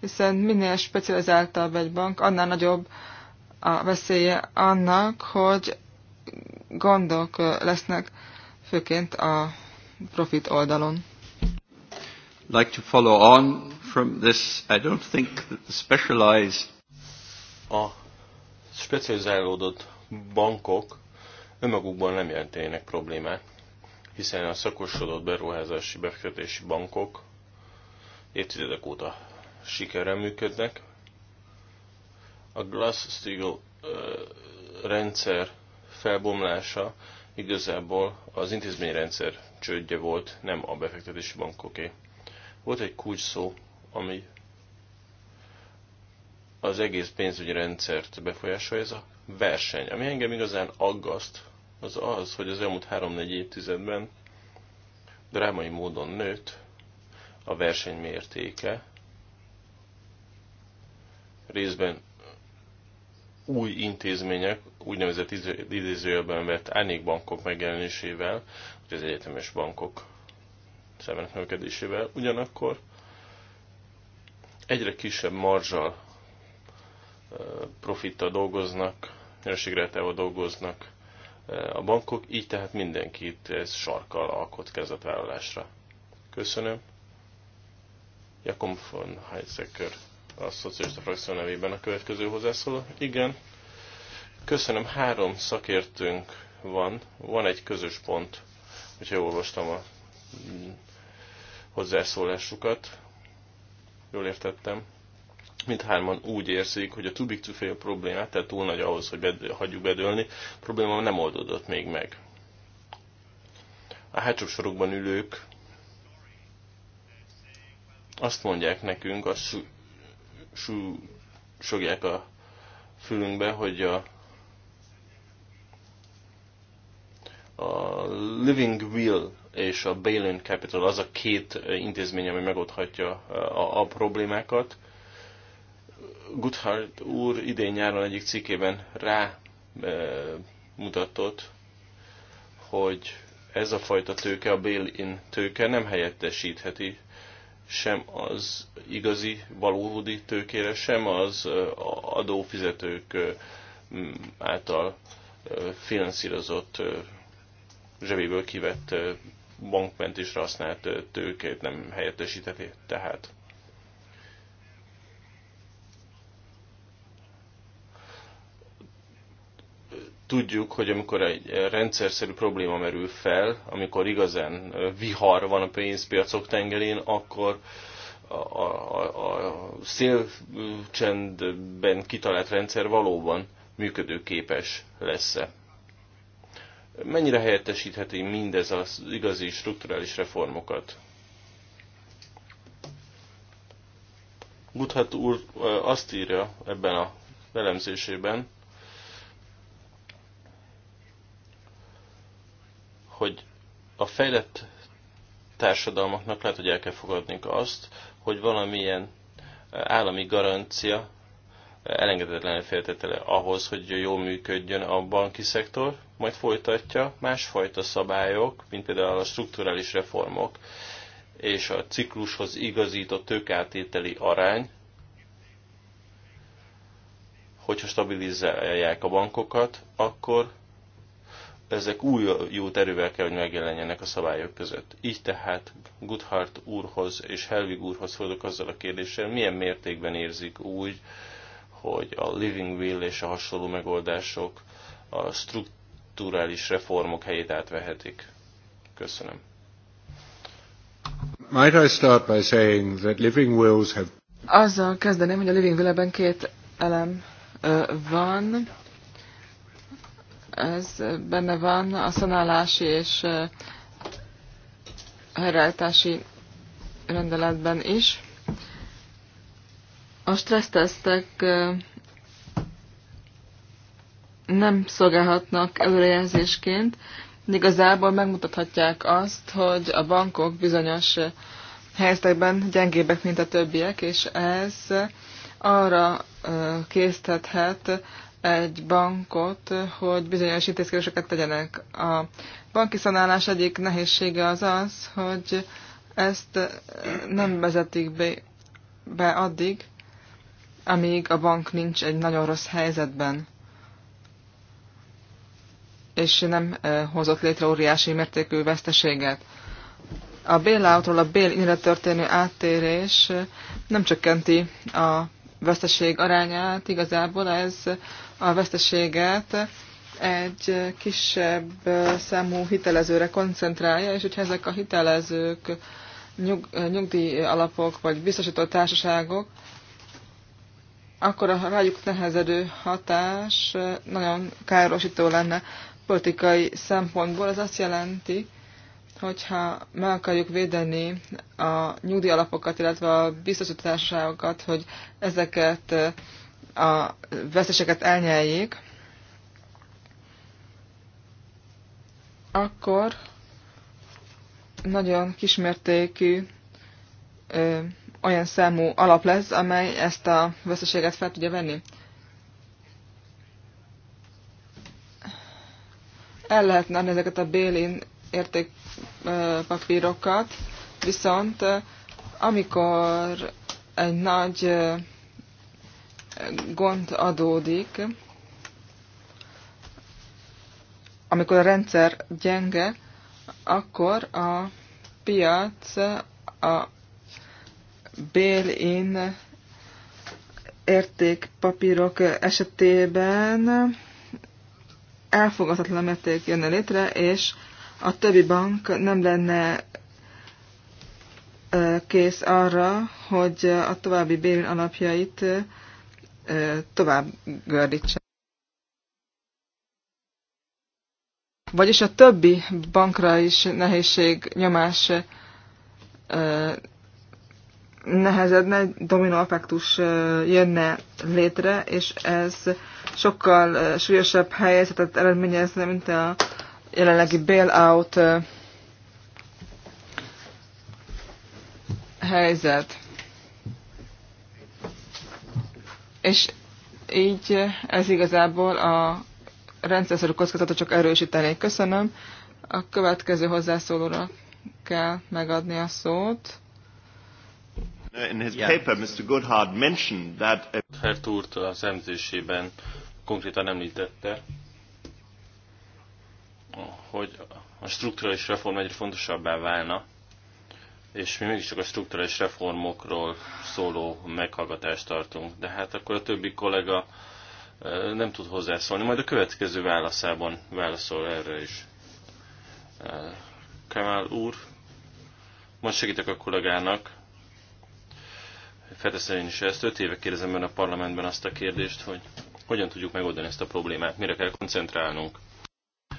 hiszen minél specializáltabb egy bank, annál nagyobb a veszélye annak, hogy gondok lesznek, főként a profit oldalon. Like to follow on from this, I don't think that the specialized a specializálódott bankok önmagukban nem jelentenének problémát, hiszen a szakosodott beruházási befektetési bankok évtizedek óta sikerre működnek. A Glass-Steagall rendszer felbomlása igazából az intézményrendszer csődje volt, nem a befektetési bankoké. Volt egy kulcs szó, ami az egész pénzügyi rendszert befolyásolja ez a verseny. Ami engem igazán aggaszt, az az, hogy az elmúlt 3-4 évtizedben drámai módon nőtt a verseny mértéke, részben új intézmények, úgynevezett izé- idézőjelben vett árnyékbankok megjelenésével, vagy az egyetemes bankok szemben növekedésével, ugyanakkor egyre kisebb marzsal profittal dolgoznak, nyereségrátával dolgoznak eh, a bankok, így tehát mindenkit ez sarkal a kockázatvállalásra. Köszönöm. Jakom von Heizsäcker a szocialista frakció nevében a következő hozzászóló. Igen, köszönöm, három szakértőnk van, van egy közös pont, hogyha jól olvastam a mm, hozzászólásukat, jól értettem mindhárman úgy érzik, hogy a too big to fail problémát, tehát túl nagy ahhoz, hogy bedő, hagyjuk bedőlni, probléma nem oldódott még meg. A hátsó sorokban ülők azt mondják nekünk, azt sugják a fülünkbe, hogy a, a Living Will és a Bailin Capital az a két intézmény, ami megoldhatja a, a problémákat, Guthard úr idén nyáron egyik cikkében rá e, mutatott, hogy ez a fajta tőke, a bail-in tőke nem helyettesítheti sem az igazi, valódi tőkére, sem az e, adófizetők e, által finanszírozott zsebéből kivett bankmentésre használt tőkét nem helyettesítheti. Tehát Tudjuk, hogy amikor egy eh, rendszerszerű probléma merül fel, amikor igazán eh, vihar van a pénzpiacok tengerén, akkor a, a, a szélcsendben kitalált rendszer valóban működőképes lesz-e. Mennyire helyettesítheti mindez az igazi strukturális reformokat? Guthat úr eh, azt írja ebben a elemzésében, hogy a fejlett társadalmaknak lehet, hogy el kell fogadnunk azt, hogy valamilyen eh, állami garancia eh, elengedetlen feltétele ahhoz, hogy jól működjön a banki szektor, majd folytatja másfajta szabályok, mint például a strukturális reformok és a ciklushoz igazított tőkátételi arány, hogyha stabilizálják a bankokat, akkor ezek új jó erővel kell, hogy megjelenjenek a szabályok között. Így tehát Goodhart úrhoz és Helvig úrhoz fordulok azzal a kérdéssel, milyen mértékben érzik úgy, hogy a Living Will és a hasonló megoldások a strukturális reformok helyét átvehetik. Köszönöm. Might I start by saying that living wills have... Azzal kezdeném, hogy a Living will két elem ö, van ez benne van a szanálási és helyreállítási rendeletben is. A stressztesztek nem szolgálhatnak előrejelzésként, de igazából megmutathatják azt, hogy a bankok bizonyos helyzetekben gyengébbek, mint a többiek, és ez arra késztethet egy bankot, hogy bizonyos intézkedéseket tegyenek. A banki szanálás egyik nehézsége az az, hogy ezt nem vezetik be, be addig, amíg a bank nincs egy nagyon rossz helyzetben, és nem eh, hozott létre óriási mértékű veszteséget. A bailoutról a bail-inre történő áttérés eh, nem csökkenti a veszteség arányát, igazából ez a veszteséget egy kisebb számú hitelezőre koncentrálja, és hogyha ezek a hitelezők nyug, nyugdíj alapok vagy biztosító társaságok, akkor a rájuk nehezedő hatás nagyon károsító lenne politikai szempontból. Ez azt jelenti, hogyha meg akarjuk védeni a nyugdíjalapokat, illetve a biztosításokat, hogy ezeket a veszteseket elnyeljék, akkor nagyon kismértékű ö, olyan számú alap lesz, amely ezt a veszteséget fel tudja venni. El lehetne adni ezeket a bélin értékpapírokat, viszont amikor egy nagy gond adódik, amikor a rendszer gyenge, akkor a piac a bail-in értékpapírok esetében elfogadhatatlan mérték jönne létre, és a többi bank nem lenne kész arra, hogy a további bérén alapjait tovább gördítse. Vagyis a többi bankra is nehézség, nyomás nehezedne, egy dominó effektus jönne létre, és ez sokkal súlyosabb helyzetet eredményezne, mint a jelenlegi bailout helyzet. És így ez igazából a rendszerszerű kockázatot csak erősíteni. Köszönöm. A következő hozzászólóra kell megadni a szót. In his yeah. paper, Mr. Goodhart mentioned that... Hertúrt az emzésében konkrétan említette, hogy a strukturális reform egyre fontosabbá válna, és mi mégiscsak a strukturális reformokról szóló meghallgatást tartunk. De hát akkor a többi kollega eh, nem tud hozzászólni, majd a következő válaszában válaszol erre is. Eh, Kemal úr, most segítek a kollégának, Feteszem én is ezt, öt éve kérdezem ön a parlamentben azt a kérdést, hogy hogyan tudjuk megoldani ezt a problémát, mire kell koncentrálnunk.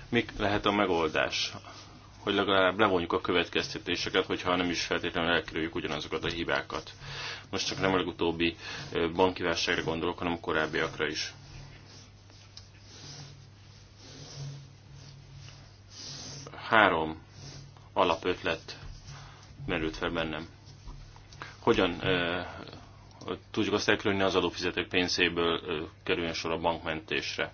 Mik lehet a megoldás? Hogy legalább levonjuk a következtetéseket, hogyha nem is feltétlenül elkerüljük ugyanazokat a hibákat. Most csak nem a legutóbbi banki válságra gondolok, hanem a korábbiakra is. Három alapötlet merült fel bennem. Hogyan e, tudjuk azt elkülönni az adófizetők pénzéből e, kerüljön sor a bankmentésre?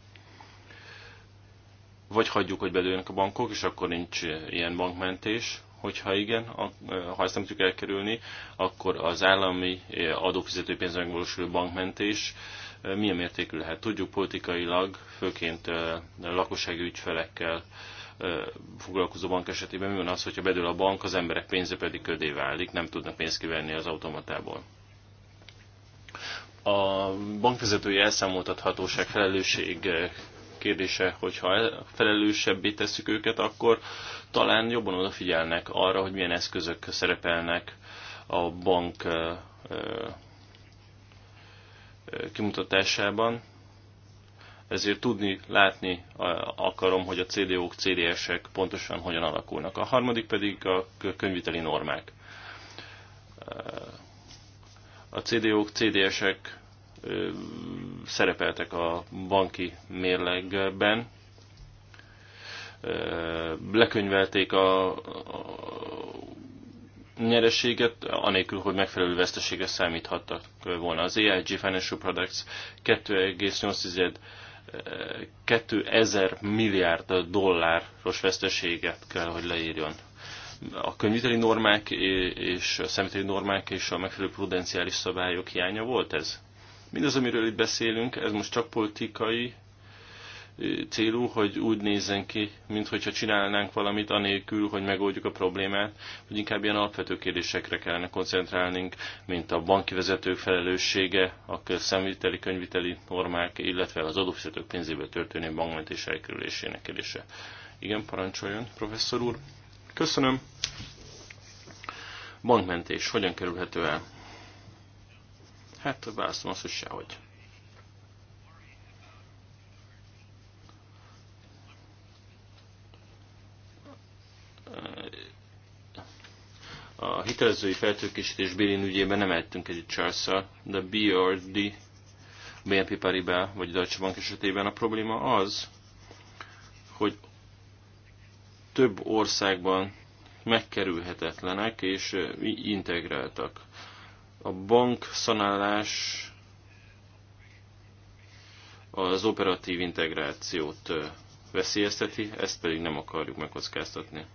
vagy hagyjuk, hogy bedőljenek a bankok, és akkor nincs eh, ilyen bankmentés, hogyha igen, eh, ha ezt nem tudjuk elkerülni, akkor az állami eh, adófizető pénzben megvalósuló bankmentés milyen mértékű lehet. Tudjuk politikailag, főként lakossági ügyfelekkel foglalkozó bank esetében mi van az, hogyha bedől a bank, az emberek pénze pedig ködé válik, nem tudnak pénzt kivenni az automatából. A bankvezetői elszámoltathatóság felelősség kérdése, hogyha e- felelősebbé tesszük őket, akkor talán jobban odafigyelnek arra, hogy milyen eszközök szerepelnek a bank kimutatásában. Ezért tudni, látni akarom, hogy a CDO-k, CDS-ek pontosan hogyan alakulnak. A harmadik pedig a könyviteli normák. A CDO-k, CDS-ek szerepeltek a banki mérlegben. Lekönyvelték a, a nyereséget, anélkül, hogy megfelelő veszteséget számíthattak volna. Az AIG Financial Products 2,8 2000 milliárd dolláros veszteséget kell, hogy leírjon. A könyviteli normák és a szemviteli normák és a megfelelő prudenciális szabályok hiánya volt ez? Mindaz, amiről itt beszélünk, ez most csak politikai célú, hogy úgy nézzen ki, mintha csinálnánk valamit, anélkül, hogy megoldjuk a problémát, hogy inkább ilyen alapvető kérdésekre kellene koncentrálnunk, mint a banki vezetők felelőssége, a szemviteli könyviteli normák, illetve az adófizetők pénzéből történő bankmentés elkerülésének kérdése. Igen, parancsoljon, professzor úr. Köszönöm. Bankmentés, hogyan kerülhető el? Hát a válaszom az, hogy sehogy. A hitelezői feltőkésítés Bélin ügyében nem ettünk egy charles de a BRD, BNP Paribas vagy Deutsche Bank esetében a probléma az, hogy több országban megkerülhetetlenek és integráltak. A bank szanálás az operatív integrációt veszélyezteti, ezt pedig nem akarjuk megkockáztatni.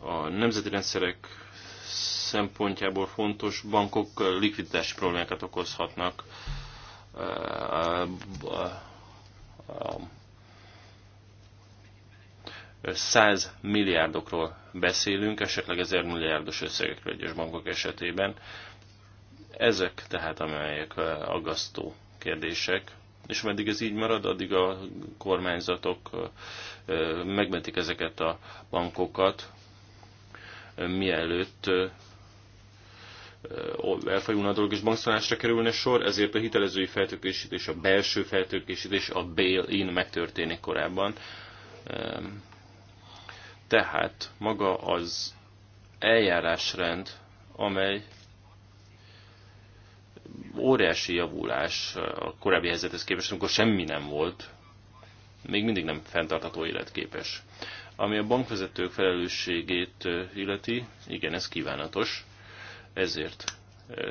A nemzeti rendszerek szempontjából fontos bankok likviditási problémákat okozhatnak 100 milliárdokról beszélünk, esetleg 1000 milliárdos összegekről egyes bankok esetében. Ezek tehát amelyek aggasztó kérdések, és ameddig ez így marad, addig a kormányzatok megmentik ezeket a bankokat, mielőtt elfajulna a dolog és bankszolásra kerülne sor, ezért a hitelezői feltőkésítés, a belső feltőkésítés, a bail-in megtörténik korábban. Tehát maga az eljárásrend, amely óriási javulás a korábbi helyzethez képest, amikor semmi nem volt, még mindig nem fenntartható életképes. Ami a bankvezetők felelősségét illeti, igen, ez kívánatos, ezért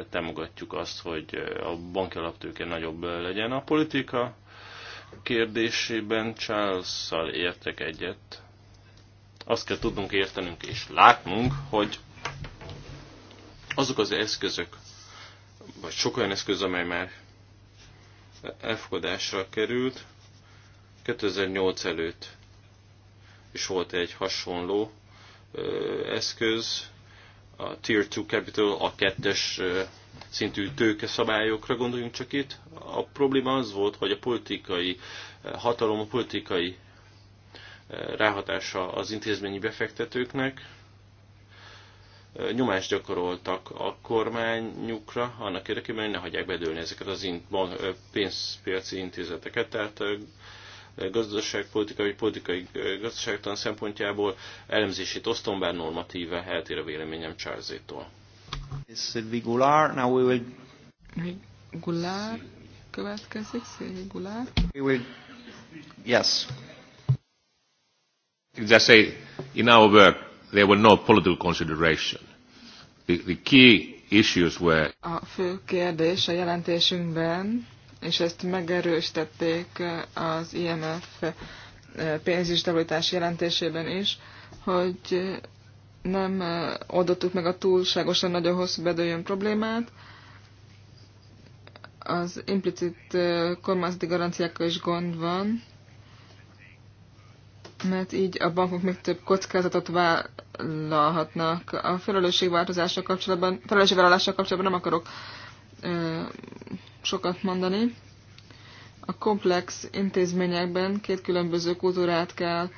támogatjuk azt, hogy a banki alaptőke nagyobb legyen. A politika kérdésében Charles-szal értek egyet, azt kell tudnunk értenünk és látnunk, hogy azok az eszközök, vagy sok olyan eszköz, amely már elfogadásra került, 2008 előtt is volt egy hasonló eszköz, a Tier 2 Capital, a kettes szintű tőke szabályokra gondoljunk csak itt. A probléma az volt, hogy a politikai hatalom, a politikai ráhatása az intézményi befektetőknek, nyomást gyakoroltak a kormányukra, annak érdekében, hogy ne hagyják bedőlni ezeket az in, pénzpiaci intézeteket, tehát gazdaságpolitikai, politikai gazdaságtan szempontjából elemzését osztom, bár normatíve eltér a véleményem Charles-tól. Goulart, now we will... Goulart következik, Szilvi Goulart. We will... Yes, Just say, in our work, there were no political consideration. The, the key issues were... A fő kérdés a jelentésünkben, és ezt megerősítették eh, az IMF eh, pénzügyi jelentésében is, hogy eh, nem oldottuk meg a túlságosan nagyon hosszú bedőjön problémát, az implicit kormányzati garanciákkal is gond van, mert így a bankok még több kockázatot vállalhatnak. A felelősségvállalással kapcsolatban, felelősségvállalással kapcsolatban nem akarok ö, sokat mondani. A komplex intézményekben két különböző kultúrát kell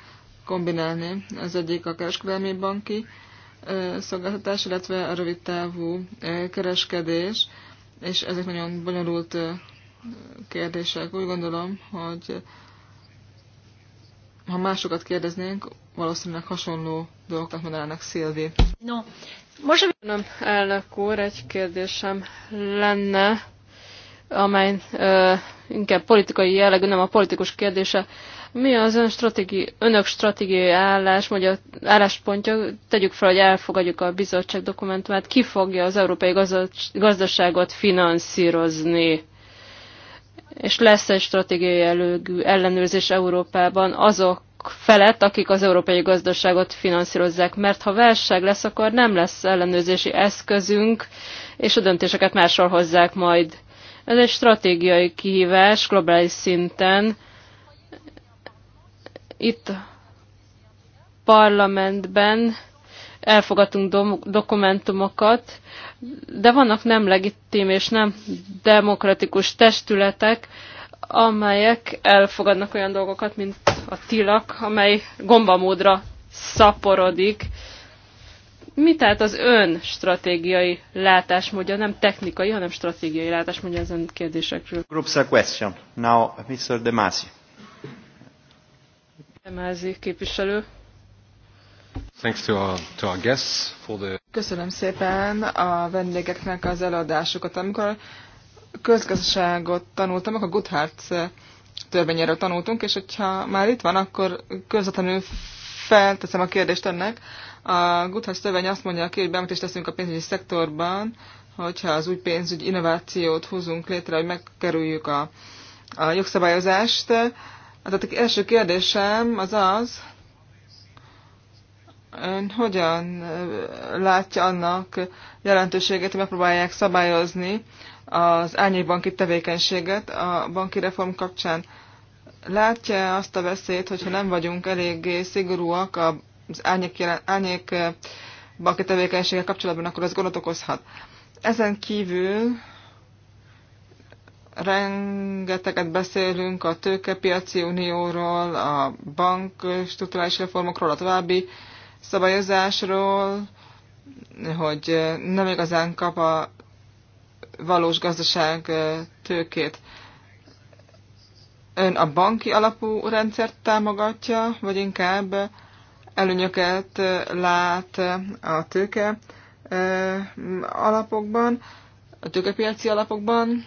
kombinálni. Az egyik a kereskedelmi banki ö, szolgáltatás, illetve a rövid távú ö, kereskedés, és ezek nagyon bonyolult ö, kérdések. Úgy gondolom, hogy ö, ha másokat kérdeznénk, valószínűleg hasonló dolgokat mondanának Szilvi. No, most nem elnök úr, egy kérdésem lenne, amely ö, inkább politikai jellegű, nem a politikus kérdése. Mi az ön stratégi, önök stratégiai állás, a álláspontja? Tegyük fel, hogy elfogadjuk a bizottság dokumentumát. Ki fogja az európai gazdaságot finanszírozni? és lesz egy stratégiai előgű ellenőrzés Európában azok felett, akik az európai gazdaságot finanszírozzák, mert ha válság lesz, akkor nem lesz ellenőrzési eszközünk, és a döntéseket máshol hozzák majd. Ez egy stratégiai kihívás globális szinten. Itt parlamentben elfogadtunk do- dokumentumokat, de vannak nem legitim és nem demokratikus testületek, amelyek elfogadnak olyan dolgokat, mint a tilak, amely gombamódra szaporodik. Mi tehát az ön stratégiai látásmódja, nem technikai, hanem stratégiai látásmódja ezen kérdésekről? Groups a question. Now, Mr. Demasi. Demasi képviselő. Köszönöm szépen a vendégeknek az előadásukat. Amikor közgazdaságot tanultam, akkor Goodhart's törvényéről tanultunk, és hogyha már itt van, akkor közvetlenül felteszem a kérdést ennek. A Goodhart's törvény azt mondja hogy bemutást teszünk a pénzügyi szektorban, hogyha az új pénzügyi innovációt hozunk létre, hogy megkerüljük a, a jogszabályozást. Tehát az első kérdésem az az, Ön hogyan látja annak jelentőséget, hogy megpróbálják szabályozni az árnyékbanki tevékenységet a banki reform kapcsán? Látja azt a veszélyt, hogyha nem vagyunk eléggé szigorúak az árnyék, árnyék banki tevékenységgel kapcsolatban, akkor az gondot okozhat. Ezen kívül rengeteget beszélünk a tőkepiaci unióról, a bank struktúrális reformokról, a további szabályozásról, hogy nem igazán kap a valós gazdaság tőkét. Ön a banki alapú rendszert támogatja, vagy inkább előnyöket lát a tőke alapokban, a tőkepiaci alapokban.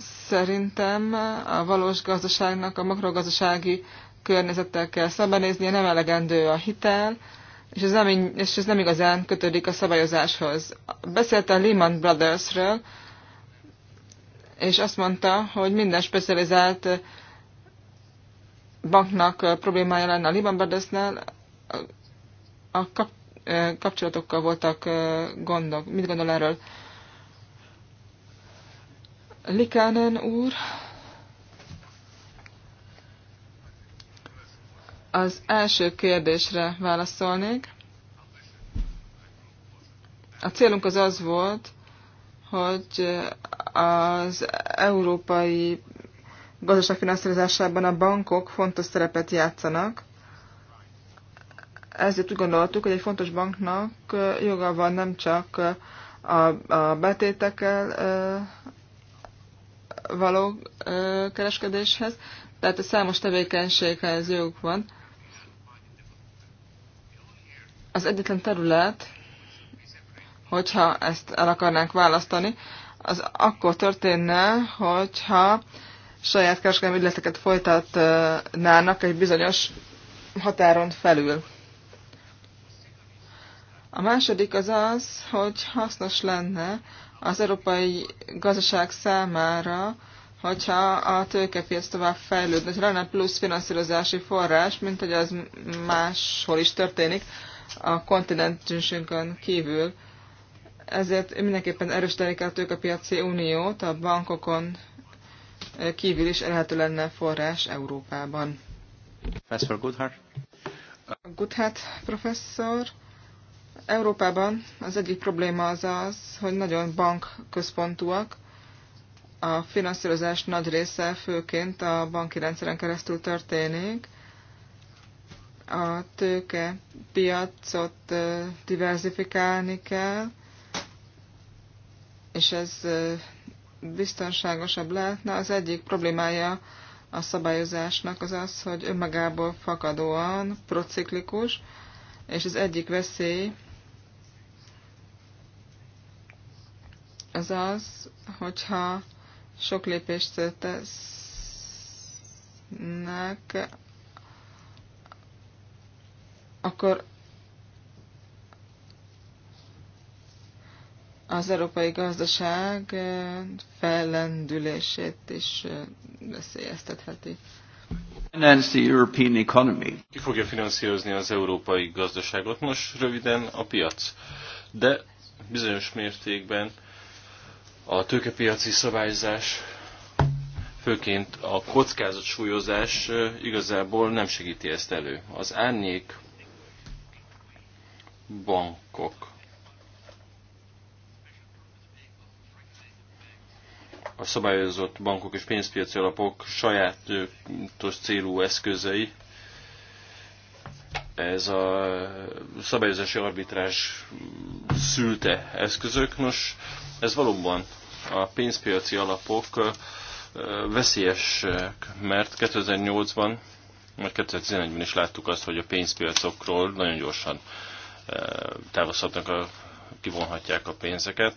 Szerintem a valós gazdaságnak a makrogazdasági környezettel kell szembenéznie, nem elegendő a hitel, és ez nem, és ez nem igazán kötődik a szabályozáshoz. Beszéltem Lehman Brothersről, és azt mondta, hogy minden specializált banknak problémája lenne a Lehman Brothersnál, a kap, kapcsolatokkal voltak gondok. Mit gondol erről? Likánen úr, Az első kérdésre válaszolnék. A célunk az az volt, hogy az európai gazdaság finanszírozásában a bankok fontos szerepet játszanak. Ezért úgy gondoltuk, hogy egy fontos banknak joga van nem csak a, a betétekkel való kereskedéshez, tehát a számos tevékenységhez jog van, az egyetlen terület, hogyha ezt el akarnánk választani, az akkor történne, hogyha saját kereskedelmi ügyleteket folytatnának egy bizonyos határon felül. A második az az, hogy hasznos lenne az európai gazdaság számára, hogyha a tőkepiac tovább fejlődne, hogy lenne plusz finanszírozási forrás, mint hogy az máshol is történik a kontinensünkön kívül. Ezért mindenképpen erősíteni kell a piaci uniót, a bankokon kívül is elhető lenne forrás Európában. Professor Goodhart. Goodhart professzor. Európában az egyik probléma az az, hogy nagyon bankközpontúak, a finanszírozás nagy része főként a banki rendszeren keresztül történik, a tőke piacot diversifikálni kell, és ez biztonságosabb lehetne. Az egyik problémája a szabályozásnak az az, hogy önmagából fakadóan prociklikus, és az egyik veszély az az, hogyha sok lépést tesznek, akkor az európai gazdaság eh, fellendülését is eh, veszélyeztetheti. Ki fogja finanszírozni az európai gazdaságot? Most röviden a piac. De bizonyos mértékben a tőkepiaci szabályzás, főként a kockázatsúlyozás eh, igazából nem segíti ezt elő. Az árnyék bankok a szabályozott bankok és pénzpiaci alapok sajátos célú eszközei. Ez a szabályozási arbitrás szülte eszközök. Nos, ez valóban a pénzpiaci alapok veszélyesek, mert 2008-ban, mert 2011-ben is láttuk azt, hogy a pénzpiacokról nagyon gyorsan távozhatnak a, kivonhatják a pénzeket.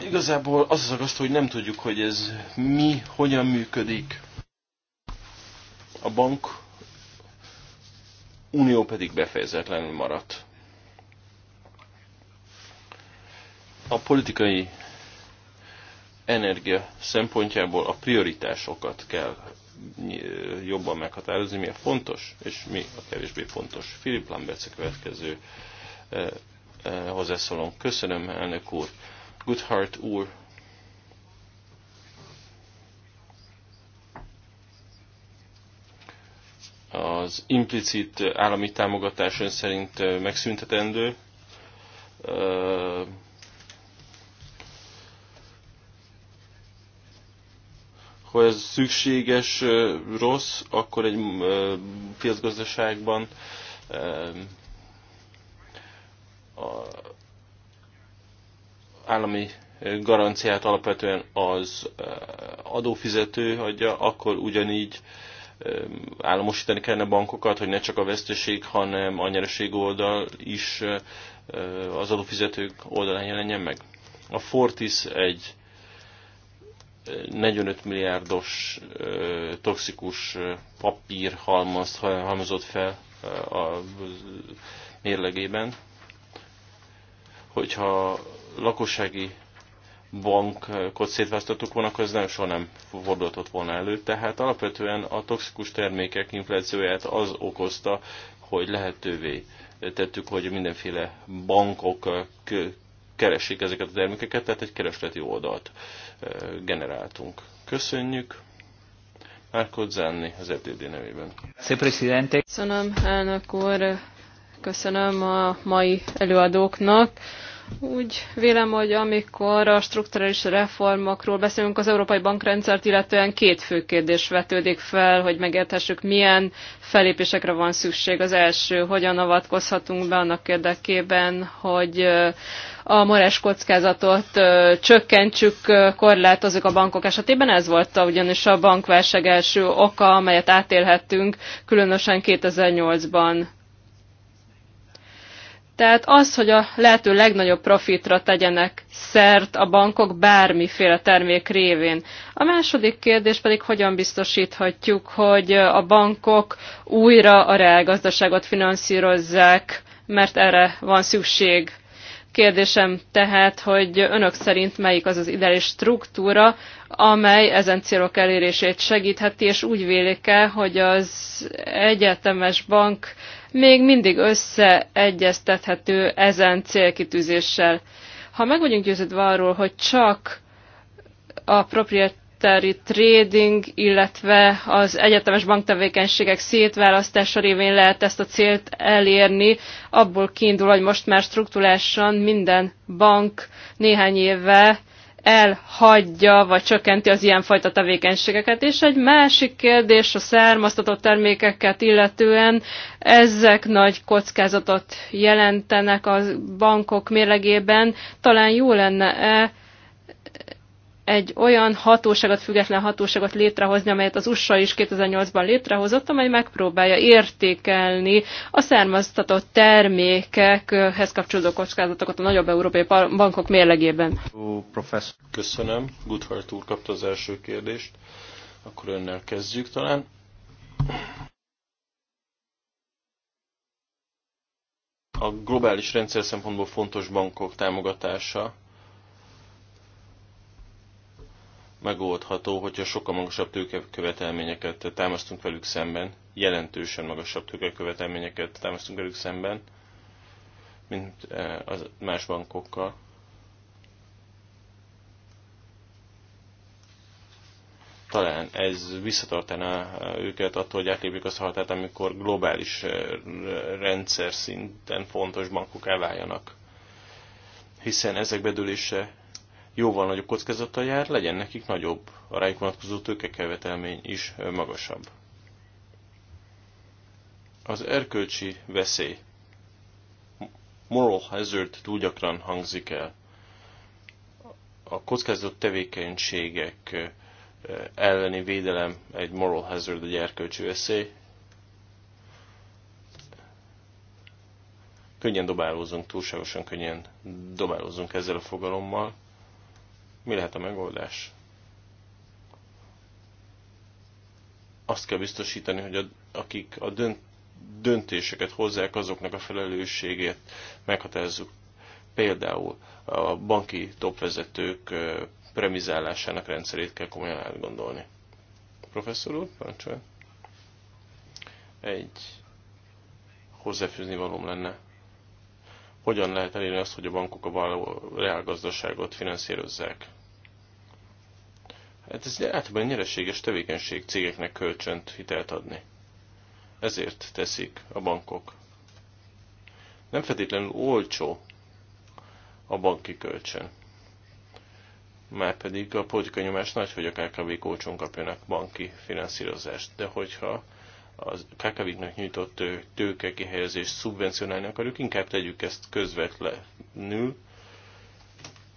Igazából az az agaszt, hogy nem tudjuk, hogy ez mi, hogyan működik. A bank unió pedig befejezetlenül maradt. A politikai energia szempontjából a prioritásokat kell jobban meghatározni, mi a fontos, és mi a kevésbé fontos. Filip Lambert a következő eh, eh, hozzászólom. Köszönöm, elnök úr. Goodhart úr az implicit állami támogatás ön szerint eh, megszüntetendő. ha ez szükséges, rossz, akkor egy piacgazdaságban állami garanciát alapvetően az adófizető adja, akkor ugyanígy államosítani kellene bankokat, hogy ne csak a veszteség, hanem a nyereség oldal is az adófizetők oldalán jelenjen meg. A Fortis egy 45 milliárdos toxikus papír halmaz, halmazott fel a mérlegében, hogyha lakossági bankot szétválasztottuk volna, akkor ez nem soha nem fordultott volna elő. Tehát alapvetően a toxikus termékek inflációját az okozta, hogy lehetővé tettük, hogy mindenféle bankok keresik ezeket a termékeket, tehát egy keresleti oldalt generáltunk. Köszönjük! Márkod Zánni az FDD e nevében. Köszönöm, elnök úr, köszönöm a mai előadóknak. Úgy vélem, hogy amikor a strukturális reformokról beszélünk az európai bankrendszert, illetően két fő kérdés vetődik fel, hogy megérthessük, milyen felépésekre van szükség. Az első, hogyan avatkozhatunk be annak érdekében, hogy a morás kockázatot csökkentsük, korlátozzuk a bankok esetében. Ez volt a, ugyanis a bankválság első oka, amelyet átélhettünk, különösen 2008-ban. Tehát az, hogy a lehető legnagyobb profitra tegyenek szert a bankok bármiféle termék révén. A második kérdés pedig, hogyan biztosíthatjuk, hogy a bankok újra a reálgazdaságot finanszírozzák, mert erre van szükség. Kérdésem tehát, hogy önök szerint melyik az az ideális struktúra, amely ezen célok elérését segítheti, és úgy vélik el, hogy az egyetemes bank még mindig összeegyeztethető ezen célkitűzéssel. Ha meg vagyunk győződve arról, hogy csak a propriet könyvtári trading, illetve az egyetemes banktevékenységek szétválasztása révén lehet ezt a célt elérni. Abból kiindul, hogy most már struktúrásan minden bank néhány éve elhagyja vagy csökkenti az ilyenfajta tevékenységeket. És egy másik kérdés a származtatott termékeket illetően, ezek nagy kockázatot jelentenek a bankok mérlegében. Talán jó lenne-e egy olyan hatóságot, független hatóságot létrehozni, amelyet az USA is 2008-ban létrehozott, amely megpróbálja értékelni a származtatott termékekhez kapcsolódó kockázatokat a nagyobb európai bankok mérlegében. Professzor, köszönöm. Goodhart úr kapta az első kérdést. Akkor önnel kezdjük talán. A globális rendszer szempontból fontos bankok támogatása megoldható, hogyha sokkal magasabb tőkekövetelményeket támasztunk velük szemben, jelentősen magasabb tőkekövetelményeket támasztunk velük szemben, mint eh, az más bankokkal. Talán ez visszatartaná eh, őket attól, hogy átlépjük azt a határt, amikor globális eh, rendszer szinten fontos bankok elváljanak. Hiszen ezek bedülése jóval nagyobb kockázattal jár, legyen nekik nagyobb, a rájuk vonatkozó tőkekövetelmény is magasabb. Az erkölcsi veszély. Moral hazard túl gyakran hangzik el. A kockázatot tevékenységek elleni védelem egy moral hazard, egy erkölcsi veszély. Könnyen dobálózunk, túlságosan könnyen dobálózunk ezzel a fogalommal. Mi lehet a megoldás? Azt kell biztosítani, hogy a, akik a dönt, döntéseket hozzák, azoknak a felelősségét meghatározzuk. Például a banki topvezetők premizálásának rendszerét kell komolyan átgondolni. Professzor úr, parancsoljon. Egy hozzáfűzni valóm lenne hogyan lehet elérni azt, hogy a bankok a való reálgazdaságot finanszírozzák. Hát ez általában nyereséges tevékenység cégeknek kölcsönt hitelt adni. Ezért teszik a bankok. Nem feltétlenül olcsó a banki kölcsön. Márpedig a politikai nyomás nagy, hogy a KKV-k olcsón kapjanak banki finanszírozást. De hogyha a KKV-knak nyújtott tőke kihelyezést szubvencionálni akarjuk, inkább tegyük ezt közvetlenül,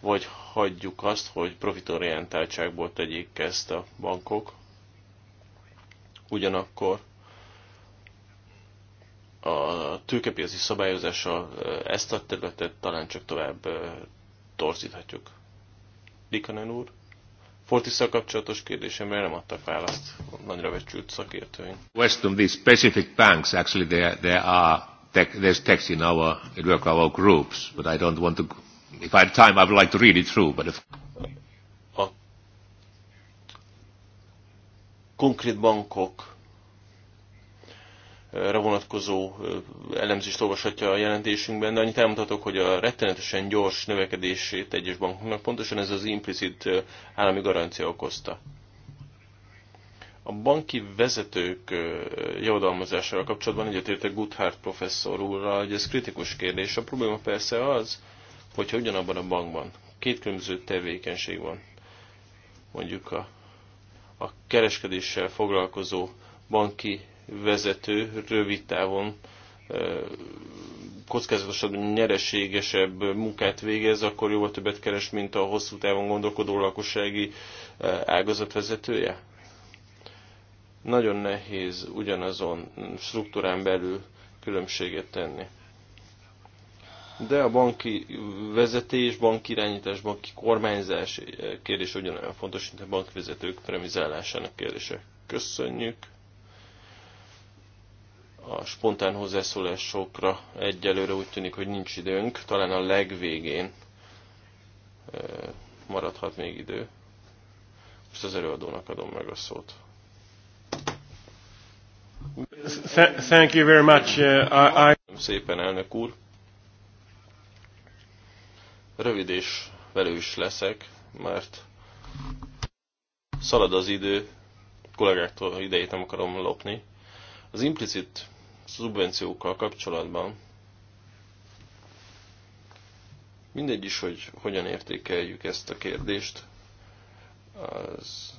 vagy hagyjuk azt, hogy profitorientáltságból tegyék ezt a bankok. Ugyanakkor a tőkepiaci szabályozással ezt a területet talán csak tovább torzíthatjuk. Likanen úr? Fortisszal kapcsolatos kérdésemre nem adtak választ nagyra becsült szakértőink. Western, these specific banks, actually there, there are tech, there's text in our, in work our groups, but I don't want to, if I had time I would like to read it through, but if... A konkrét bankok vonatkozó elemzést olvashatja a jelentésünkben, de annyit elmutatok, hogy a rettenetesen gyors növekedését egyes bankoknak pontosan ez az implicit állami garancia okozta. A banki vezetők javadalmazásával kapcsolatban egyetértek Guthard professzor úrral, hogy ez kritikus kérdés. A probléma persze az, hogyha ugyanabban a bankban két különböző tevékenység van, mondjuk a, a kereskedéssel foglalkozó banki vezető rövid távon kockázatosabb, nyereségesebb munkát végez, akkor jóval többet keres, mint a hosszú távon gondolkodó lakossági ágazat vezetője? Nagyon nehéz ugyanazon struktúrán belül különbséget tenni. De a banki vezetés, banki irányítás, banki kormányzás kérdés ugyanolyan fontos, mint a bankvezetők premizálásának kérdése. Köszönjük! a spontán hozzászólásokra egyelőre úgy tűnik, hogy nincs időnk. Talán a legvégén maradhat még idő. Most az előadónak adom meg a szót. Thank you very much. Uh, I... Szépen, elnök úr. Rövid és velős leszek, mert szalad az idő, kollégáktól idejét nem akarom lopni. Az implicit szubvenciókkal kapcsolatban mindegy is, hogy hogyan értékeljük ezt a kérdést, az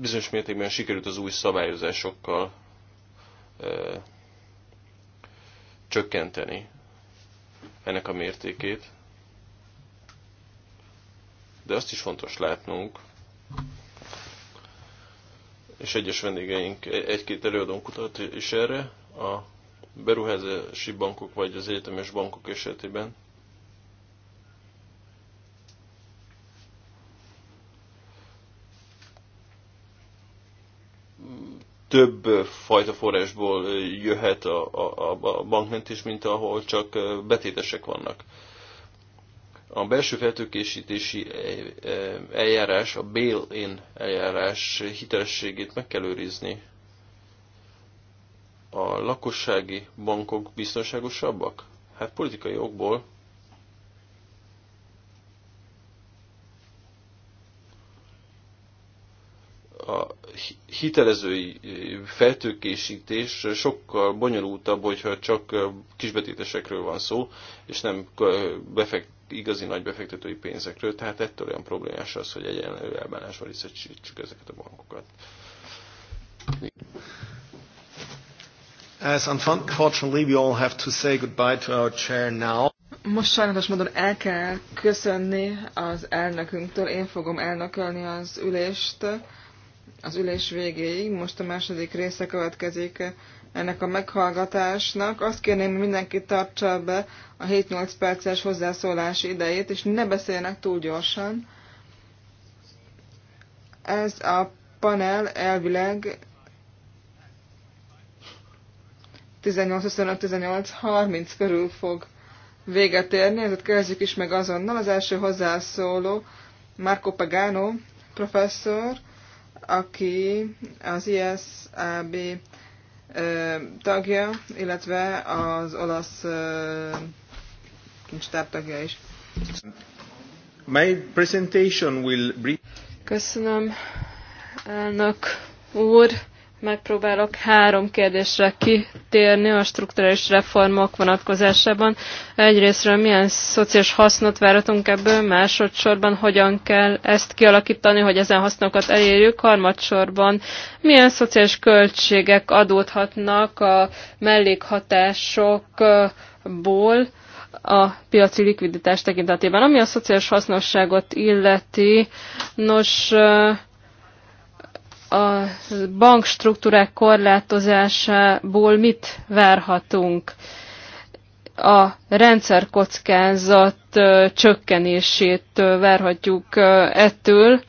bizonyos mértékben sikerült az új szabályozásokkal ö, csökkenteni ennek a mértékét. De azt is fontos látnunk, és egyes vendégeink, e- egy-két előadónk utat is erre, a beruházási bankok vagy az egyetemes bankok esetében. Több fajta forrásból jöhet a, a, a bankmentés, mint ahol csak betétesek vannak. A belső feltőkésítési eh, eh, eljárás, a bail-in eljárás hitelességét meg kell őrizni. A lakossági bankok biztonságosabbak? Hát politikai okból a hitelezői eh, feltőkésítés sokkal bonyolultabb, hogyha csak kisbetétesekről van szó, és nem befektetés igazi nagy befektetői pénzekről, tehát ettől olyan problémás az, hogy egyenlő elbánásba visszacsítsük ezeket a bankokat. As unfortunately we all have to say goodbye to our chair now. Most sajnálatos módon el kell köszönni az elnökünktől, én fogom elnökölni az ülést az ülés végéig. Most a második része következik ennek a meghallgatásnak. Azt kérném, hogy mindenki tartsa be a 7-8 perces hozzászólási idejét, és ne beszéljenek túl gyorsan. Ez a panel elvileg 18-25-18-30 körül fog véget érni, ezért kezdjük is meg azonnal. Az első hozzászóló Marco Pagano professzor, aki az ISAB tagja, illetve az olasz kincstár tagja is. My presentation will bring... Köszönöm, elnök úr megpróbálok három kérdésre kitérni a strukturális reformok vonatkozásában. Egyrésztről milyen szociális hasznot váratunk ebből, másodszorban hogyan kell ezt kialakítani, hogy ezen hasznokat elérjük, harmadsorban milyen szociális költségek adódhatnak a mellékhatásokból a piaci likviditás tekintetében. Ami a szociális hasznosságot illeti, nos, a bankstruktúrák korlátozásából mit várhatunk? A rendszerkockázat csökkenését várhatjuk ettől,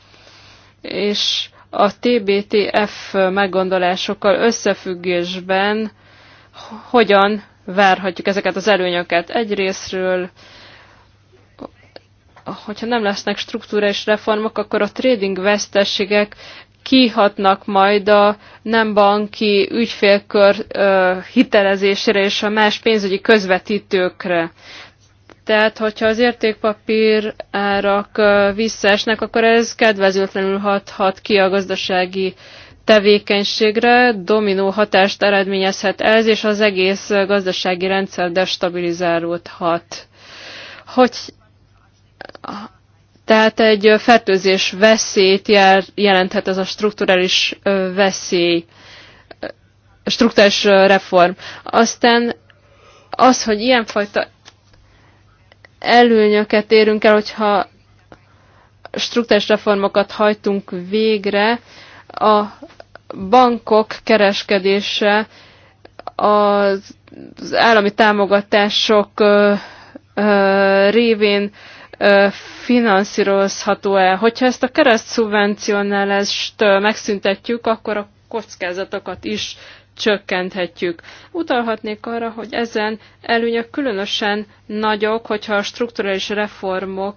és a TBTF meggondolásokkal összefüggésben hogyan várhatjuk ezeket az előnyöket egyrésztről, hogyha nem lesznek struktúrás reformok, akkor a trading veszteségek kihatnak majd a nem banki ügyfélkör hitelezésére és a más pénzügyi közvetítőkre. Tehát, hogyha az értékpapír árak visszaesnek, akkor ez kedvezőtlenül hathat ki a gazdasági tevékenységre, dominó hatást eredményezhet ez, és az egész gazdasági rendszer destabilizálódhat. Hogy tehát egy fertőzés veszélyt jel, jelenthet ez a strukturális veszély, strukturális reform. Aztán az, hogy ilyenfajta előnyöket érünk el, hogyha strukturális reformokat hajtunk végre, a bankok kereskedése az állami támogatások révén finanszírozható-e. Hogyha ezt a kereszt szubvencionálást megszüntetjük, akkor a kockázatokat is csökkenthetjük. Utalhatnék arra, hogy ezen előnyök különösen nagyok, hogyha a strukturális reformok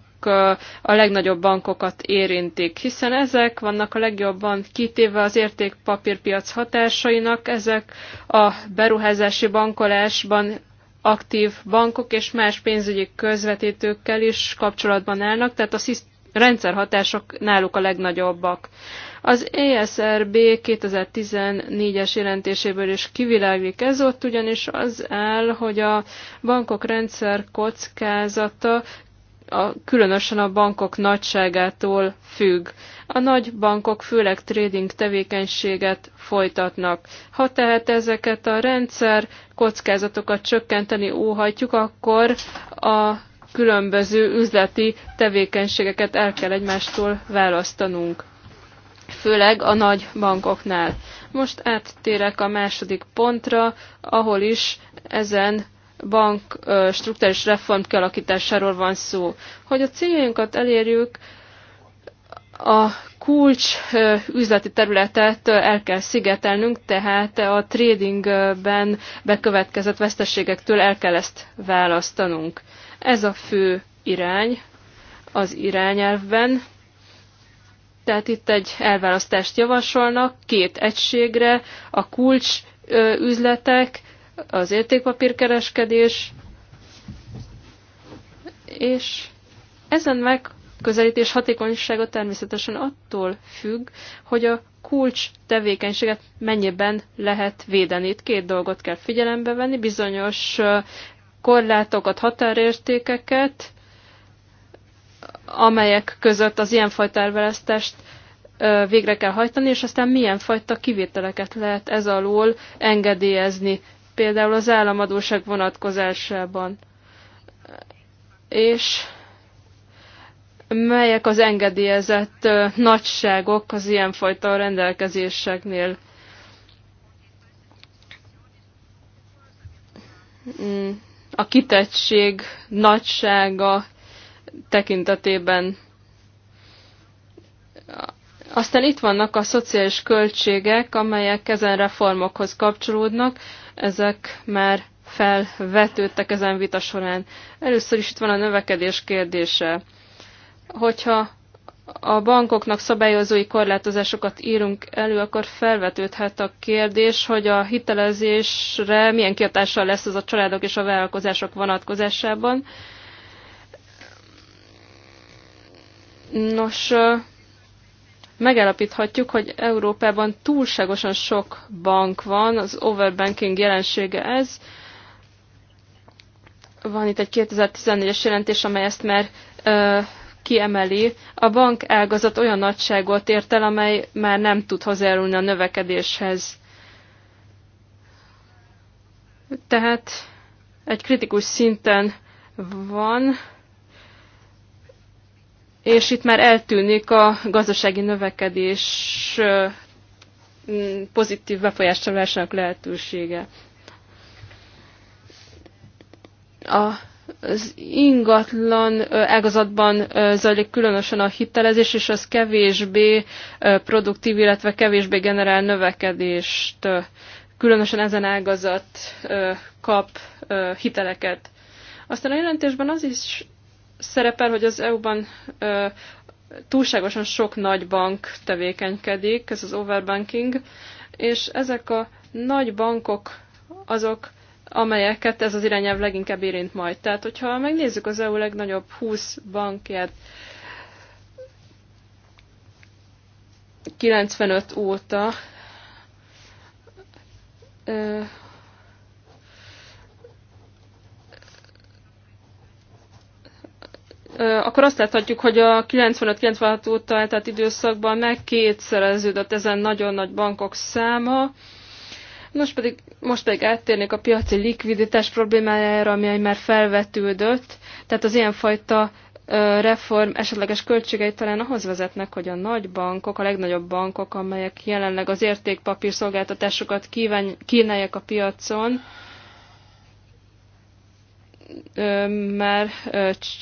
a legnagyobb bankokat érintik, hiszen ezek vannak a legjobban kitéve az értékpapírpiac hatásainak, ezek a beruházási bankolásban aktív bankok és más pénzügyi közvetítőkkel is kapcsolatban állnak, tehát a rendszerhatások náluk a legnagyobbak. Az ESRB 2014-es jelentéséből is kiviláglik ez ott, ugyanis az áll, hogy a bankok rendszer kockázata a, különösen a bankok nagyságától függ. A nagy bankok főleg trading tevékenységet folytatnak. Ha tehát ezeket a rendszer kockázatokat csökkenteni óhatjuk, akkor a különböző üzleti tevékenységeket el kell egymástól választanunk. Főleg a nagy bankoknál. Most áttérek a második pontra, ahol is ezen bank struktúrális reform kialakításáról van szó. Hogy a céljainkat elérjük, a kulcs üzleti területet el kell szigetelnünk, tehát a tradingben bekövetkezett veszteségektől el kell ezt választanunk. Ez a fő irány az irányelvben. Tehát itt egy elválasztást javasolnak két egységre, a kulcs üzletek az értékpapírkereskedés, és ezen megközelítés hatékonysága természetesen attól függ, hogy a kulcs tevékenységet mennyiben lehet védeni. Itt két dolgot kell figyelembe venni, bizonyos korlátokat, határértékeket, amelyek között az ilyenfajta elvelesztést végre kell hajtani, és aztán milyen fajta kivételeket lehet ez alól engedélyezni például az államadóság vonatkozásában, és melyek az engedélyezett nagyságok az ilyenfajta rendelkezéseknél. Hmm, a kitettség nagysága tekintetében. Aztán itt vannak a szociális költségek, amelyek ezen reformokhoz kapcsolódnak ezek már felvetődtek ezen vita során. Először is itt van a növekedés kérdése. Hogyha a bankoknak szabályozói korlátozásokat írunk elő, akkor felvetődhet a kérdés, hogy a hitelezésre milyen kiatással lesz ez a családok és a vállalkozások vonatkozásában. Nos, megállapíthatjuk, hogy Európában túlságosan sok bank van, az overbanking jelensége ez. Van itt egy 2014-es jelentés, amely ezt már ö, kiemeli. A bank ágazat olyan nagyságot ért el, amely már nem tud hozzájárulni a növekedéshez. Tehát egy kritikus szinten van, és itt már eltűnik a gazdasági növekedés pozitív befolyásolásának lehetősége. A az ingatlan ágazatban zajlik különösen a hitelezés, és az kevésbé produktív, illetve kevésbé generál növekedést. Különösen ezen ágazat kap hiteleket. Aztán a jelentésben az is szerepel, hogy az EU-ban túlságosan sok nagy bank tevékenykedik, ez az overbanking, és ezek a nagy bankok azok, amelyeket ez az irányelv leginkább érint majd. Tehát, hogyha megnézzük az EU legnagyobb 20 bankját, 95 óta, akkor azt láthatjuk, hogy a 95-96 óta eltelt időszakban meg kétszereződött ezen nagyon nagy bankok száma. Most pedig, most pedig áttérnék a piaci likviditás problémájára, ami már felvetődött. Tehát az ilyenfajta reform esetleges költségei talán ahhoz vezetnek, hogy a nagy bankok, a legnagyobb bankok, amelyek jelenleg az értékpapír szolgáltatásokat kíván, kínálják a piacon, már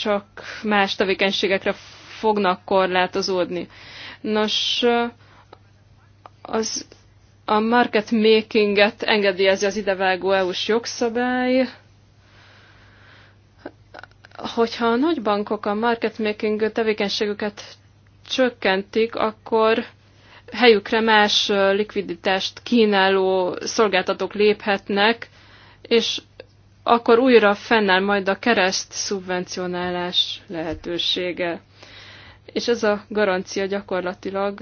csak más tevékenységekre fognak korlátozódni. Nos, az a market makinget engedélyezi az idevágó EU-s jogszabály. Hogyha a bankok a market making tevékenységüket csökkentik, akkor helyükre más likviditást kínáló szolgáltatók léphetnek, és akkor újra fennáll majd a kereszt szubvencionálás lehetősége. És ez a garancia gyakorlatilag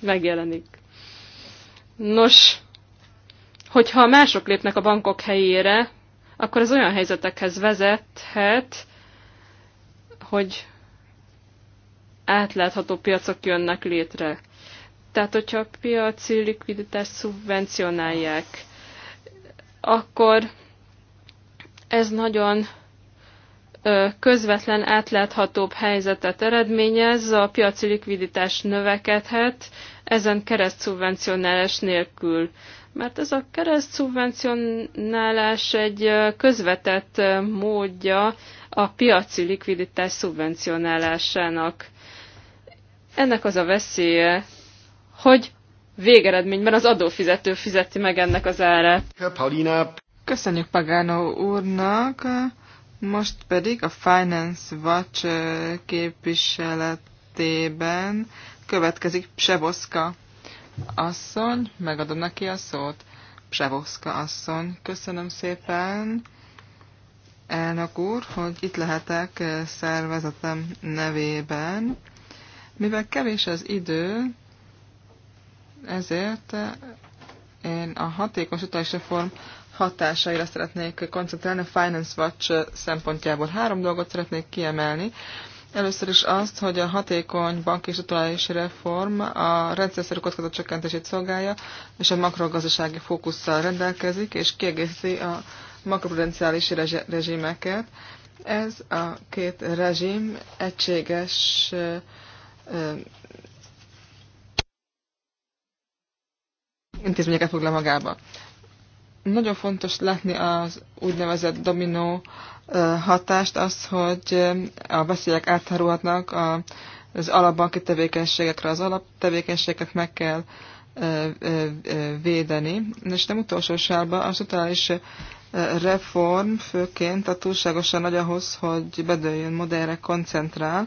megjelenik. Nos, hogyha mások lépnek a bankok helyére, akkor ez olyan helyzetekhez vezethet, hogy átlátható piacok jönnek létre. Tehát, hogyha a piaci likviditást szubvencionálják, akkor ez nagyon közvetlen, átláthatóbb helyzetet eredményez, a piaci likviditás növekedhet, ezen keresztszubvencionálás nélkül. Mert ez a keresztszubvencionálás egy közvetett módja a piaci likviditás szubvencionálásának. Ennek az a veszélye, hogy végeredményben az adófizető fizeti meg ennek az árát. Paulina. Köszönjük Pagano úrnak, most pedig a Finance Watch képviseletében következik Psevoszka asszony, megadom neki a szót. Psevoszka asszony, köszönöm szépen, elnök úr, hogy itt lehetek szervezetem nevében. Mivel kevés az idő, ezért én a hatékos utalási reform hatásaira szeretnék koncentrálni a Finance Watch szempontjából. Három dolgot szeretnék kiemelni. Először is azt, hogy a hatékony banki és utalási reform a rendszerszerű kockázat csökkentését szolgálja, és a makrogazdasági fókusszal rendelkezik, és kiegészíti a makroprudenciális rezsimeket. Ez a két rezsim egységes intézményeket foglal magába. Nagyon fontos látni az úgynevezett dominó hatást, az, hogy a veszélyek átharulhatnak az alapbanki tevékenységekre, az alaptevékenységeket meg kell védeni. És nem utolsó sárba utána is reform főként a túlságosan nagy ahhoz, hogy bedőljön modellre koncentrál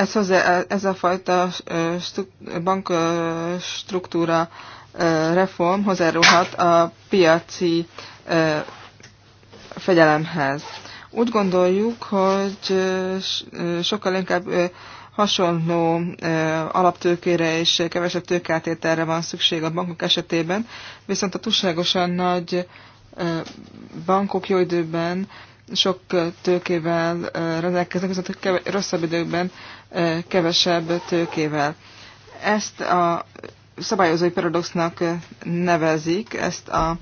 ez, az, ez a fajta bankstruktúra reform hozzárulhat a piaci fegyelemhez. Úgy gondoljuk, hogy sokkal inkább hasonló alaptőkére és kevesebb tőkátételre van szükség a bankok esetében, viszont a túlságosan nagy bankok jó időben sok tőkével rendelkeznek, viszont keve, rosszabb időkben kevesebb tőkével. Ezt a szabályozói paradoxnak nevezik, ezt a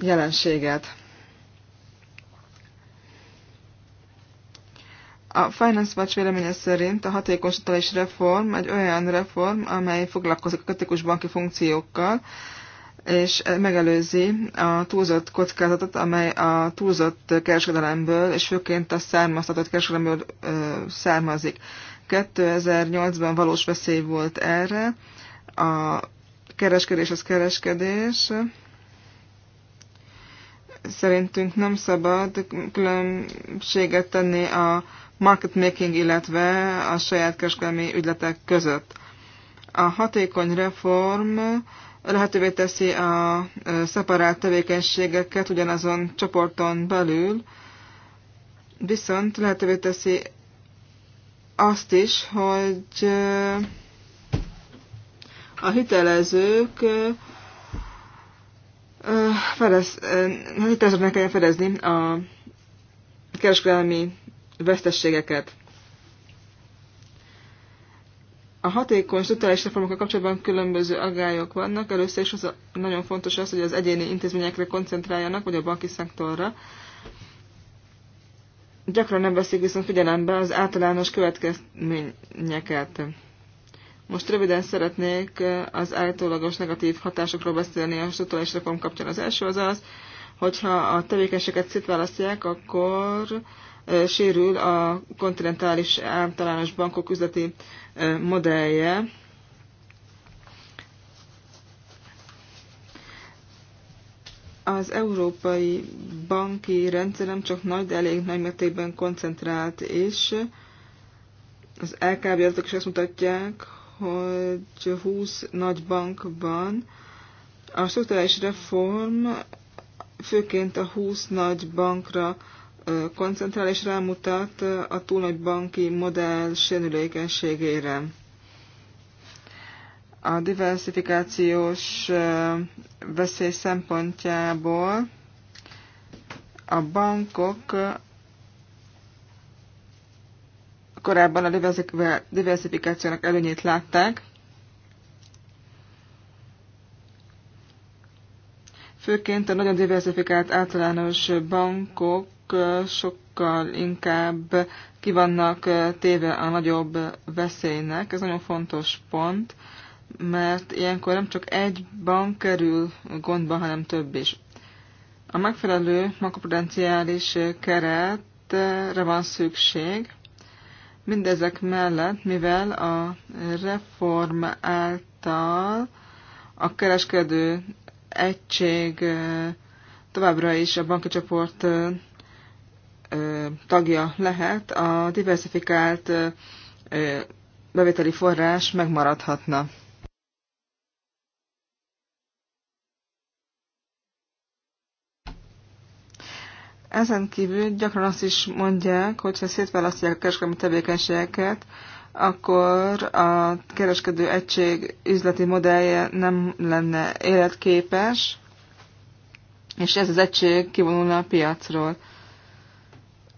jelenséget. A Finance Watch véleménye szerint a hatékony reform egy olyan reform, amely foglalkozik a kritikus banki funkciókkal, és megelőzi a túlzott kockázatot, amely a túlzott kereskedelemből, és főként a származtatott kereskedelemből ö, származik. 2008-ban valós veszély volt erre. A kereskedés az kereskedés. Szerintünk nem szabad különbséget tenni a market making, illetve a saját kereskedelmi ügyletek között. A hatékony reform lehetővé teszi a szeparált tevékenységeket ugyanazon csoporton belül, viszont lehetővé teszi azt is, hogy a hitelezők fedez, hitelezőknek kelljen fedezni a kereskedelmi vesztességeket. A hatékony struktúrális reformokkal kapcsolatban különböző aggályok vannak. Először is az nagyon fontos az, hogy az egyéni intézményekre koncentráljanak, vagy a banki szektorra. Gyakran nem veszik viszont figyelembe az általános következményeket. Most röviden szeretnék az állítólagos negatív hatásokról beszélni a struktúrális reform kapcsán. Az első az az, hogyha a tevékenységet szétválasztják, akkor sérül a kontinentális általános bankok üzleti modellje. Az európai banki rendszer nem csak nagy, de elég nagy mértékben koncentrált, és az LKB adatok is azt mutatják, hogy 20 nagy bankban a struktúrális reform főként a 20 nagy bankra koncentrál és rámutat a túl nagy banki modell sérülékenységére. A diversifikációs veszély szempontjából a bankok korábban a diversifikációnak előnyét látták, főként a nagyon diversifikált általános bankok sokkal inkább kivannak téve a nagyobb veszélynek. Ez nagyon fontos pont, mert ilyenkor nem csak egy bank kerül gondba, hanem több is. A megfelelő makroprudenciális keretre van szükség. Mindezek mellett, mivel a reform által a kereskedő egység továbbra is a banki csoport tagja lehet, a diversifikált bevételi forrás megmaradhatna. Ezen kívül gyakran azt is mondják, hogy ha szétválasztják a kereskedelmi tevékenységeket, akkor a kereskedő egység üzleti modellje nem lenne életképes, és ez az egység kivonulna a piacról.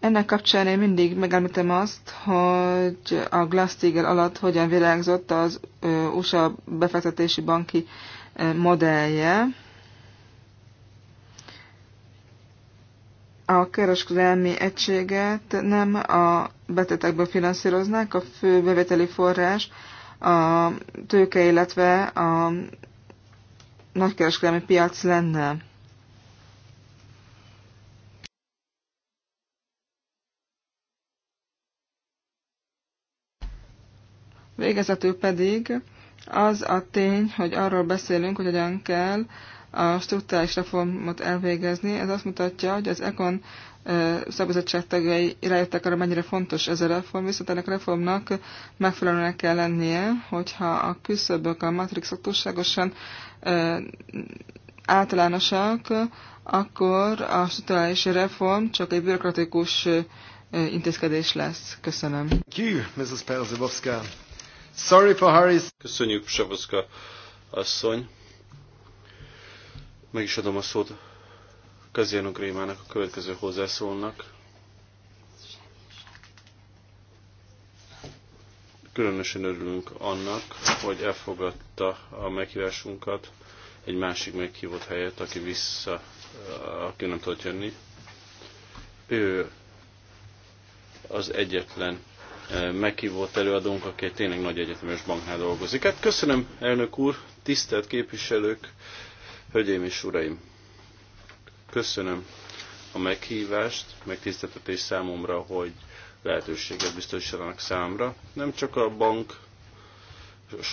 Ennek kapcsán én mindig megemlítem azt, hogy a Glass-Steagall alatt hogyan virágzott az USA befektetési banki modellje. A kereskedelmi egységet nem a betetekből finanszíroznák, a fő bevételi forrás a tőke, illetve a nagykereskedelmi piac lenne. Végezetül pedig az a tény, hogy arról beszélünk, hogy hogyan kell a struktúrális reformot elvégezni, ez azt mutatja, hogy az ECON szabadság tagjai rájöttek arra, mennyire fontos ez a reform, viszont ennek a reformnak megfelelőnek kell lennie, hogyha a küszöbök, a matrixok túlságosan általánosak, akkor a struktúrális reform csak egy bürokratikus intézkedés lesz. Köszönöm. Thank you, Mrs. Sorry for Harris. Köszönjük, Saboszka asszony. Meg is adom a szót Kazianu Grémának, a következő hozzászólnak. Különösen örülünk annak, hogy elfogadta a meghívásunkat egy másik meghívott helyet, aki vissza, aki nem tudott jönni. Ő az egyetlen Eh, meghívott előadónk, aki egy tényleg nagy egyetemes banknál dolgozik. Hát köszönöm, elnök úr, tisztelt képviselők, hölgyeim és uraim! Köszönöm a meghívást, megtiszteltetés számomra, hogy lehetőséget biztosítanak számra. Nem csak a bank,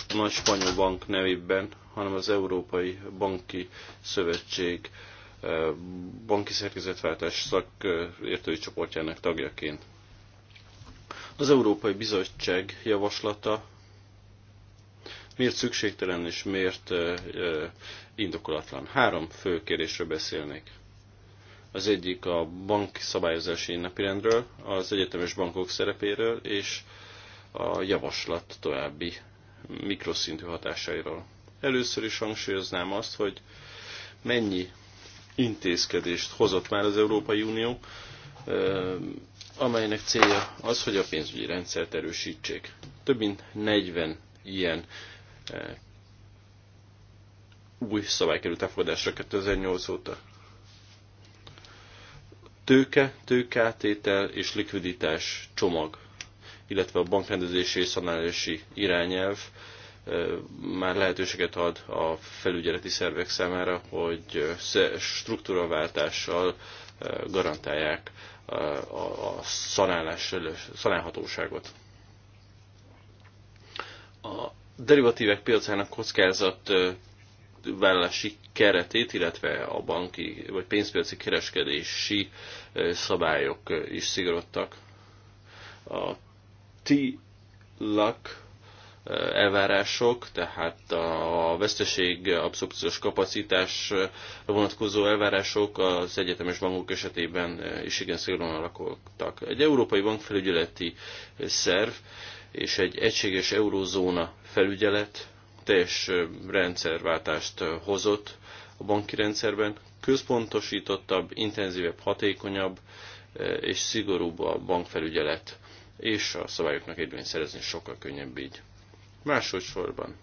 a nagy spanyol bank nevében, hanem az Európai Banki Szövetség eh, banki szerkezetváltás szakértői csoportjának tagjaként. Az Európai Bizottság javaslata miért szükségtelen és miért indokolatlan. Három fő kérdésről beszélnék. Az egyik a bank szabályozási napirendről, az egyetemes bankok szerepéről és a javaslat további mikroszintű hatásairól. Először is hangsúlyoznám azt, hogy mennyi intézkedést hozott már az Európai Unió, amelynek célja az, hogy a pénzügyi rendszert erősítsék. Több mint 40 ilyen e, új szabály került elfogadásra 2008 óta. Tőke, tőkátétel és likviditás csomag, illetve a bankrendezési és szanálási irányelv e, már lehetőséget ad a felügyeleti szervek számára, hogy e, struktúraváltással garantálják a szanálás, szanálhatóságot. A derivatívek piacának kockázat vállalási keretét, illetve a banki vagy pénzpiaci kereskedési szabályok is szigorodtak. A Luck elvárások, tehát a veszteség abszorpciós kapacitás vonatkozó elvárások az egyetemes bankok esetében is igen szigorúan alakultak. Egy európai bankfelügyeleti szerv és egy egységes eurózóna felügyelet teljes rendszerváltást hozott a banki rendszerben, központosítottabb, intenzívebb, hatékonyabb és szigorúbb a bankfelügyelet, és a szabályoknak érvényt szerezni sokkal könnyebb így. Másodszorban.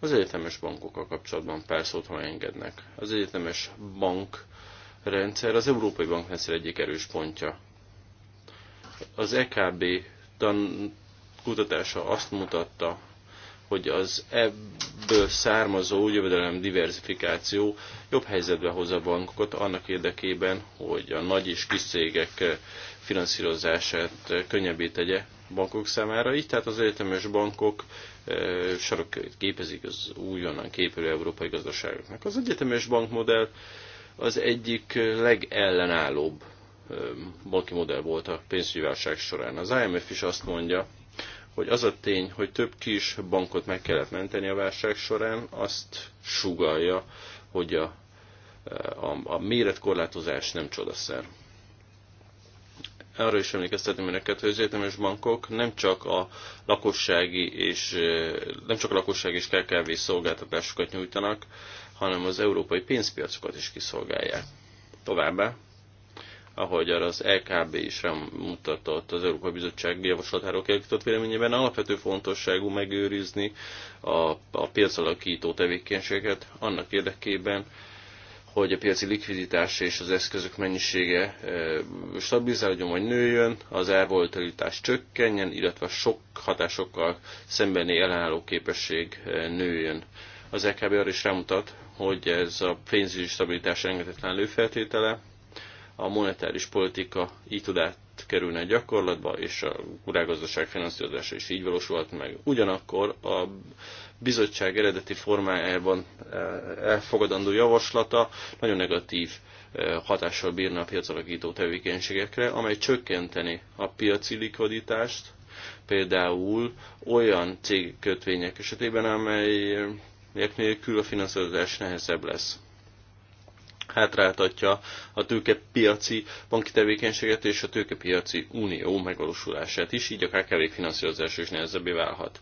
Az egyetemes bankokkal kapcsolatban pár szót, ha engednek. Az egyetemes bankrendszer az európai bankrendszer egyik erős pontja. Az EKB tan kutatása azt mutatta, hogy az ebből származó jövedelem diversifikáció jobb helyzetbe hoz a bankokat annak érdekében, hogy a nagy és kis cégek eh, finanszírozását eh, könnyebbé tegye, bankok számára. Így tehát az egyetemes bankok e, sarokkövet képezik az újonnan képülő európai gazdaságoknak. Az egyetemes bankmodell az egyik legellenállóbb e, banki modell volt a pénzügyi válság során. Az IMF is azt mondja, hogy az a tény, hogy több kis bankot meg kellett menteni a válság során, azt sugalja, hogy a, e, a, a méretkorlátozás nem csodaszer arra is emlékeztetném önöket, hogy az egyetemes bankok nem csak a lakossági és nem csak a lakosság és KKV szolgáltatásokat nyújtanak, hanem az európai pénzpiacokat is kiszolgálják. Továbbá, ahogy arra az LKB is mutatott az Európai Bizottság javaslatáról kialakított véleményében, alapvető fontosságú megőrizni a, a piacalakító tevékenységet annak érdekében, hogy a piaci likviditás és az eszközök mennyisége stabilizálódjon vagy nőjön, az elvolatilitás csökkenjen, illetve sok hatásokkal szembeni ellenálló képesség nőjön. Az EKB arra is rámutat, hogy ez a pénzügyi stabilitás engedetlen lőfeltétele, a monetáris politika így tud átkerülni a gyakorlatba, és a gazdaság finanszírozása is így valósulhat meg. Ugyanakkor a bizottság eredeti formájában eh, elfogadandó javaslata nagyon negatív eh, hatással bírna a piacalakító tevékenységekre, amely csökkenteni a piaci likviditást, például olyan cégkötvények esetében, amelyek nélkül a finanszírozás nehezebb lesz hátráltatja a tőkepiaci banki tevékenységet és a tőkepiaci unió megvalósulását is, így a kevés finanszírozása is nehezebbé válhat.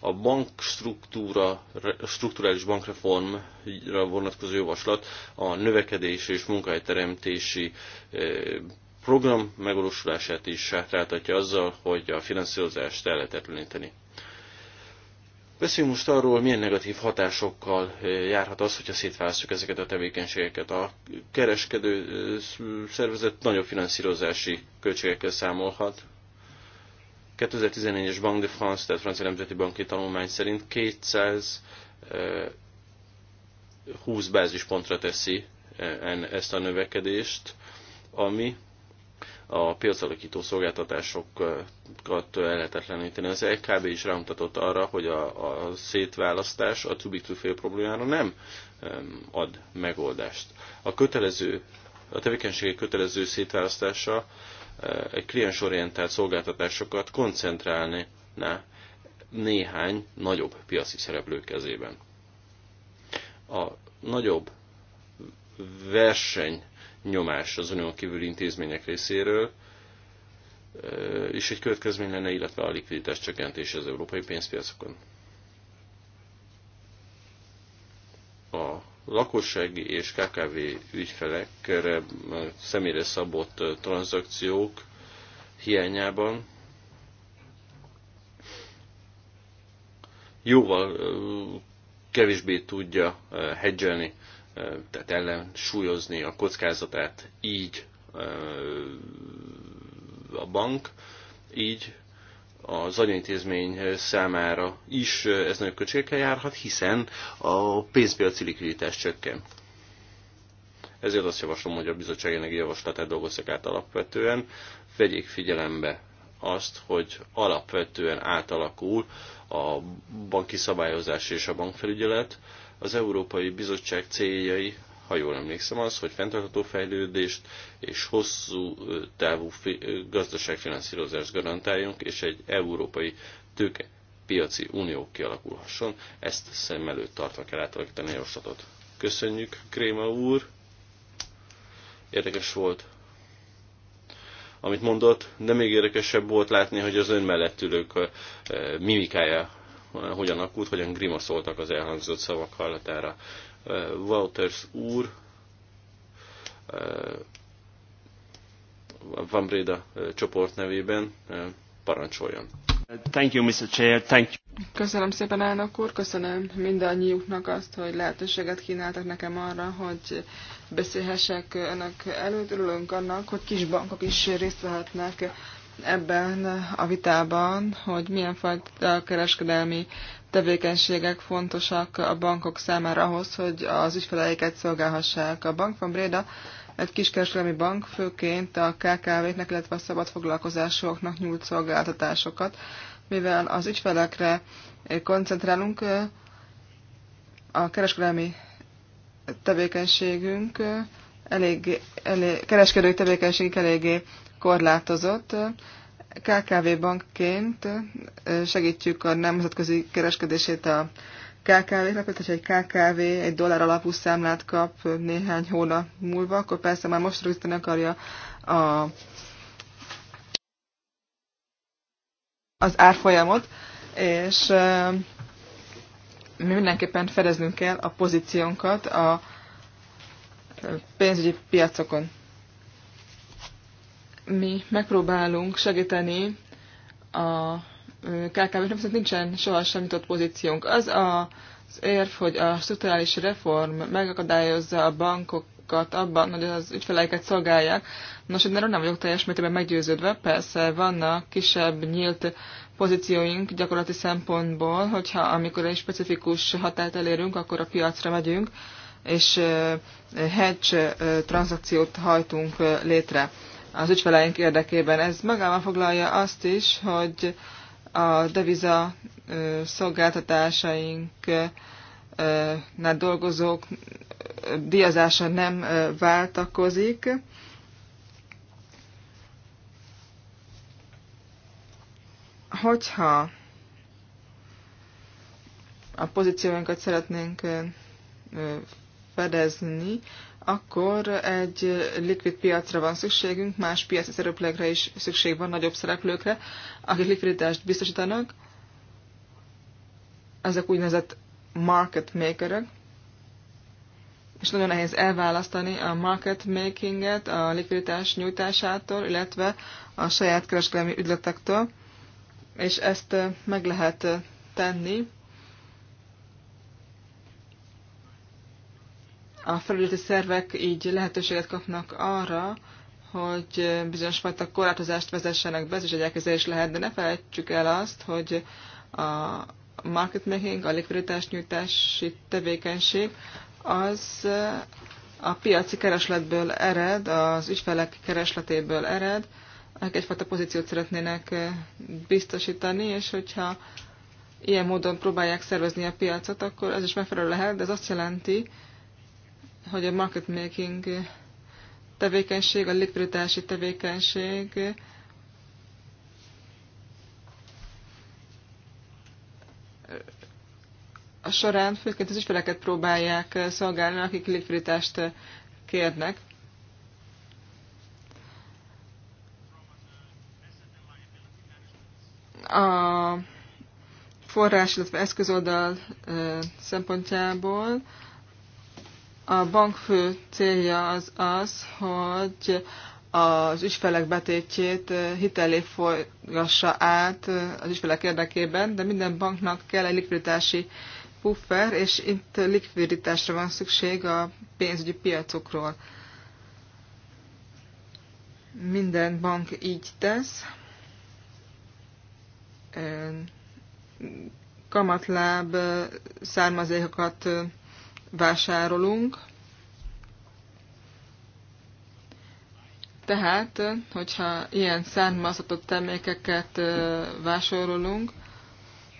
A bankstruktúra, strukturális bankreformra vonatkozó javaslat a növekedés és munkahelyteremtési e, program megvalósulását is hátráltatja azzal, hogy a finanszírozást el lehetetleníteni. Beszéljünk most arról, milyen negatív hatásokkal eh, járhat az, hogyha szétválasztjuk ezeket a tevékenységeket. A kereskedő eh, szervezet nagyobb finanszírozási költségekkel számolhat. 2014-es Bank de France, tehát Francia Nemzeti Banki Tanulmány szerint 220 eh, bázispontra teszi ezt a növekedést, ami a piacalakító szolgáltatásokat elhetetleníteni. Az LKB e is rámutatott arra, hogy a, a szétválasztás a too big to fail problémára nem ad megoldást. A kötelező, a tevékenység kötelező szétválasztása e, egy kliensorientált szolgáltatásokat koncentrálni néhány nagyobb piaci szereplő kezében. A nagyobb verseny nyomás az unión kívüli intézmények részéről, és egy következmény lenne, illetve a likviditás csökkentés az európai pénzpiacokon. A lakossági és KKV ügyfelekre személyre szabott tranzakciók hiányában jóval kevésbé tudja hedzselni tehát súlyozni a kockázatát így a bank, így az anyaintézmény számára is ez nagyobb költségekkel járhat, hiszen a pénzpiaci likviditás csökken. Ezért azt javaslom, hogy a bizottság ennek javaslatát dolgozzák át alapvetően. Vegyék figyelembe azt, hogy alapvetően átalakul a banki szabályozás és a bankfelügyelet, az Európai Bizottság céljai, ha jól emlékszem, az, hogy fenntartható fejlődést és hosszú távú gazdaságfinanszírozást garantáljunk, és egy európai tőkepiaci unió kialakulhasson. Ezt szem előtt tartva kell átalakítani a javaslatot. Köszönjük, Kréma úr! Érdekes volt, amit mondott, de még érdekesebb volt látni, hogy az ön mellett ülők e, mimikája hogyan akult, hogyan grimaszoltak az elhangzott szavak hallatára. Walters úr, Van Breda csoport nevében parancsoljon. Thank you, Mr. Chair. Thank you. Köszönöm szépen, elnök úr, köszönöm mindannyiuknak azt, hogy lehetőséget kínáltak nekem arra, hogy beszélhessek önök előtt. Örülünk annak, hogy kis bankok is részt vehetnek ebben a vitában, hogy milyen fajta kereskedelmi tevékenységek fontosak a bankok számára ahhoz, hogy az ügyfeleiket szolgálhassák. A Bank van Breda egy kiskereskedelmi bank főként a KKV-knek, illetve a szabadfoglalkozásoknak nyújt szolgáltatásokat. Mivel az ügyfelekre koncentrálunk, a kereskedelmi tevékenységünk elég, elég kereskedői tevékenységünk eléggé korlátozott. KKV bankként segítjük a nemzetközi kereskedését a KKV-knak, tehát egy KKV egy dollár alapú számlát kap néhány hónap múlva, akkor persze már most rögzíteni akarja a, az árfolyamot, és mi mindenképpen fedeznünk kell a pozíciónkat a pénzügyi piacokon mi megpróbálunk segíteni a kkv nem viszont nincsen sohasem nyitott pozíciónk. Az a az érv, hogy a strukturális reform megakadályozza a bankokat abban, hogy az ügyfeleiket szolgálják. Nos, én erről nem vagyok teljes mértékben meggyőződve. Persze vannak kisebb nyílt pozícióink gyakorlati szempontból, hogyha amikor egy specifikus határt elérünk, akkor a piacra megyünk, és hedge tranzakciót hajtunk létre az ügyfeleink érdekében. Ez magában foglalja azt is, hogy a deviza szolgáltatásainknál dolgozók díjazása nem váltakozik. Hogyha a pozícióinkat szeretnénk fedezni, akkor egy likvid piacra van szükségünk, más piaci szereplőkre is szükség van, nagyobb szereplőkre, akik likviditást biztosítanak. Ezek úgynevezett market makerek, és nagyon nehéz elválasztani a market makinget a likviditás nyújtásától, illetve a saját kereskedelmi ügyletektől, és ezt meg lehet tenni a felületi szervek így lehetőséget kapnak arra, hogy bizonyos fajta korlátozást vezessenek be, ez is egy elképzelés lehet, de ne felejtsük el azt, hogy a market making, a likviditás nyújtási tevékenység, az a piaci keresletből ered, az ügyfelek keresletéből ered, akik egyfajta pozíciót szeretnének eh, biztosítani, és hogyha ilyen módon próbálják szervezni a piacot, akkor ez is megfelelő lehet, de ez azt jelenti, hogy a market making tevékenység, a likviditási tevékenység a során főként az ügyfeleket próbálják szolgálni, akik likviditást kérnek. A forrás, illetve eszközoldal szempontjából a bank fő célja az az, hogy az ügyfelek betétjét eh, hitelé folyassa át eh, az ügyfelek érdekében, de minden banknak kell egy likviditási puffer, és itt likviditásra van szükség a pénzügyi piacokról. Minden bank így tesz. Eh, kamatláb származékokat vásárolunk. Tehát, hogyha ilyen származtatott termékeket vásárolunk,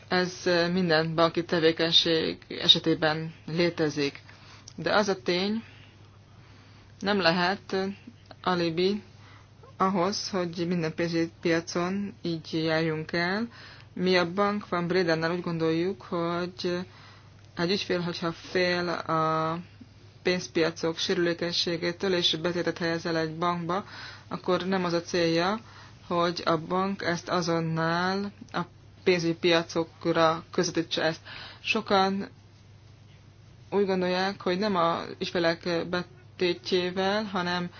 ez minden banki tevékenység esetében létezik. De az a tény, nem lehet alibi ahhoz, hogy minden piacon így járjunk el. Mi a bank van Brédennel úgy gondoljuk, hogy egy ügyfél, hogyha fél a pénzpiacok sérülékenységétől és betétet helyez el egy bankba, akkor nem az a célja, hogy a bank ezt azonnal a pénzügyi piacokra közvetítse ezt. Sokan úgy gondolják, hogy nem a ügyfelek betétjével, hanem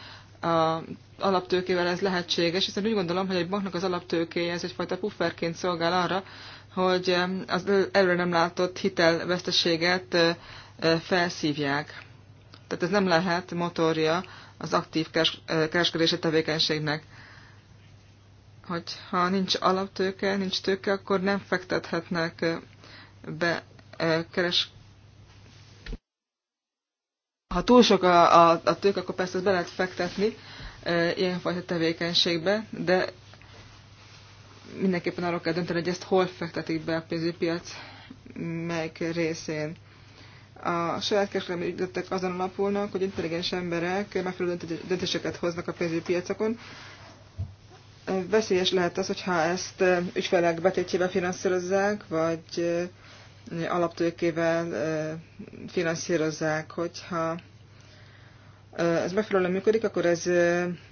a alaptőkével ez lehetséges, hiszen úgy gondolom, hogy egy banknak az alaptőkéje ez egyfajta pufferként szolgál arra, hogy az előre nem látott hitelveszteséget felszívják. Tehát ez nem lehet motorja az aktív kereskedési tevékenységnek. Hogyha nincs alaptőke, nincs tőke, akkor nem fektethetnek be keres... Ha túl sok a, a, a tőke, akkor persze ezt be lehet fektetni, ilyenfajta tevékenységbe, de mindenképpen arról kell dönteni, hogy ezt hol fektetik be a pénzügypiac melyik részén. A saját kereskedelmi ügyletek azon alapulnak, hogy intelligens emberek megfelelő döntéseket hoznak a pénzügyi piacokon. Veszélyes lehet az, hogyha ezt ügyfelek betétjével finanszírozzák, vagy alaptőkével eh, finanszírozzák, hogyha ez megfelelően működik, akkor ez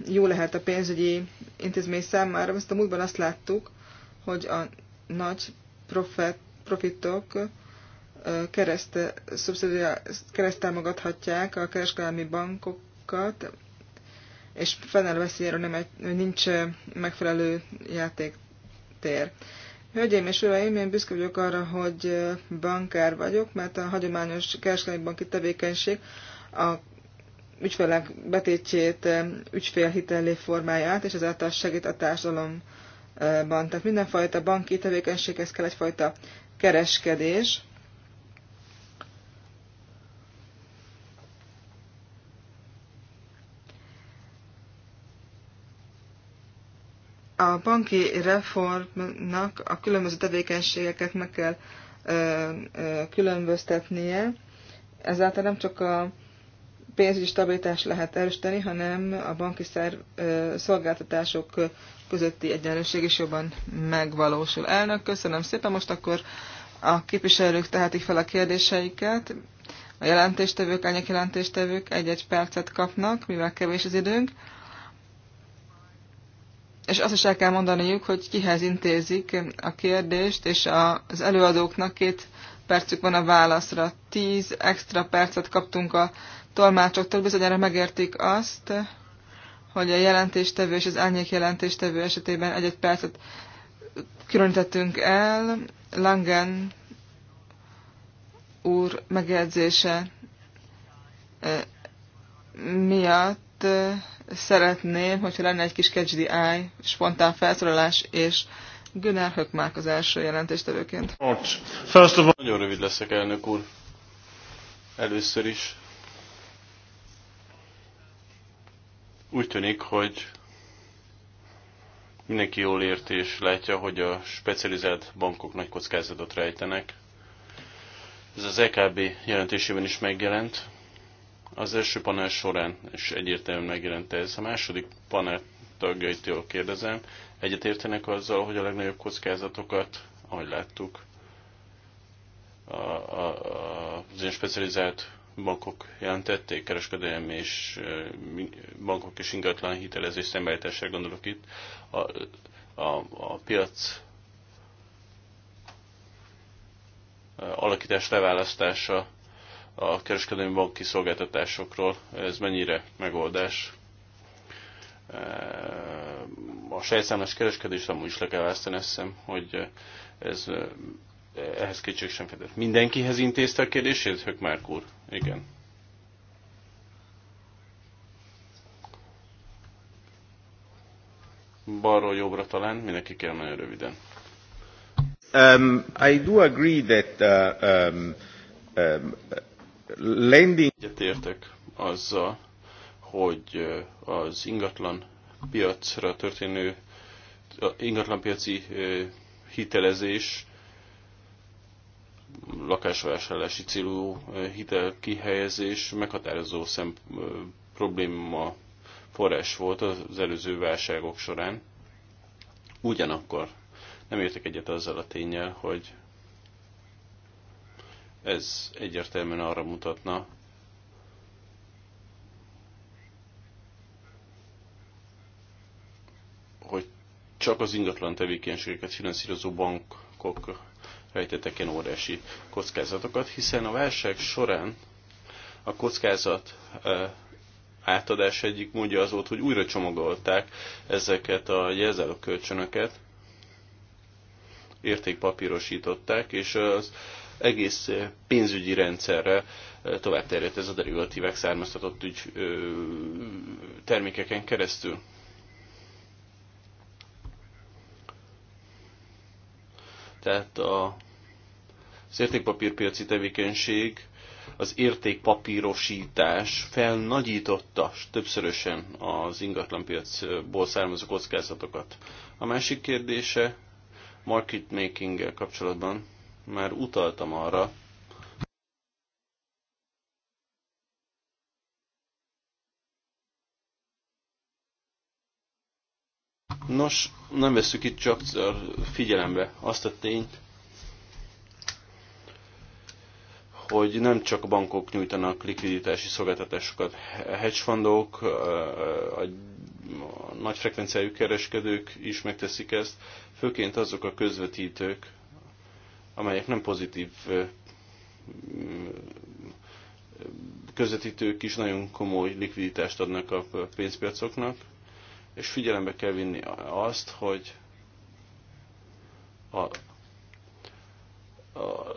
jó lehet a pénzügyi intézmény számára. Ezt a múltban azt láttuk, hogy a nagy profet, profitok kereszt, kereszt támogathatják a kereskedelmi bankokat, és fennáll veszélyéről nem egy, nincs megfelelő játéktér. Hölgyeim és uraim, én büszke vagyok arra, hogy bankár vagyok, mert a hagyományos kereskedelmi banki tevékenység a ügyfelek betétjét ügyfélhitellé formáját, és ezáltal segít a társadalomban. Tehát mindenfajta banki tevékenységhez kell egyfajta kereskedés. A banki reformnak a különböző tevékenységeket meg kell ö, ö, különböztetnie, ezáltal nem csak a pénzügyi stabilitást lehet erősíteni, hanem a banki szerv, szolgáltatások közötti egyenlőség is jobban megvalósul. Elnök, köszönöm szépen. Most akkor a képviselők tehetik fel a kérdéseiket. A jelentéstevők, ányek jelentéstevők egy-egy percet kapnak, mivel kevés az időnk. És azt is el kell mondaniuk, hogy kihez intézik a kérdést, és az előadóknak két percük van a válaszra. Tíz extra percet kaptunk a tolmácsoktól bizonyára megértik azt, hogy a jelentéstevő és az árnyék jelentéstevő esetében egy-egy percet különítettünk el. Langen úr megjegyzése miatt szeretném, hogyha lenne egy kis kecsdi áj spontán felszólalás, és Günár Hökmárk az első jelentéstevőként. Nagyon rövid leszek, elnök úr. Először is Úgy tűnik, hogy mindenki jól ért és látja, hogy a specializált bankok nagy kockázatot rejtenek. Ez az EKB jelentésében is megjelent. Az első panel során is egyértelműen megjelent ez. A második panel tagjaitól kérdezem, egyetértenek azzal, hogy a legnagyobb kockázatokat, ahogy láttuk, a, a, a, az én specializált bankok jelentették, kereskedelmi és bankok és ingatlan hitelezés szembeállításra gondolok itt, a, a, a piac alakítás leválasztása a kereskedelmi banki szolgáltatásokról, ez mennyire megoldás? A sejtszámlás kereskedést amúgy is le kell választani, azt hiszem, hogy ez ehhez kétség sem fedett. Mindenkihez intézte a kérdését, Hökmárk úr? Igen. Balról jobbra talán, mindenki kell nagyon röviden. Um, I do agree that uh, um, um, lending... Egyetértek azzal, hogy uh, az ingatlan piacra történő ingatlanpiaci uh, hitelezés lakásvásárlási célú eh, hitel kihelyezés meghatározó szem eh, probléma forrás volt az előző válságok során. Ugyanakkor nem értek egyet azzal a tényel, hogy ez egyértelműen arra mutatna, hogy csak az ingatlan tevékenységeket finanszírozó bankok rejtettek ilyen óriási kockázatokat, hiszen a válság során a kockázat átadás egyik módja az volt, hogy újra csomagolták ezeket a jelzáló kölcsönöket, értékpapírosították, és az egész pénzügyi rendszerre tovább terjedt ez a derivatívek származtatott ügy, termékeken keresztül. Tehát a, az értékpapírpiaci tevékenység, az értékpapírosítás felnagyította többszörösen az ingatlanpiacból származó kockázatokat. A másik kérdése market making kapcsolatban már utaltam arra, Nos, nem veszük itt csak figyelembe azt a tényt, hogy nem csak bankok nyújtanak likviditási szolgáltatásokat, hedge fundok, a nagy frekvenciájú kereskedők is megteszik ezt, főként azok a közvetítők, amelyek nem pozitív közvetítők is nagyon komoly likviditást adnak a pénzpiacoknak, és figyelembe kell vinni azt, hogy a, a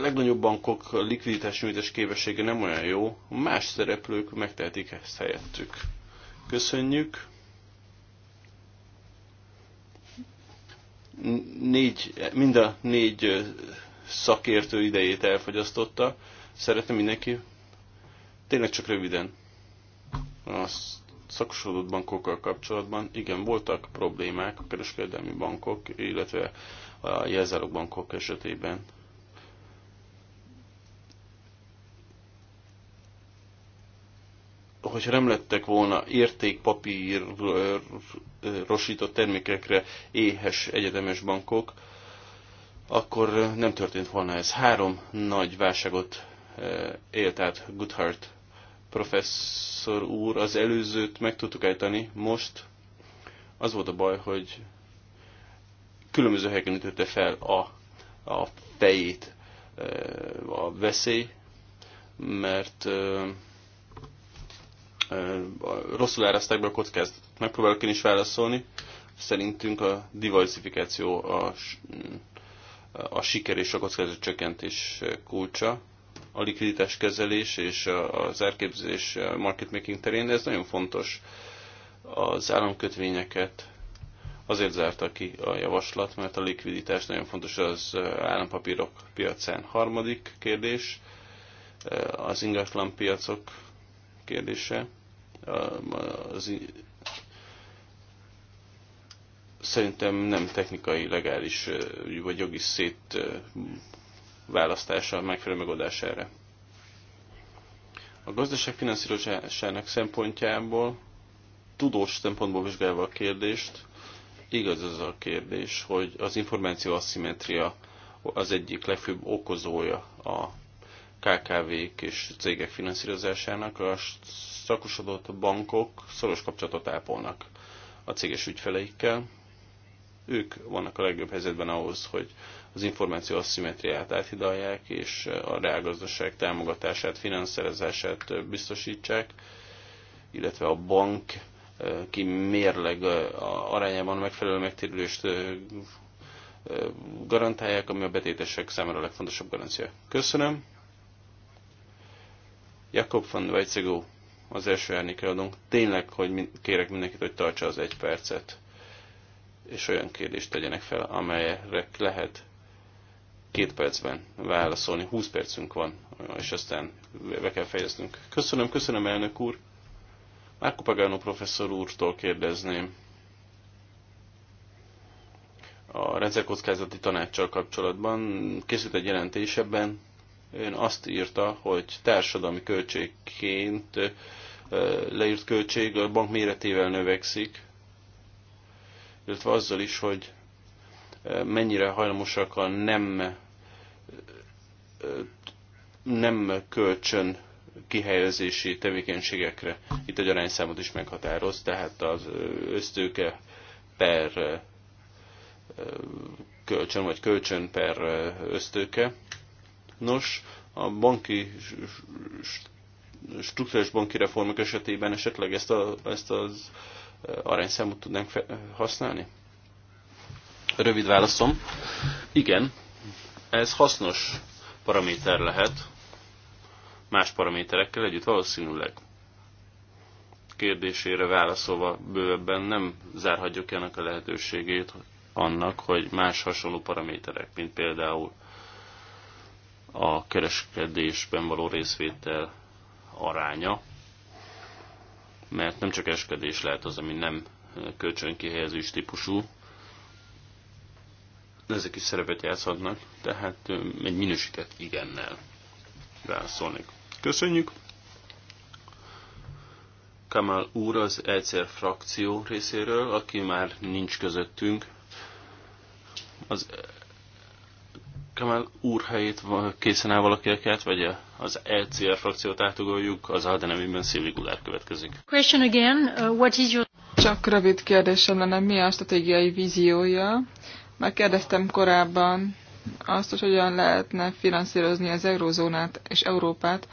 legnagyobb bankok likviditás nyújtás képessége nem olyan jó, más szereplők megtehetik ezt helyettük. Köszönjük! Négy, mind a négy szakértő idejét elfogyasztotta. Szeretne mindenki? Tényleg csak röviden. Azt szakosodott bankokkal kapcsolatban igen, voltak problémák a kereskedelmi bankok, illetve a jelzálók bankok esetében. Hogyha nem lettek volna értékpapírosított termékekre éhes egyetemes bankok, akkor nem történt volna ez. Három nagy válságot eh, élt át Goodhart professzor úr, az előzőt meg tudtuk ejteni, most az volt a baj, hogy különböző helyeken ütötte fel a, a fejét eh, a veszély, mert eh, eh, rosszul árazták be a kockázatot. Megpróbálok én is válaszolni. Szerintünk a diversifikáció a, mm, a siker és a kockázat csökkentés kulcsa a likviditás kezelés és az elképzés market making terén, de ez nagyon fontos. Az államkötvényeket azért zárta ki a javaslat, mert a likviditás nagyon fontos az állampapírok piacán. Harmadik kérdés, az ingatlan piacok kérdése. Az szerintem nem technikai, legális vagy jogi szét választása a megfelelő megoldás erre. A gazdaság finanszírozásának szempontjából, tudós szempontból vizsgálva a kérdést, igaz az a kérdés, hogy az információ asszimetria az egyik legfőbb okozója a KKV-k és cégek finanszírozásának, a szakosodott bankok szoros kapcsolatot ápolnak a céges ügyfeleikkel. Ők vannak a legjobb helyzetben ahhoz, hogy az információ asszimetriát áthidalják, és a reálgazdaság támogatását, finanszírozását biztosítsák, illetve a bank ki mérleg arányában megfelelő megtérülést garantálják, ami a betétesek számára a legfontosabb garancia. Köszönöm. Jakob van Weizsägó, az első adunk. Tényleg, hogy kérek mindenkit, hogy tartsa az egy percet, és olyan kérdést tegyenek fel, amelyre lehet két percben válaszolni. 20 percünk van, és aztán be kell fejeznünk. Köszönöm, köszönöm, elnök úr. Márko Pagano professzor úrtól kérdezném a rendszerkockázati tanácssal kapcsolatban. Készült egy jelentés ebben. Ön azt írta, hogy társadalmi költségként leírt költség a bank méretével növekszik, illetve azzal is, hogy mennyire hajlamosak a nem nem kölcsön kihelyezési tevékenységekre. Itt egy arányszámot is meghatároz, tehát az ösztőke per kölcsön, vagy kölcsön per ösztőke. Nos, a banki struktúrás banki reformok esetében esetleg ezt, a, ezt az arányszámot tudnánk használni? Rövid válaszom. Igen, ez hasznos paraméter lehet, más paraméterekkel együtt valószínűleg. Kérdésére válaszolva bővebben nem zárhatjuk ennek a lehetőségét annak, hogy más hasonló paraméterek, mint például a kereskedésben való részvétel aránya, mert nem csak eskedés lehet az, ami nem kölcsönkihelyezés típusú, ezek is szerepet játszhatnak, tehát egy minősített igennel válaszolnék. Köszönjük! Kamal úr az egyszer frakció részéről, aki már nincs közöttünk. Az Kamal úr helyét készen áll valaki akját, vagy az ECR frakciót átugoljuk, az Aldenemében Szilvi Gulár következik. Question again, uh, what is your... Csak rövid kérdésem lenne, mi a stratégiai víziója Megkérdeztem korábban azt, hogy hogyan lehetne finanszírozni az eurózónát és Európát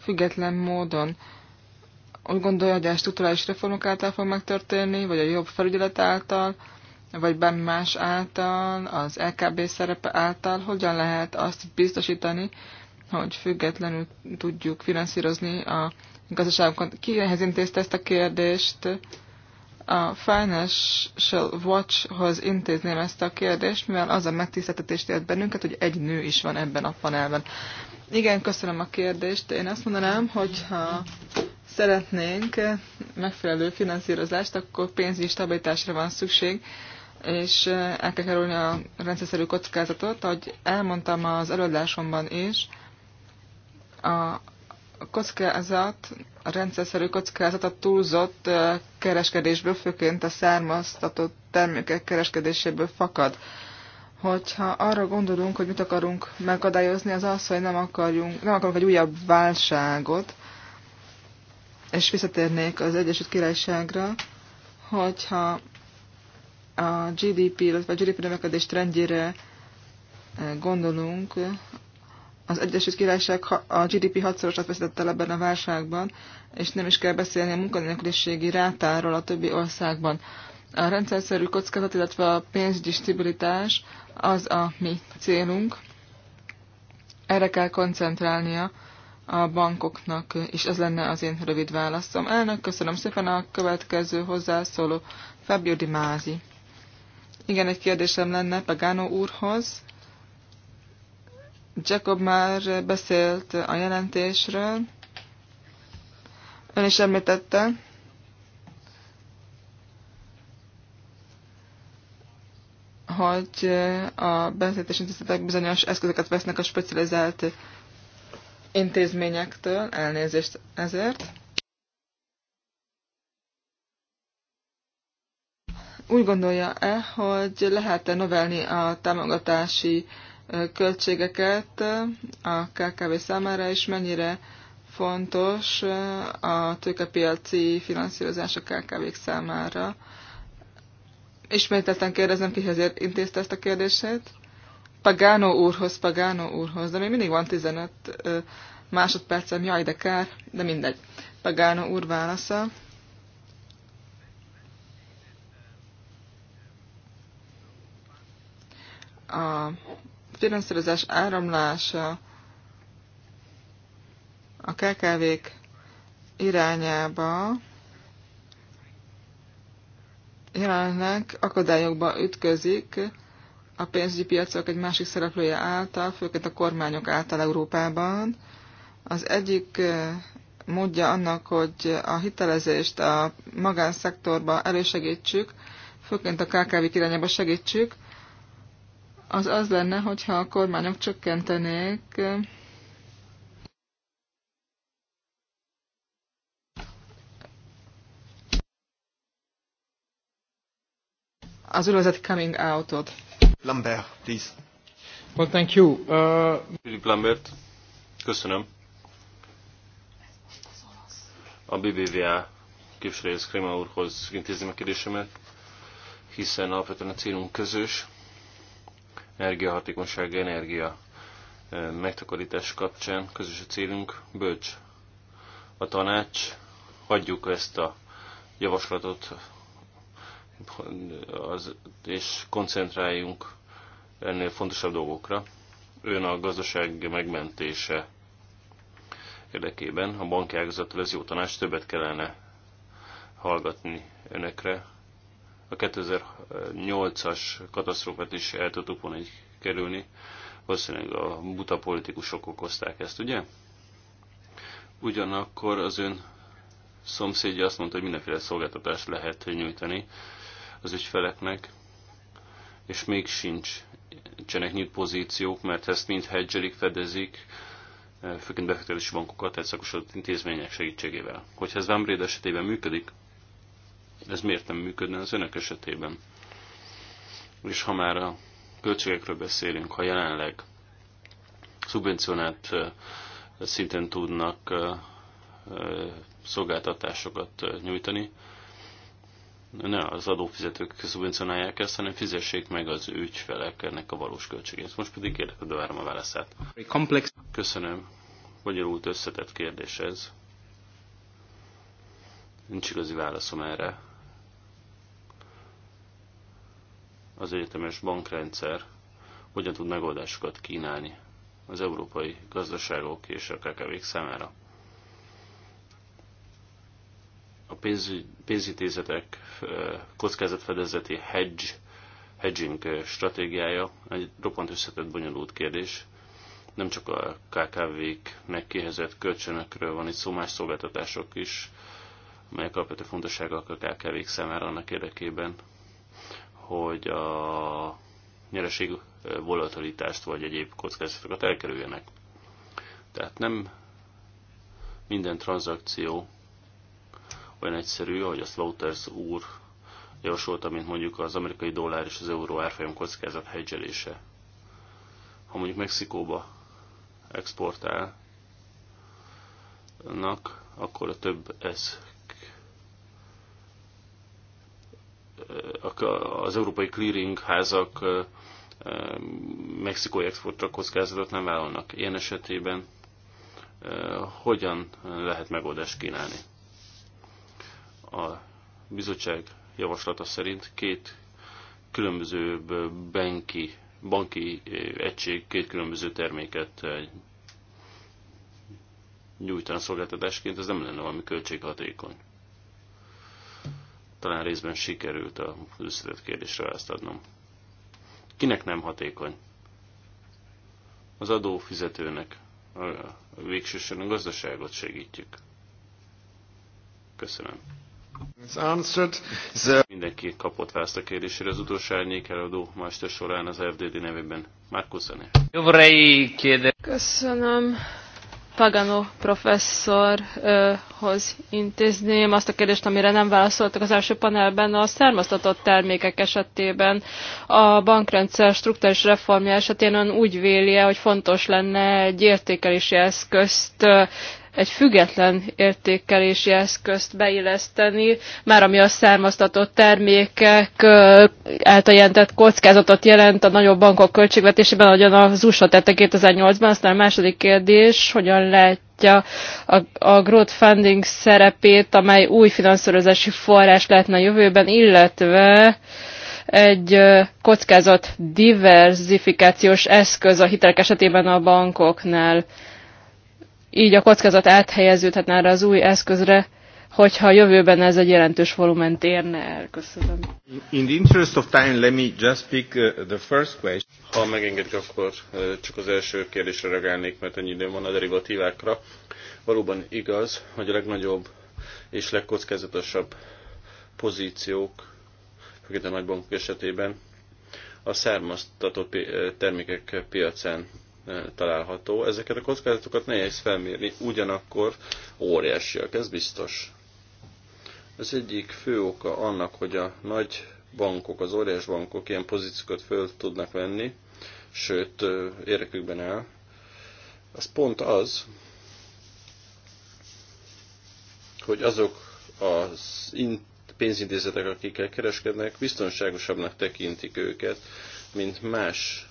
független módon. Úgy gondolja, hogy a struktúrális reformok által fog megtörténni, vagy a jobb felügyelet által, vagy bármi más által, az LKB szerepe által, hogyan lehet azt biztosítani, hogy függetlenül tudjuk finanszírozni a gazdaságunkat. Kihez intézte ezt a kérdést? a Financial Watch-hoz intézném ezt a kérdést, mivel az a megtiszteltetést élt bennünket, hogy egy nő is van ebben a panelben. Igen, köszönöm a kérdést. Én azt mondanám, hogy ha szeretnénk megfelelő finanszírozást, akkor pénzügyi stabilitásra van szükség, és el kell kerülni a rendszerű kockázatot. Ahogy elmondtam az előadásomban is, a kockázat, a rendszerszerű kockázat a túlzott kereskedésből, főként a származtatott termékek kereskedéséből fakad. Hogyha arra gondolunk, hogy mit akarunk megadályozni, az az, hogy nem, akarjunk, nem akarunk egy újabb válságot, és visszatérnék az Egyesült Királyságra, hogyha a GDP, illetve a GDP növekedés trendjére gondolunk, az Egyesült Királyság a GDP hatszorosat veszítette ebben a válságban, és nem is kell beszélni a munkanélküliségi rátáról a többi országban. A rendszerszerű kockázat, illetve a pénzügyi stabilitás az a mi célunk. Erre kell koncentrálnia a bankoknak, és ez lenne az én rövid válaszom. Elnök, köszönöm szépen a következő hozzászóló Fabio Di Mázi. Igen, egy kérdésem lenne Pagano úrhoz. Jacob már beszélt a jelentésről, ön is említette, hogy a betétes intézetek bizonyos eszközöket vesznek a specializált intézményektől, elnézést ezért. Úgy gondolja-e, hogy lehet-e növelni a támogatási uh, költségeket a KKV számára, és mennyire fontos a tőkepiaci finanszírozás a kkv számára. Ismételten kérdezem, kihez intézte ezt a kérdését? Pagano úrhoz, Pagano úrhoz, de még mindig van 15 másodpercem, jaj, de kár, de mindegy. Pagano úr válasza. A finanszírozás áramlása a kkv irányába jelenleg akadályokba ütközik a pénzügyi piacok egy másik szereplője által, főként a kormányok által Európában. Az egyik eh, módja annak, hogy a hitelezést a magánszektorba elősegítsük, főként a KKV irányába segítsük, az az lenne, hogyha a kormányok csökkentenék az úgynevezett coming out-ot. Lambert, please. Well, thank you. Uh... Lambert, köszönöm. A BBVA képviselőhez Krema úrhoz intézni a kérdésemet, hiszen alapvetően a célunk közös energiahatékonyság, energia megtakarítás kapcsán közös a célunk, bölcs a tanács, hagyjuk ezt a javaslatot, az, és koncentráljunk ennél fontosabb dolgokra. Ön a gazdaság megmentése érdekében a banki ágazatról ez jó tanács, többet kellene hallgatni önökre a 2008-as katasztrófát is el tudtuk volna így kerülni. Valószínűleg a buta politikusok okozták ezt, ugye? Ugyanakkor az ön szomszédja azt mondta, hogy mindenféle szolgáltatást lehet nyújtani az ügyfeleknek, és még sincs csenek nyílt pozíciók, mert ezt mind hedgelik, fedezik, főként befektetési bankokat, tehát szakosodott intézmények segítségével. Hogyha ez Vámbréd esetében működik, ez miért nem működne az önök esetében? És ha már a költségekről beszélünk, ha jelenleg szubvencionált szinten tudnak szolgáltatásokat nyújtani, ne az adófizetők szubvencionálják ezt, hanem fizessék meg az ügyfelek ennek a valós költségét. Most pedig érdeklődő várom a válaszát. Köszönöm. Bonyolult összetett kérdés ez. Nincs igazi válaszom erre. az egyetemes bankrendszer hogyan tud megoldásokat kínálni az európai gazdaságok és a kkv számára. A pénz, pénzintézetek kockázatfedezeti hedge, hedging stratégiája egy roppant összetett, bonyolult kérdés. Nem csak a kkv k megkéhezett kölcsönökről van itt szó, más szolgáltatások is, amelyek alapvető fontosságok a KKV-k számára annak érdekében, hogy a nyereség volatilitást vagy egyéb kockázatokat elkerüljenek. Tehát nem minden tranzakció olyan egyszerű, ahogy azt Wouters úr javasolta, mint mondjuk az amerikai dollár és az euró árfolyam kockázat hedgelése. Ha mondjuk Mexikóba exportálnak, akkor a több ez az európai clearing házak mexikói exportra kockázatot nem vállalnak. Ilyen esetében hogyan lehet megoldást kínálni? A bizottság javaslata szerint két különböző banki, banki egység két különböző terméket nyújtan szolgáltatásként, ez nem lenne valami költséghatékony. Talán részben sikerült a összetett kérdésre ezt adnom. Kinek nem hatékony? Az adófizetőnek. végsősen a gazdaságot segítjük. Köszönöm. Mindenki kapott választ a kérdésére. Az utolsó árnyék eladó máster során az FDD nevében. Már köszönöm. Köszönöm. Pagano professzorhoz intézném azt a kérdést, amire nem válaszoltak az első panelben, a származtatott termékek esetében a bankrendszer struktúrális reformja esetén ön úgy véli hogy fontos lenne egy értékelési eszközt egy független értékelési eszközt beilleszteni, már ami a származtatott termékek által jelentett kockázatot jelent a nagyobb bankok költségvetésében, ahogyan az USA tette 2008-ban. Aztán a második kérdés, hogyan lehet a, a growth funding szerepét, amely új finanszírozási forrás lehetne a jövőben, illetve egy kockázat diversifikációs eszköz a hitelek esetében a bankoknál így a kockázat áthelyeződhetne erre az új eszközre, hogyha a jövőben ez egy jelentős volument érne el. Köszönöm. In the interest of time, let me just pick uh, the first question. Ha megengedik, akkor uh, csak az első kérdésre reagálnék, mert ennyi idő van a derivatívákra. Valóban igaz, hogy a legnagyobb és legkockázatosabb pozíciók, főként a nagybankok esetében, a származtatott uh, termékek piacán található. Ezeket a kockázatokat nehéz felmérni, ugyanakkor óriásiak, ez biztos. Az egyik fő oka annak, hogy a nagy bankok, az óriás bankok ilyen pozíciókat föl tudnak venni, sőt, érdekükben el, az pont az, hogy azok az pénzintézetek, akikkel kereskednek, biztonságosabbnak tekintik őket, mint más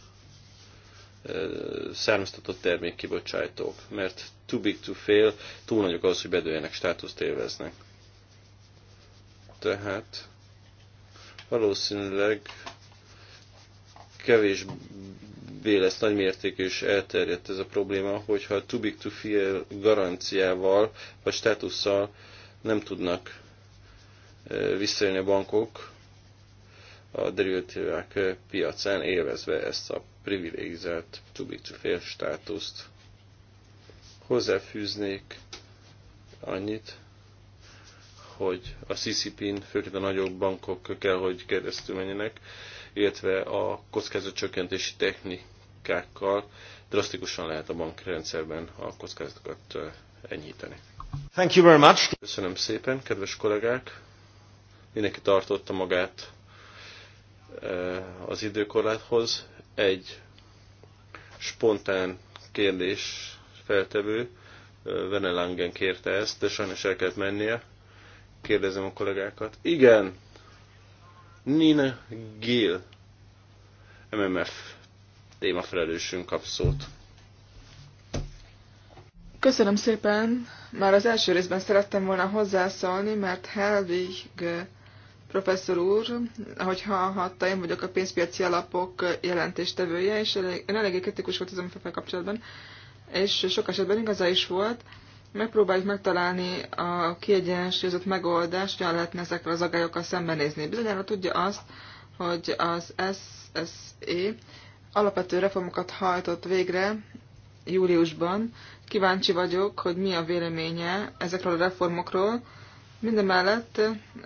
származtatott kibocsájtók, mert too big to fail, túl nagyok ahhoz, hogy bedőjenek, státuszt élveznek. Tehát valószínűleg kevésbé lesz mérték és elterjedt ez a probléma, hogyha a too big to fail garanciával vagy státusszal nem tudnak visszajönni a bankok a derivatívák piacán élvezve ezt a privilegizált Csubics státuszt. Hozzáfűznék annyit, hogy a CCP-n, főként a nagyobb bankok kell, hogy keresztül menjenek, illetve a kockázatcsökkentési technikákkal drasztikusan lehet a bankrendszerben a kockázatokat enyhíteni. Thank you very much. Köszönöm szépen, kedves kollégák! Mindenki tartotta magát az időkorláthoz. Egy spontán kérdés feltevő, Langen kérte ezt, de sajnos el kellett mennie. Kérdezem a kollégákat. Igen, Nina Gill, MMF témafelelősünk kap szót. Köszönöm szépen! Már az első részben szerettem volna hozzászólni, mert Helvig professzor úr, ahogy hallhatta, én vagyok a pénzpiaci alapok jelentéstevője, és én eléggé kritikus volt az MFF kapcsolatban, és sok esetben igaza is volt. Megpróbáljuk megtalálni a kiegyensúlyozott megoldást, hogyan lehetne ezekkel az agályokkal szembenézni. Bizonyára tudja azt, hogy az SSE alapvető reformokat hajtott végre júliusban. Kíváncsi vagyok, hogy mi a véleménye ezekről a reformokról, Mindemellett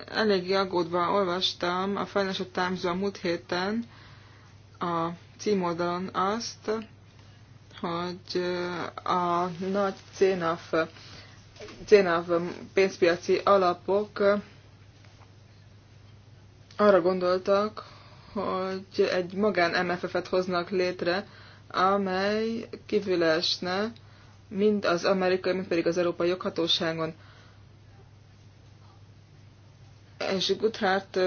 elég aggódva olvastam a Financial times a múlt héten a címoldalon azt, hogy a nagy CNAF, CNAF pénzpiaci alapok arra gondoltak, hogy egy magán MFF-et hoznak létre, amely kívül esne mind az amerikai, mind pedig az európai joghatóságon és Guthardt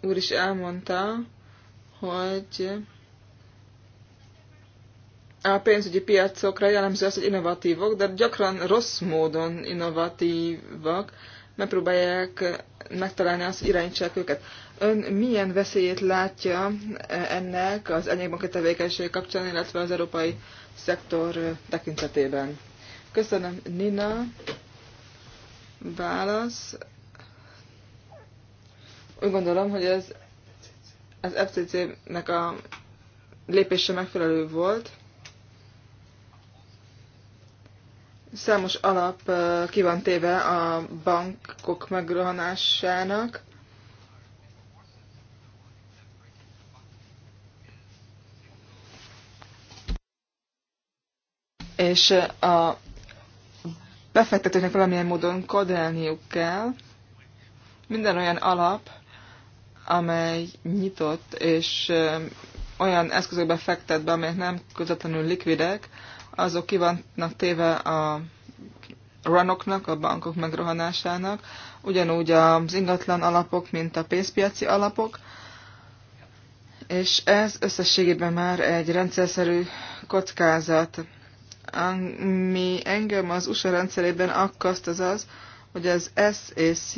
úr is elmondta, hogy a pénzügyi piacokra jellemző az, hogy innovatívok, de gyakran rossz módon innovatívak, megpróbálják megtalálni az irányítsák őket. Ön milyen veszélyét látja ennek az enyékbanki tevékenység kapcsán, illetve az európai szektor tekintetében? Köszönöm, Nina. Válasz. Úgy gondolom, hogy ez az FCC-nek a lépése megfelelő volt. Számos alap ki van téve a bankok megrohanásának. És a befektetőknek valamilyen módon kodelniuk kell. Minden olyan alap, amely nyitott és olyan eszközökbe fektet be, amelyek nem közvetlenül likvidek, azok ki vannak téve a runoknak, a bankok megrohanásának, ugyanúgy az ingatlan alapok, mint a pénzpiaci alapok, és ez összességében már egy rendszerszerű kockázat. Ami engem az USA rendszerében akkaszt az az, hogy az SEC,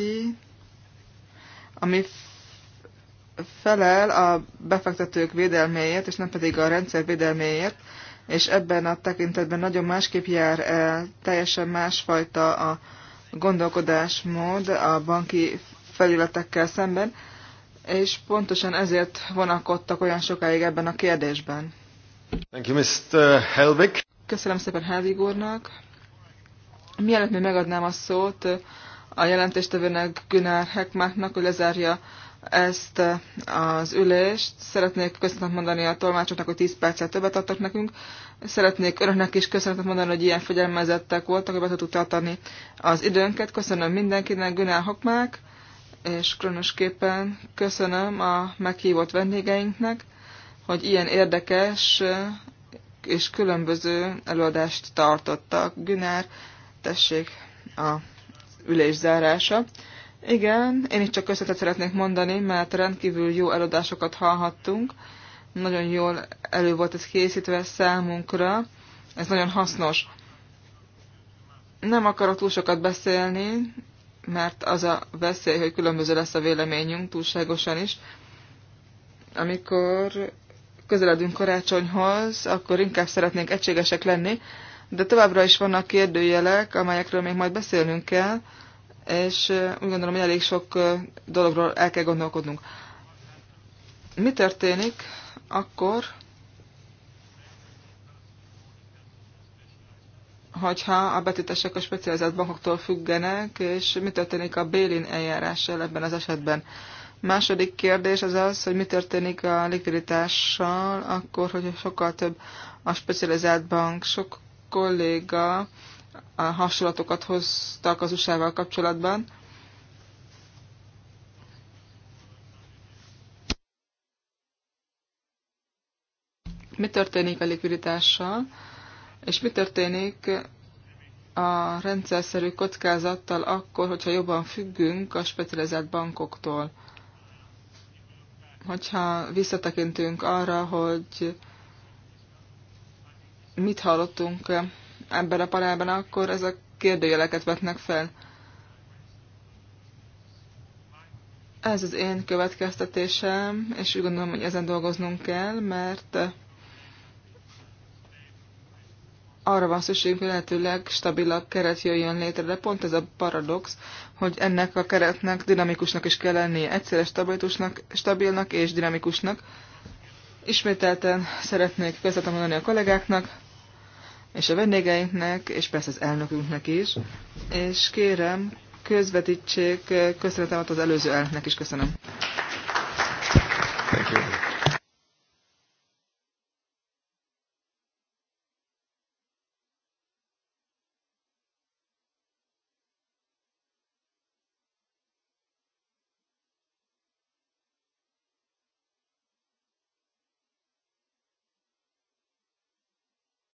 ami felel a befektetők védelméért, és nem pedig a rendszer védelméért, és ebben a tekintetben nagyon másképp jár el, teljesen másfajta a gondolkodásmód a banki felületekkel szemben, és pontosan ezért vonakodtak olyan sokáig ebben a kérdésben. Thank you, Mr. Helvig. Köszönöm szépen Helvig úrnak. Mielőtt még megadnám a szót a jelentéstevőnek Günár Hekmáknak, hogy lezárja ezt eh, az ülést. Szeretnék köszönetet mondani a tolmácsoknak, hogy 10 perccel többet adtak nekünk. Szeretnék önöknek is köszönetet mondani, hogy ilyen fegyelmezettek voltak, hogy be tudtuk tartani az időnket. Köszönöm mindenkinek, Günel Hokmák, és különösképpen köszönöm a meghívott vendégeinknek, hogy ilyen érdekes eh, és különböző előadást tartottak. Günár, tessék a ülés zárása. Igen, én is csak köszönetet szeretnék mondani, mert rendkívül jó előadásokat hallhattunk. Nagyon jól elő volt ez készítve számunkra. Ez nagyon hasznos. Nem akarok túl sokat beszélni, mert az a veszély, hogy különböző lesz a véleményünk túlságosan is. Amikor közeledünk karácsonyhoz, akkor inkább szeretnénk egységesek lenni, de továbbra is vannak kérdőjelek, amelyekről még majd beszélnünk kell, és úgy gondolom, hogy elég sok dologról el kell gondolkodnunk. Mi történik akkor, hogyha a betétesek a specializált bankoktól függenek, és mi történik a Bélin eljárással ebben az esetben. Második kérdés az az, hogy mi történik a likviditással, akkor, hogyha sokkal több a specializált bank, sok kolléga a hasonlatokat hoztak az USA-val kapcsolatban. Mi történik a likviditással, és mi történik a rendszerszerű kockázattal akkor, hogyha jobban függünk a specializált bankoktól? Hogyha visszatekintünk arra, hogy mit hallottunk ebben a parában, akkor ezek kérdőjeleket vetnek fel. Ez az én következtetésem, és úgy gondolom, hogy ezen dolgoznunk kell, mert arra van szükségünk, hogy lehetőleg stabilabb keret jöjjön létre, de pont ez a paradox, hogy ennek a keretnek dinamikusnak is kell lennie, egyszerre stabilitusnak, stabilnak és dinamikusnak. Ismételten szeretnék köszönetem mondani a kollégáknak, és a vendégeinknek, és persze az elnökünknek is, és kérem, közvetítsék köszönetemet az előző elnöknek is köszönöm.